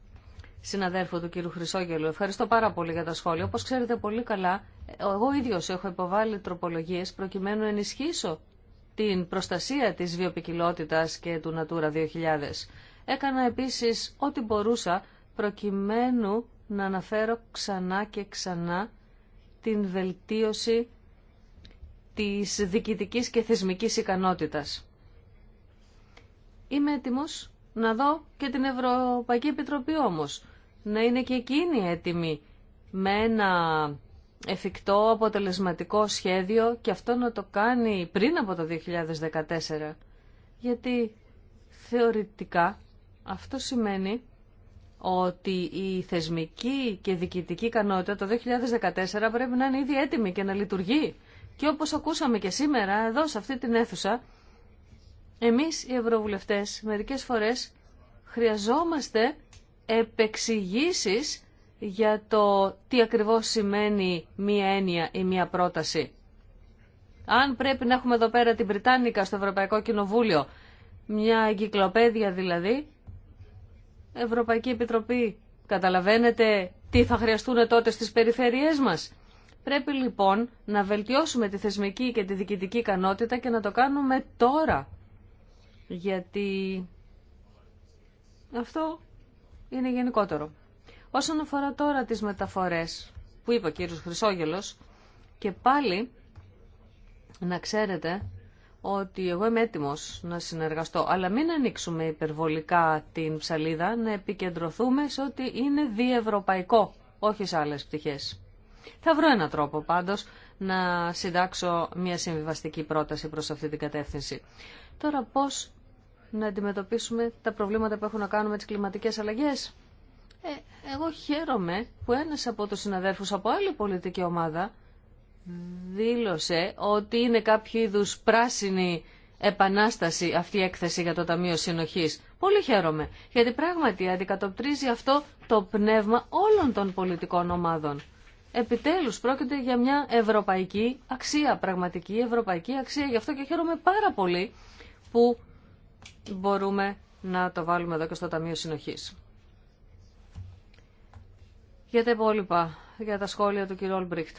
συναδέρφου του κ. Χρυσόγελου, ευχαριστώ πάρα πολύ για τα σχόλια. Όπως ξέρετε πολύ καλά, εγώ ίδιος έχω υποβάλει τροπολογίες προκειμένου να ενισχύσω την προστασία της βιοπικιλότητας και του Natura 2000. Έκανα επίσης ό,τι μπορούσα προκειμένου να αναφέρω ξανά και ξανά την βελτίωση της διοικητικής και θεσμικής ικανότητας. Είμαι έτοιμος να δω και την Ευρωπαϊκή Επιτροπή όμως, να είναι και εκείνη έτοιμη με ένα εφικτό, αποτελεσματικό σχέδιο και αυτό να το κάνει πριν από το 2014. Γιατί θεωρητικά αυτό σημαίνει ότι η θεσμική και διοικητική ικανότητα το 2014 πρέπει να είναι ήδη έτοιμη και να λειτουργεί. Και όπως ακούσαμε και σήμερα εδώ σε αυτή την αίθουσα, εμείς οι ευρωβουλευτές μερικές φορές χρειαζόμαστε επεξηγήσεις για το τι ακριβώς σημαίνει μία έννοια ή μία πρόταση. Αν πρέπει να έχουμε εδώ πέρα την Βρυτάνικα στο Ευρωπαϊκό Κοινοβούλιο, μια εγκυκλοπαίδεια δηλαδή, Ευρωπαϊκή Επιτροπή, καταλαβαίνετε τι θα χρειαστούν τότε στις περιφέρειές μας. Πρέπει λοιπόν να βελτιώσουμε τη θεσμική και τη διοικητική ικανότητα και να το κάνουμε τώρα. Γιατί αυτό είναι γενικότερο. Όσον αφορά τώρα τις μεταφορές που είπε ο κύριος Χρυσόγελος και πάλι να ξέρετε ότι εγώ είμαι έτοιμος να συνεργαστώ, αλλά μην ανοίξουμε υπερβολικά την ψαλίδα, να επικεντρωθούμε σε ότι είναι διευρωπαϊκό, όχι σε άλλες πτυχές. Θα βρω έναν τρόπο πάντως να συντάξω μια συμβιβαστική πρόταση προς αυτή την κατεύθυνση. Τώρα πώς να αντιμετωπίσουμε τα προβλήματα που έχουν να κάνουν με τις κλιματικές αλλαγές. Ε, εγώ χαίρομαι που ένας από τους συναδέλφους από άλλη πολιτική ομάδα δήλωσε ότι είναι κάποιο είδους πράσινη επανάσταση αυτή η έκθεση για το Ταμείο Συνοχής. Πολύ χαίρομαι, γιατί πράγματι αντικατοπτρίζει αυτό το πνεύμα όλων των πολιτικών ομάδων. Επιτέλους πρόκειται για μια ευρωπαϊκή αξία, πραγματική ευρωπαϊκή αξία. Γι' αυτό και χαίρομαι πάρα πολύ που μπορούμε να το βάλουμε εδώ και στο Ταμείο Συνοχής. Για τα υπόλοιπα, για τα σχόλια του κ. Ολμπρίχτ.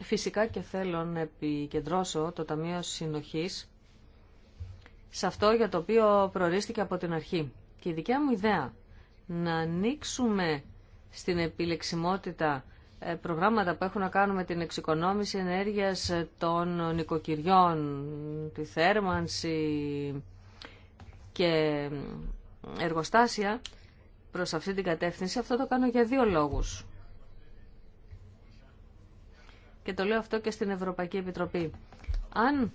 Φυσικά και θέλω να επικεντρώσω το Ταμείο Συνοχής σε αυτό για το οποίο προορίστηκε από την αρχή. Και η δικιά μου ιδέα να ανοίξουμε στην επιλεξιμότητα ε, προγράμματα που έχουν να κάνουν με την εξοικονόμηση ενέργειας των νοικοκυριών, τη θέρμανση και ε, εργοστάσια, προς αυτή την κατεύθυνση. Αυτό το κάνω για δύο λόγους. Και το λέω αυτό και στην Ευρωπαϊκή Επιτροπή. Αν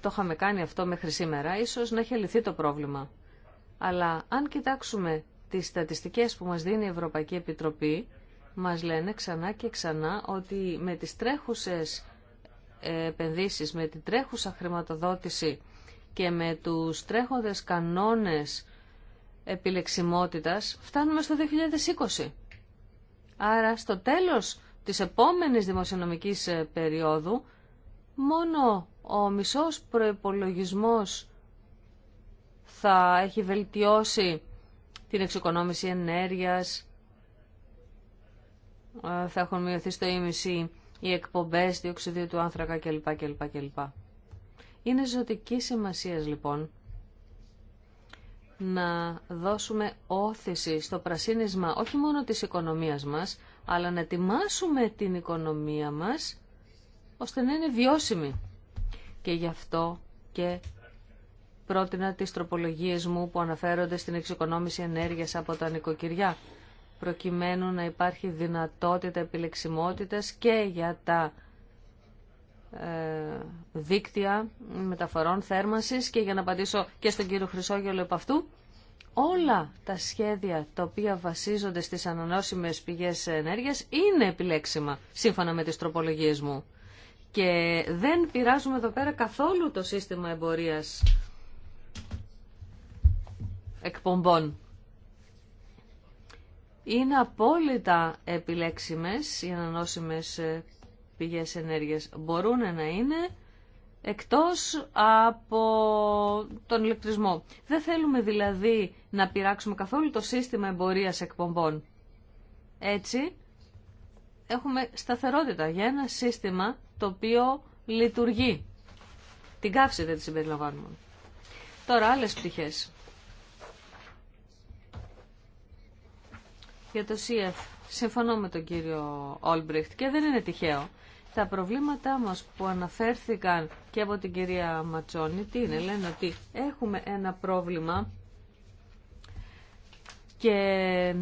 το είχαμε κάνει αυτό μέχρι σήμερα, ίσως να έχει λυθεί το πρόβλημα. Αλλά αν κοιτάξουμε τις στατιστικές που μας δίνει η Ευρωπαϊκή Επιτροπή, μας λένε ξανά και ξανά ότι με τις τρέχουσες ε, επενδύσεις, με την τρέχουσα χρηματοδότηση και με τους τρέχοντες κανόνες επιλεξιμότητας φτάνουμε στο 2020. Άρα στο τέλος της επόμενης δημοσιονομικής ε, περίοδου μόνο ο μισός προϋπολογισμός θα έχει βελτιώσει την εξοικονόμηση ενέργειας, ε, θα έχουν μειωθεί στο ίμιση e οι εκπομπές διοξιδίου του άνθρακα κλπ. κλπ. Είναι ζωτική σημασία λοιπόν να δώσουμε όθηση στο πρασίνισμα όχι μόνο της οικονομίας μας, αλλά να ετοιμάσουμε την οικονομία μας ώστε να είναι βιώσιμη. Και γι' αυτό και πρότεινα τις τροπολογίες μου που αναφέρονται στην εξοικονόμηση ενέργειας από τα νοικοκυριά, προκειμένου να υπάρχει δυνατότητα επιλεξιμότητας και για τα ε, δίκτυα μεταφορών θέρμανσης και για να απαντήσω και στον κύριο Χρυσόγελο επ' αυτού, όλα τα σχέδια τα οποία βασίζονται στις ανανόσιμες πηγές ενέργειας είναι επιλέξιμα σύμφωνα με τις τροπολογίες μου. Και δεν πειράζουμε εδώ πέρα καθόλου το σύστημα εμπορίας εκπομπών. Είναι απόλυτα επιλέξιμες οι ανανόσιμες πηγές ενέργειας μπορούν να είναι εκτός από τον ηλεκτρισμό. Δεν θέλουμε δηλαδή να πειράξουμε καθόλου το σύστημα εμπορίας εκπομπών. Έτσι, έχουμε σταθερότητα για ένα σύστημα το οποίο λειτουργεί. Την καύση δεν τη συμπεριλαμβάνουμε. Τώρα, άλλες πτυχές. Για το CF. Συμφωνώ με τον κύριο Όλμπριχτ και δεν είναι τυχαίο. Τα προβλήματά μας που αναφέρθηκαν και από την κυρία Ματσόνη, τι είναι, λένε ότι έχουμε ένα πρόβλημα και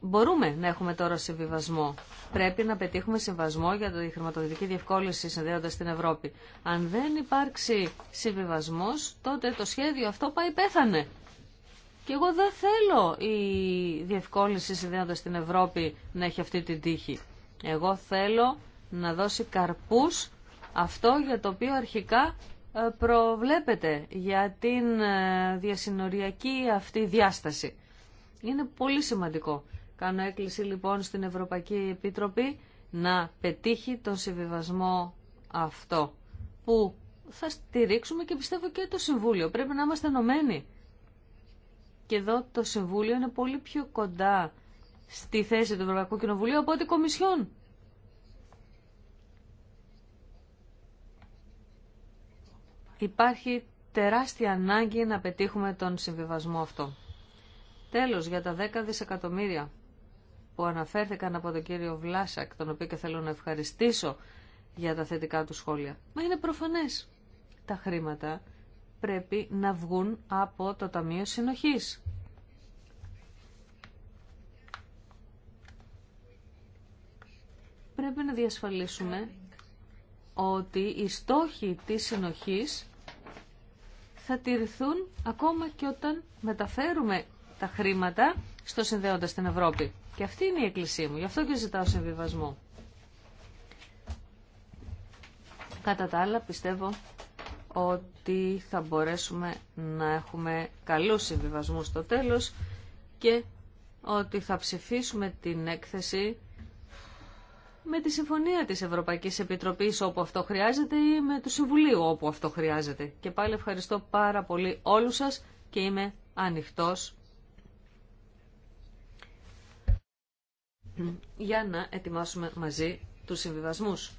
μπορούμε να έχουμε τώρα συμβιβασμό. Πρέπει να πετύχουμε συμβασμό για τη χρηματοδοτική διευκόλυνση συνδέοντας την Ευρώπη. Αν δεν υπάρξει συμβιβασμός, τότε το σχέδιο αυτό πάει πέθανε. Και εγώ δεν θέλω η διευκόλυνση συνδέοντας την Ευρώπη να έχει αυτή την τύχη. Εγώ θέλω να δώσει καρπούς αυτό για το οποίο αρχικά ε, προβλέπεται για την ε, διασυνοριακή αυτή διάσταση. Είναι πολύ σημαντικό. Κάνω έκκληση λοιπόν στην Ευρωπαϊκή Επίτροπη να πετύχει τον συμβιβασμό αυτό που θα στηρίξουμε και πιστεύω και το Συμβούλιο. Πρέπει να είμαστε ενωμένοι. Και εδώ το Συμβούλιο είναι πολύ πιο κοντά στη θέση του Ευρωπαϊκού Κοινοβουλίου από ό,τι Κομισιόν. Υπάρχει τεράστια ανάγκη να πετύχουμε τον συμβιβασμό αυτό. Τέλος, για τα 10 δισεκατομμύρια που αναφέρθηκαν από τον κύριο Βλάσακ, τον οποίο και θέλω να ευχαριστήσω για τα θετικά του σχόλια. Μα είναι προφανές. Τα χρήματα πρέπει να βγουν από το Ταμείο Συνοχής. πρέπει να διασφαλίσουμε ότι οι στόχοι της συνοχής θα τηρηθούν ακόμα και όταν μεταφέρουμε τα χρήματα στο συνδέοντα στην Ευρώπη. Και αυτή είναι η εκκλησία μου, γι' αυτό και ζητάω συμβιβασμό. Κατά τα άλλα πιστεύω ότι θα μπορέσουμε να έχουμε καλούς συμβιβασμούς στο τέλος και ότι θα ψηφίσουμε την έκθεση με τη συμφωνία της Ευρωπαϊκής Επιτροπής όπου αυτό χρειάζεται ή με το Συμβουλίο όπου αυτό χρειάζεται. Και πάλι ευχαριστώ πάρα πολύ όλους σας και είμαι ανοιχτός για να ετοιμάσουμε μαζί τους συμβιβασμούς.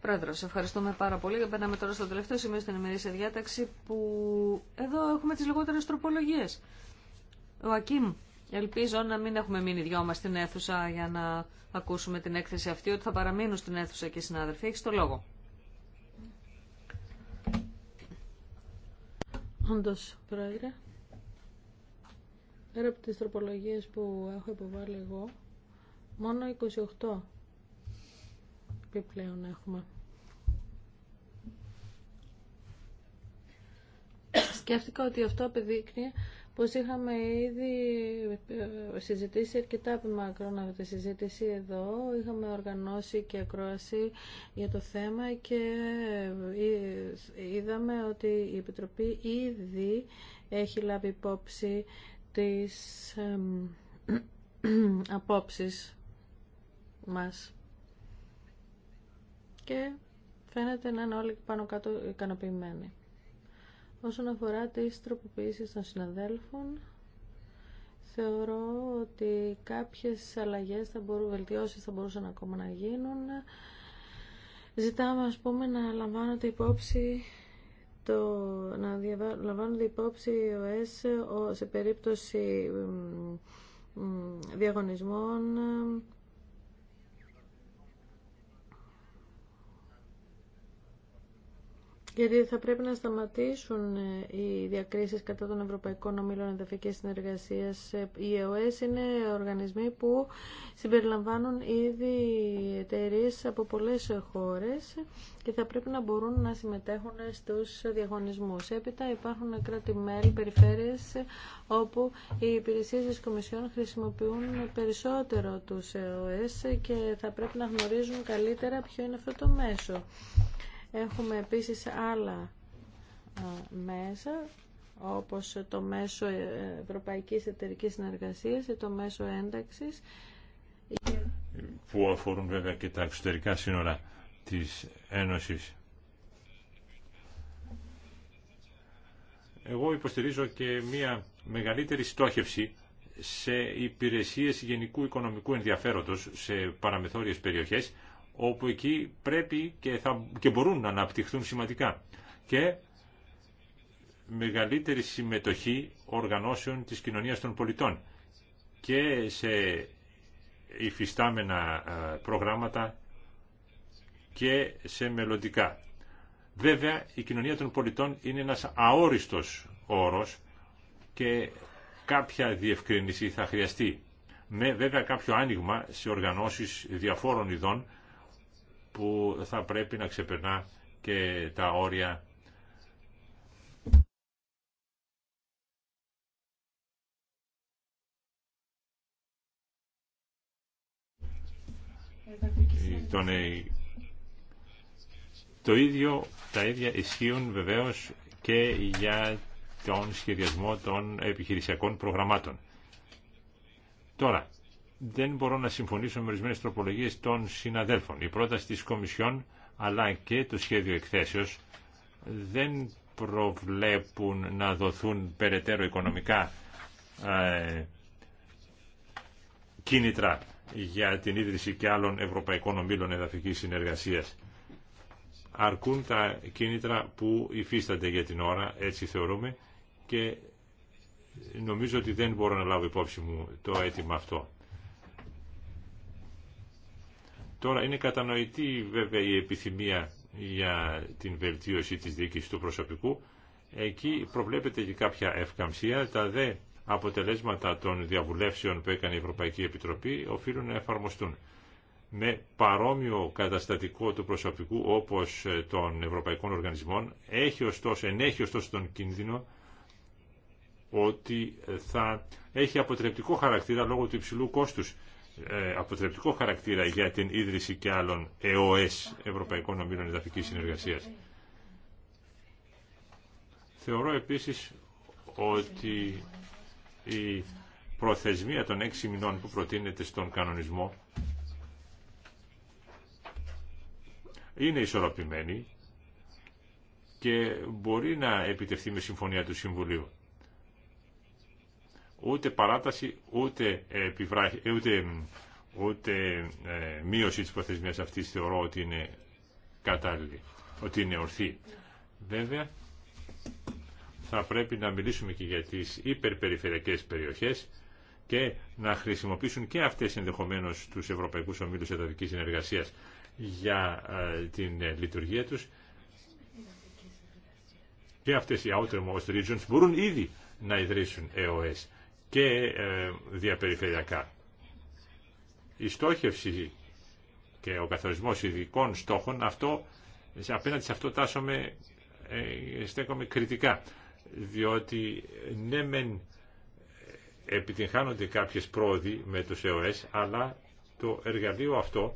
Πρόεδρο, ευχαριστούμε πάρα πολύ. Και περνάμε τώρα στο τελευταίο σημείο στην ημερήσια διάταξη που εδώ έχουμε τις λιγότερες τροπολογίες. Ο Ακίμ, ελπίζω να μην έχουμε μείνει δυο μας στην αίθουσα για να ακούσουμε την έκθεση αυτή, ότι θα παραμείνουν στην αίθουσα και οι συνάδελφοι. το λόγο. Όντως, Πρόεδρε, πέρα από τις τροπολογίε που έχω υποβάλει εγώ, μόνο 28 επιπλέον έχουμε. Σκέφτηκα ότι αυτό απεδείκνει πως είχαμε ήδη ε, συζητήσει αρκετά από μακρόν αυτή τη συζήτηση εδώ. Είχαμε οργανώσει και ακρόαση για το θέμα και ε, ε, είδαμε ότι η Επιτροπή ήδη έχει λάβει υπόψη τις απόψεις μας. Και φαίνεται να είναι όλοι πάνω κάτω ικανοποιημένοι. Όσον αφορά τις τροποποιήσεις των συναδέλφων, θεωρώ ότι κάποιες αλλαγές, θα μπορούν, βελτιώσεις θα μπορούσαν ακόμα να γίνουν. Ζητάμε, ας πούμε, να λαμβάνονται υπόψη το, να λαμβάνονται υπόψη οι ΟΕΣ σε περίπτωση διαγωνισμών γιατί θα πρέπει να σταματήσουν ε, οι διακρίσεις κατά των Ευρωπαϊκών Ομίλων Εδαφικής Συνεργασίας. Οι ε, ΕΟΕΣ είναι οργανισμοί που συμπεριλαμβάνουν ήδη εταιρείε από πολλές χώρες και θα πρέπει να μπορούν να συμμετέχουν στους διαγωνισμούς. Έπειτα υπάρχουν κράτη-μέλη, περιφέρειες όπου οι υπηρεσίες της Κομισιόν χρησιμοποιούν περισσότερο τους ΕΟΕΣ και θα πρέπει να γνωρίζουν καλύτερα ποιο είναι αυτό το μέσο. Έχουμε επίσης άλλα μέσα όπως το μέσο ε, Ευρωπαϊκής Εταιρικής Συνεργασίας ή το μέσο ένταξης που αφορούν βέβαια και τα εξωτερικά σύνορα της Ένωσης. Εγώ υποστηρίζω και μία μεγαλύτερη στόχευση σε υπηρεσίες γενικού οικονομικού ενδιαφέροντος σε παραμεθόριες περιοχές όπου εκεί πρέπει και, θα, και μπορούν να αναπτυχθούν σημαντικά. Και μεγαλύτερη συμμετοχή οργανώσεων της κοινωνίας των πολιτών και σε υφιστάμενα προγράμματα και σε μελλοντικά. Βέβαια, η κοινωνία των πολιτών είναι ένας αόριστος όρος και κάποια διευκρίνηση θα χρειαστεί. Με βέβαια κάποιο άνοιγμα σε οργανώσεις διαφόρων ειδών που θα πρέπει να ξεπερνά και τα όρια Τον... Ε, το ίδιο, τα ίδια ισχύουν βεβαίως και για τον σχεδιασμό των επιχειρησιακών προγραμμάτων. Τώρα, δεν μπορώ να συμφωνήσω με ορισμένε τροπολογίε των συναδέλφων. Η πρόταση τη Κομισιόν αλλά και το σχέδιο εκθέσεως δεν προβλέπουν να δοθούν περαιτέρω οικονομικά ε, κίνητρα για την ίδρυση και άλλων ευρωπαϊκών ομίλων εδαφικής συνεργασίας. Αρκούν τα κίνητρα που υφίστανται για την ώρα, έτσι θεωρούμε, και νομίζω ότι δεν μπορώ να λάβω υπόψη μου το αίτημα αυτό. Τώρα είναι κατανοητή βέβαια η επιθυμία για την βελτίωση της διοίκησης του προσωπικού. Εκεί προβλέπεται και κάποια ευκαμψία. Τα δε αποτελέσματα των διαβουλεύσεων που έκανε η Ευρωπαϊκή Επιτροπή οφείλουν να εφαρμοστούν με παρόμοιο καταστατικό του προσωπικού όπως των ευρωπαϊκών οργανισμών έχει ωστόσο, ενέχει ωστόσο τον κίνδυνο ότι θα έχει αποτρεπτικό χαρακτήρα λόγω του υψηλού κόστους ε, αποτρεπτικό χαρακτήρα για την ίδρυση και άλλων ΕΟΕΣ, Ευρωπαϊκών Ομίλων Εδαφικής Συνεργασίας. Θεωρώ επίσης ότι η προθεσμία των έξι μηνών που προτείνεται στον κανονισμό είναι ισορροπημένη και μπορεί να επιτευχθεί με συμφωνία του Συμβουλίου ούτε παράταση, ούτε, ε, επιβράχη, ε, ούτε, ούτε ε, μείωση της προθεσμίας αυτής θεωρώ ότι είναι κατάλληλη, ότι είναι ορθή. Βέβαια, θα πρέπει να μιλήσουμε και για τις υπερπεριφερειακές περιοχές και να χρησιμοποιήσουν και αυτές ενδεχομένως τους Ευρωπαϊκούς Ομίλους εταιρικής Συνεργασίας για ε, την λειτουργία τους. Και αυτές οι outermost regions μπορούν ήδη να ιδρύσουν ΕΟΕΣ και ε, διαπεριφερειακά. Η στόχευση και ο καθορισμός ειδικών στόχων, αυτό, απέναντι σε αυτό τάσσομαι, ε, στέκομαι κριτικά. Διότι ναι μεν επιτυγχάνονται κάποιες πρόοδοι με τους ΕΟΕΣ, αλλά το εργαλείο αυτό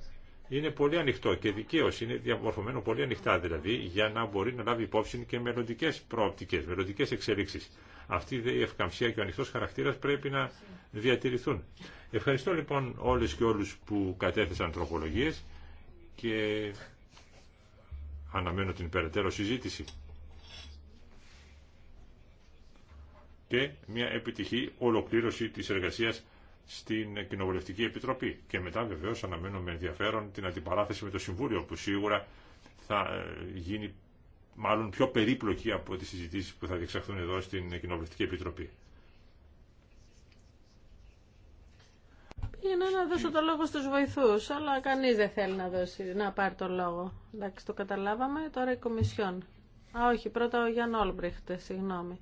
είναι πολύ ανοιχτό και δικαίω είναι διαμορφωμένο πολύ ανοιχτά δηλαδή για να μπορεί να λάβει υπόψη και μελλοντικέ προοπτικέ, μελλοντικέ εξελίξεις. Αυτή η ευκαμψία και ο ανοιχτό χαρακτήρα πρέπει να διατηρηθούν. Ευχαριστώ λοιπόν όλε και όλου που κατέθεσαν τροπολογίε και αναμένω την περαιτέρω συζήτηση. και μια επιτυχή ολοκλήρωση της εργασίας στην Κοινοβουλευτική Επιτροπή. Και μετά βεβαίως αναμένω με ενδιαφέρον την αντιπαράθεση με το Συμβούλιο που σίγουρα θα ε, γίνει μάλλον πιο περίπλοκη από τις συζητήσεις που θα διεξαχθούν εδώ στην Κοινοβουλευτική Επιτροπή. Είναι να δώσω το λόγο στους βοηθούς, αλλά κανείς δεν θέλει να, δώσει, να πάρει το λόγο. Εντάξει, το καταλάβαμε, τώρα η Κομισιόν. Α, όχι, πρώτα ο Γιάνν Όλμπριχτ, συγγνώμη.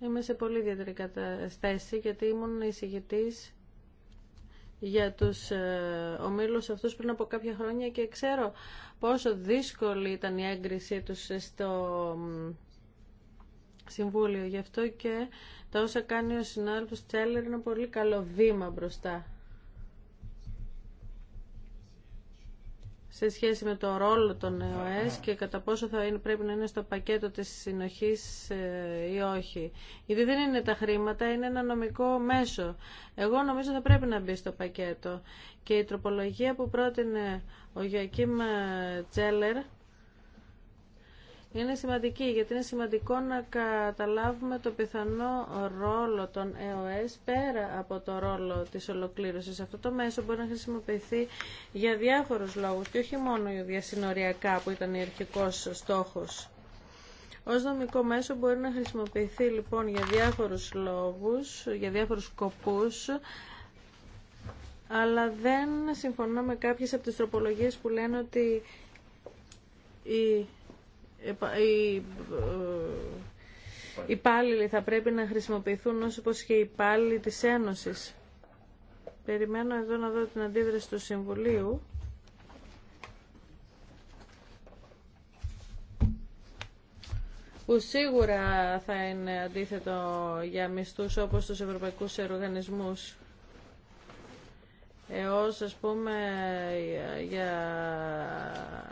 Είμαι σε πολύ ιδιαίτερη θέση γιατί ήμουν εισηγητής για τους ε, ομίλους αυτούς πριν από κάποια χρόνια και ξέρω πόσο δύσκολη ήταν η έγκρισή τους στο Συμβούλιο. Γι' αυτό και τα όσα κάνει ο συνάδελφος Τσέλερ είναι πολύ καλό βήμα μπροστά. σε σχέση με το ρόλο των ΕΟΕΣ και κατά πόσο θα είναι, πρέπει να είναι στο πακέτο της συνοχής ε, ή όχι. Γιατί δεν είναι τα χρήματα, είναι ένα νομικό μέσο. Εγώ νομίζω θα πρέπει να μπει στο πακέτο. Και η τροπολογία που πρότεινε ο Γιωακίμ Τσέλερ, είναι σημαντική γιατί είναι σημαντικό να καταλάβουμε το πιθανό ρόλο των ΕΟΕΣ πέρα από το ρόλο της ολοκλήρωσης. Αυτό το μέσο μπορεί να χρησιμοποιηθεί για διάφορους λόγους και όχι μόνο για διασυνοριακά που ήταν η αρχικός στόχος. Ως νομικό μέσο μπορεί να χρησιμοποιηθεί λοιπόν για διάφορους λόγους, για διάφορους σκοπούς, αλλά δεν συμφωνώ με κάποιες από τις τροπολογίες που λένε ότι η οι ε, υπάλληλοι θα πρέπει να χρησιμοποιηθούν όσο πως και οι υπάλληλοι της Ένωσης. Περιμένω εδώ να δω την αντίδραση του Συμβουλίου. που σίγουρα θα είναι αντίθετο για μισθούς όπως τους ευρωπαϊκούς οργανισμούς έως ας πούμε για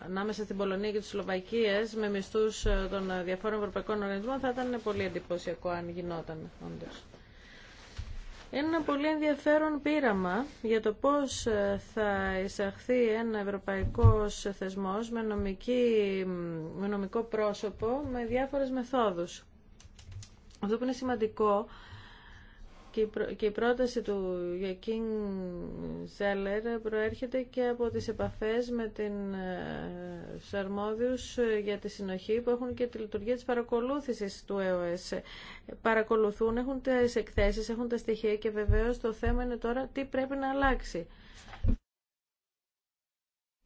ανάμεσα στην Πολωνία και τις Σλοβακίες με μισθούς ε, των διαφόρων ευρωπαϊκών οργανισμών θα ήταν πολύ εντυπωσιακό αν γινόταν όντως. Είναι ένα πολύ ενδιαφέρον πείραμα για το πώς ε, θα εισαχθεί ένα ευρωπαϊκός θεσμός με, νομική, με νομικό πρόσωπο με διάφορες μεθόδους. Αυτό που είναι σημαντικό και η πρόταση του king Ζέλερ προέρχεται και από τις επαφές με την ε, αρμόδιους ε, για τη συνοχή που έχουν και τη λειτουργία της παρακολούθησης του ΕΟΕΣ. Παρακολουθούν, έχουν τις εκθέσεις, έχουν τα στοιχεία και βεβαίως το θέμα είναι τώρα τι πρέπει να αλλάξει.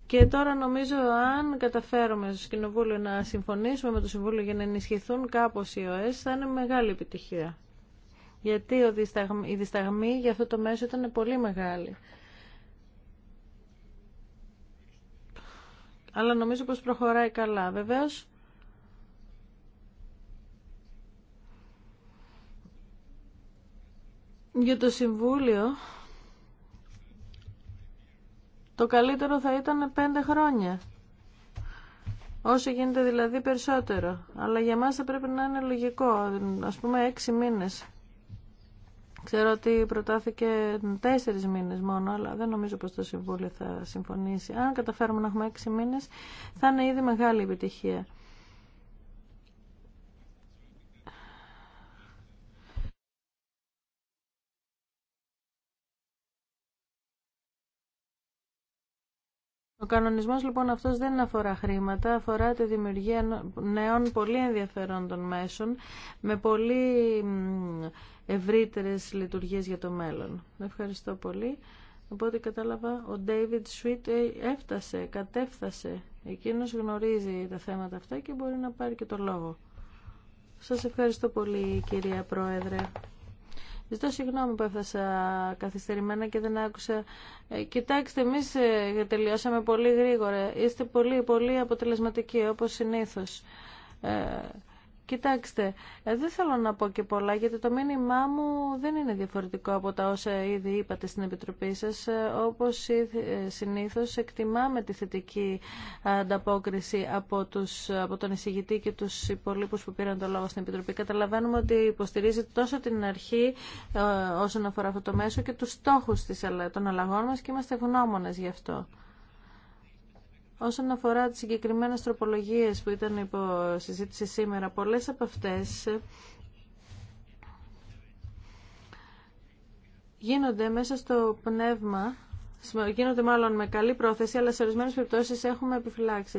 Και τώρα νομίζω αν καταφέρουμε στο Κοινοβούλιο να συμφωνήσουμε με το Συμβούλιο για να ενισχυθούν κάπως οι ΟΕΣ θα είναι μεγάλη επιτυχία γιατί η δισταγμή για αυτό το μέσο ήταν πολύ μεγάλη. Αλλά νομίζω πως προχωράει καλά. Βεβαίως, για το Συμβούλιο, το καλύτερο θα ήταν πέντε χρόνια. Όσο γίνεται δηλαδή περισσότερο. Αλλά για μας θα πρέπει να είναι λογικό, ας πούμε έξι μήνες. Ξέρω ότι προτάθηκε τέσσερις μήνες μόνο, αλλά δεν νομίζω πως το Συμβούλιο θα συμφωνήσει. Αν καταφέρουμε να έχουμε έξι μήνες, θα είναι ήδη μεγάλη επιτυχία. Ο κανονισμός λοιπόν αυτό δεν αφορά χρήματα, αφορά τη δημιουργία νέων πολύ ενδιαφέροντων μέσων με πολύ ευρύτερε λειτουργίες για το μέλλον. Ευχαριστώ πολύ. Οπότε κατάλαβα, ο David Sweet ε, έφτασε, κατέφτασε. Εκείνο γνωρίζει τα θέματα αυτά και μπορεί να πάρει και το λόγο. Σας ευχαριστώ πολύ κυρία Πρόεδρε. Ζητώ συγγνώμη που έφτασα καθυστερημένα και δεν άκουσα. Ε, κοιτάξτε, εμεί ε, τελειώσαμε πολύ γρήγορα. Είστε πολύ, πολύ αποτελεσματικοί, όπω συνήθω. Ε, Κοιτάξτε, ε, δεν θέλω να πω και πολλά γιατί το μήνυμά μου δεν είναι διαφορετικό από τα όσα ήδη είπατε στην Επιτροπή σας. Ε, όπως ε, συνήθως εκτιμάμε τη θετική ανταπόκριση από, τους, από τον εισηγητή και τους υπολείπους που πήραν το λόγο στην Επιτροπή. Καταλαβαίνουμε ότι υποστηρίζει τόσο την αρχή όσον αφορά αυτό το μέσο και τους στόχους των αλλαγών μας και είμαστε γνώμονες γι' αυτό. Όσον αφορά τις συγκεκριμένες τροπολογίες που ήταν υπό συζήτηση σήμερα, πολλές από αυτές γίνονται μέσα στο πνεύμα γίνονται μάλλον με καλή πρόθεση, αλλά σε ορισμένε περιπτώσει έχουμε επιφυλάξει.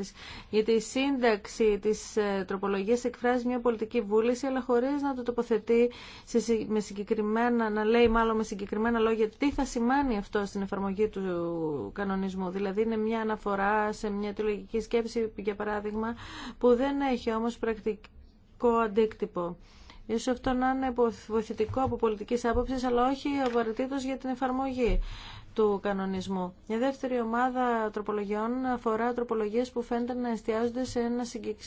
Γιατί η σύνταξη τη ε, τροπολογία εκφράζει μια πολιτική βούληση, αλλά χωρί να το τοποθετεί με συγκεκριμένα, να λέει μάλλον με συγκεκριμένα λόγια τι θα σημαίνει αυτό στην εφαρμογή του κανονισμού. Δηλαδή, είναι μια αναφορά σε μια τηλογική σκέψη, για παράδειγμα, που δεν έχει όμω πρακτικό αντίκτυπο. Ίσως αυτό να είναι βοηθητικό από πολιτικής άποψης, αλλά όχι απαραίτητο για την εφαρμογή του κανονισμού. Μια δεύτερη ομάδα τροπολογιών αφορά τροπολογίες που φαίνεται να εστιάζονται σε,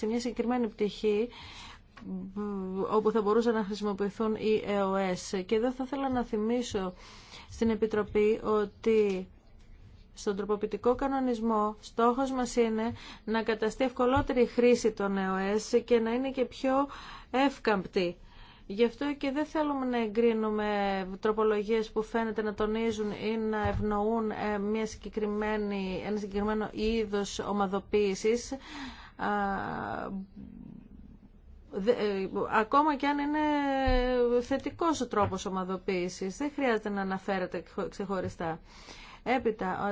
μια συγκεκριμένη πτυχή όπου θα μπορούσαν να χρησιμοποιηθούν οι ΕΟΕΣ. Και εδώ θα ήθελα να θυμίσω στην Επιτροπή ότι στον τροποποιητικό κανονισμό στόχος μας είναι να καταστεί ευκολότερη χρήση των ΕΟΕΣ και να είναι και πιο εύκαμπτη Γι' αυτό και δεν θέλουμε να εγκρίνουμε τροπολογίες που φαίνεται να τονίζουν ή να ευνοούν ε, μια συγκεκριμένη, ένα συγκεκριμένο είδος ομαδοποίησης ε, ακόμα και αν είναι θετικός ο τρόπος ομαδοποίησης, δεν χρειάζεται να αναφέρεται ξεχωριστά. Έπειτα, ο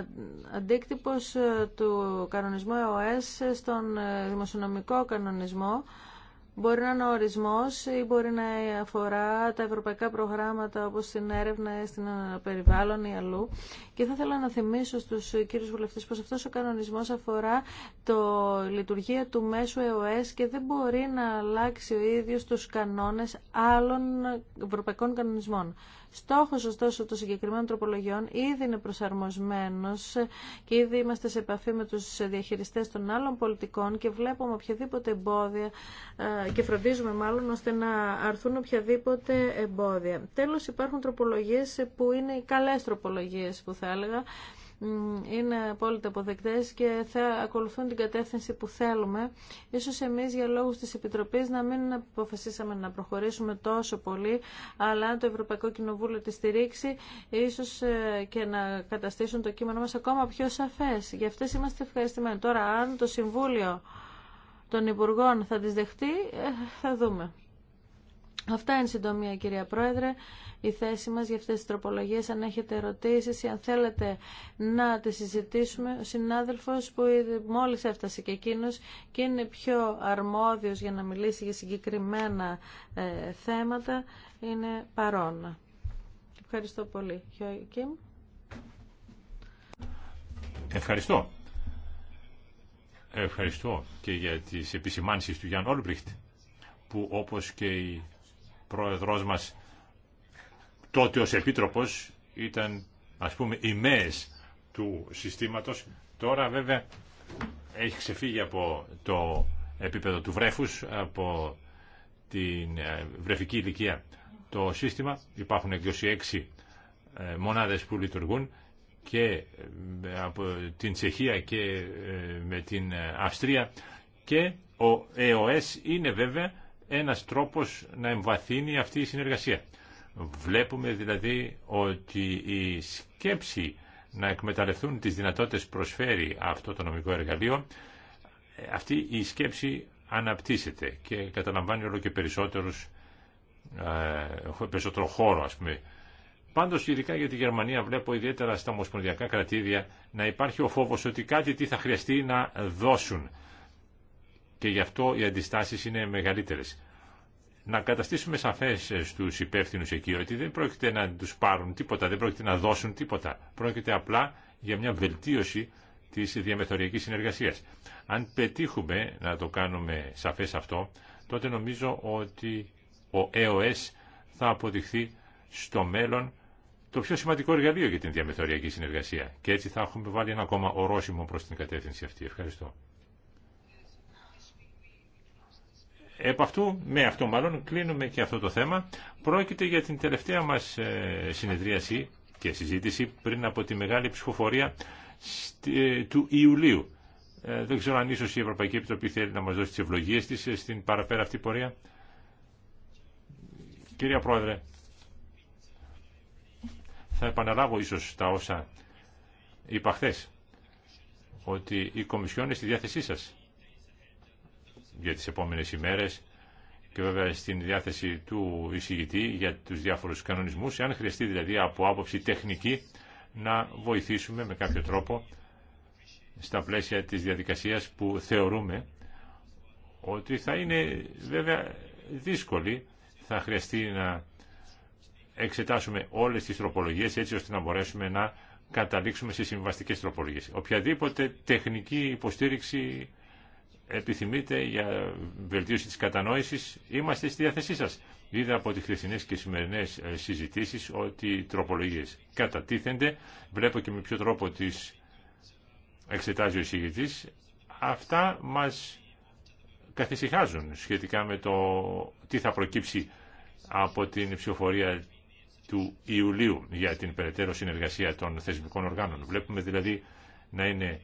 αντίκτυπος ε, του κανονισμού ΕΟΕΣ στον δημοσιονομικό κανονισμό Μπορεί να είναι ο ορισμό ή μπορεί να αφορά τα ευρωπαϊκά προγράμματα όπως στην έρευνα, στην περιβάλλον ή αλλού. Και θα ήθελα να θυμίσω στους κύριους βουλευτέ πως αυτός ο κανονισμός αφορά το λειτουργία του μέσου ΕΟΕΣ και δεν μπορεί να αλλάξει ο ίδιος τους κανόνες άλλων ευρωπαϊκών κανονισμών. Στόχο, ωστόσο των συγκεκριμένων τροπολογιών ήδη είναι προσαρμοσμένος και ήδη είμαστε σε επαφή με του διαχειριστές των άλλων πολιτικών και βλέπουμε οποιαδήποτε εμπόδια ε, και φροντίζουμε μάλλον ώστε να αρθούν οποιαδήποτε εμπόδια. Τέλος υπάρχουν τροπολογίες που είναι οι καλές τροπολογίες που θα έλεγα είναι απόλυτα αποδεκτές και θα ακολουθούν την κατεύθυνση που θέλουμε. Ίσως εμείς για λόγους της Επιτροπής να μην αποφασίσαμε να προχωρήσουμε τόσο πολύ, αλλά αν το Ευρωπαϊκό Κοινοβούλιο τη στηρίξει, ίσως ε, και να καταστήσουν το κείμενο μας ακόμα πιο σαφές. Γι' αυτές είμαστε ευχαριστημένοι. Τώρα, αν το Συμβούλιο των Υπουργών θα τις δεχτεί, ε, θα δούμε. Αυτά είναι συντομία κυρία Πρόεδρε, η θέση μας για αυτές τις τροπολογίες. Αν έχετε ερωτήσεις ή αν θέλετε να τις συζητήσουμε, ο συνάδελφος που μόλις έφτασε και εκείνος και είναι πιο αρμόδιος για να μιλήσει για συγκεκριμένα ε, θέματα, είναι παρόν. Ευχαριστώ πολύ. Ευχαριστώ. Ευχαριστώ και για τις επισημάνσεις του Γιάνν Όλμπριχτ που όπως και η πρόεδρός μας τότε ως επίτροπος ήταν ας πούμε μέες του συστήματος. Τώρα βέβαια έχει ξεφύγει από το επίπεδο του βρέφους, από την ε, βρεφική ηλικία το σύστημα. Υπάρχουν 26 ε, μονάδες που λειτουργούν και ε, από την Τσεχία και με την Αυστρία και ο EOS είναι βέβαια ένας τρόπος να εμβαθύνει αυτή η συνεργασία. Βλέπουμε δηλαδή ότι η σκέψη να εκμεταλλευτούν τις δυνατότητες προσφέρει αυτό το νομικό εργαλείο, αυτή η σκέψη αναπτύσσεται και καταλαμβάνει όλο και περισσότερους, ε, περισσότερο χώρο ας πούμε. Πάντως ειδικά για τη Γερμανία βλέπω ιδιαίτερα στα ομοσπονδιακά κρατήδια να υπάρχει ο φόβος ότι κάτι τι θα χρειαστεί να δώσουν και γι' αυτό οι αντιστάσει είναι μεγαλύτερε. Να καταστήσουμε σαφέ στου υπεύθυνου εκεί ότι δεν πρόκειται να του πάρουν τίποτα, δεν πρόκειται να δώσουν τίποτα. Πρόκειται απλά για μια βελτίωση τη διαμεθοριακής συνεργασία. Αν πετύχουμε να το κάνουμε σαφέ αυτό, τότε νομίζω ότι ο ΕΟΕΣ θα αποδειχθεί στο μέλλον το πιο σημαντικό εργαλείο για την διαμεθοριακή συνεργασία. Και έτσι θα έχουμε βάλει ένα ακόμα ορόσημο προς την κατεύθυνση αυτή. Ευχαριστώ. Επ' αυτού, με ναι, αυτό μάλλον, κλείνουμε και αυτό το θέμα. Πρόκειται για την τελευταία μας ε, συνεδρίαση και συζήτηση πριν από τη μεγάλη ψηφοφορία ε, του Ιουλίου. Ε, δεν ξέρω αν ίσως η Ευρωπαϊκή Επιτροπή θέλει να μας δώσει τις ευλογίες της στην παραπέρα αυτή πορεία. Κυρία Πρόεδρε, θα επαναλάβω ίσως τα όσα είπα χθε ότι η Κομισιόν είναι στη διάθεσή σας για τις επόμενες ημέρες και βέβαια στην διάθεση του εισηγητή για τους διάφορους κανονισμούς, αν χρειαστεί δηλαδή από άποψη τεχνική να βοηθήσουμε με κάποιο τρόπο στα πλαίσια της διαδικασίας που θεωρούμε ότι θα είναι βέβαια δύσκολη, θα χρειαστεί να εξετάσουμε όλες τις τροπολογίες έτσι ώστε να μπορέσουμε να καταλήξουμε σε συμβαστικές τροπολογίες. Οποιαδήποτε τεχνική υποστήριξη επιθυμείτε για βελτίωση της κατανόησης, είμαστε στη διάθεσή σας. Είδα από τις χρησινές και σημερινές ε, συζητήσεις ότι οι τροπολογίες κατατίθενται. Βλέπω και με ποιο τρόπο τις εξετάζει ο εισηγητής. Αυτά μας καθησυχάζουν σχετικά με το τι θα προκύψει από την ψηφοφορία του Ιουλίου για την περαιτέρω συνεργασία των θεσμικών οργάνων. Βλέπουμε δηλαδή να είναι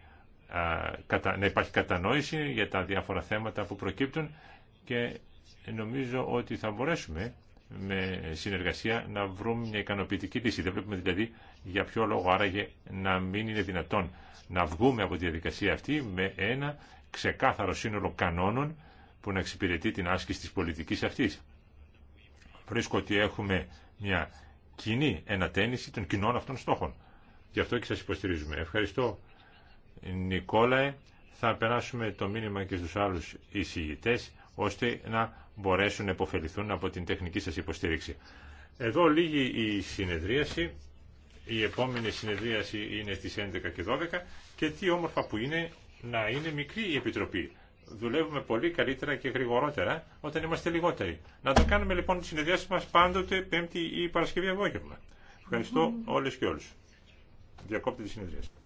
να υπάρχει κατανόηση για τα διάφορα θέματα που προκύπτουν και νομίζω ότι θα μπορέσουμε με συνεργασία να βρούμε μια ικανοποιητική λύση. Δεν βλέπουμε δηλαδή για ποιο λόγο άραγε να μην είναι δυνατόν να βγούμε από τη διαδικασία αυτή με ένα ξεκάθαρο σύνολο κανόνων που να εξυπηρετεί την άσκηση της πολιτικής αυτής. Βρίσκω ότι έχουμε μια κοινή ενατένιση των κοινών αυτών στόχων. Γι' αυτό και σας υποστηρίζουμε. Ευχαριστώ Νικόλαε θα περάσουμε το μήνυμα και στους άλλους εισηγητές ώστε να μπορέσουν να υποφεληθούν από την τεχνική σας υποστήριξη. Εδώ λίγη η συνεδρίαση. Η επόμενη συνεδρίαση είναι στις 11 και 12 και τι όμορφα που είναι να είναι μικρή η Επιτροπή. Δουλεύουμε πολύ καλύτερα και γρηγορότερα όταν είμαστε λιγότεροι. Να το κάνουμε λοιπόν τη συνεδρίαση μας πάντοτε Πέμπτη ή Παρασκευή απόγευμα. Ευχαριστώ όλες και όλους. Διακόπτη τη συνεδρίαση.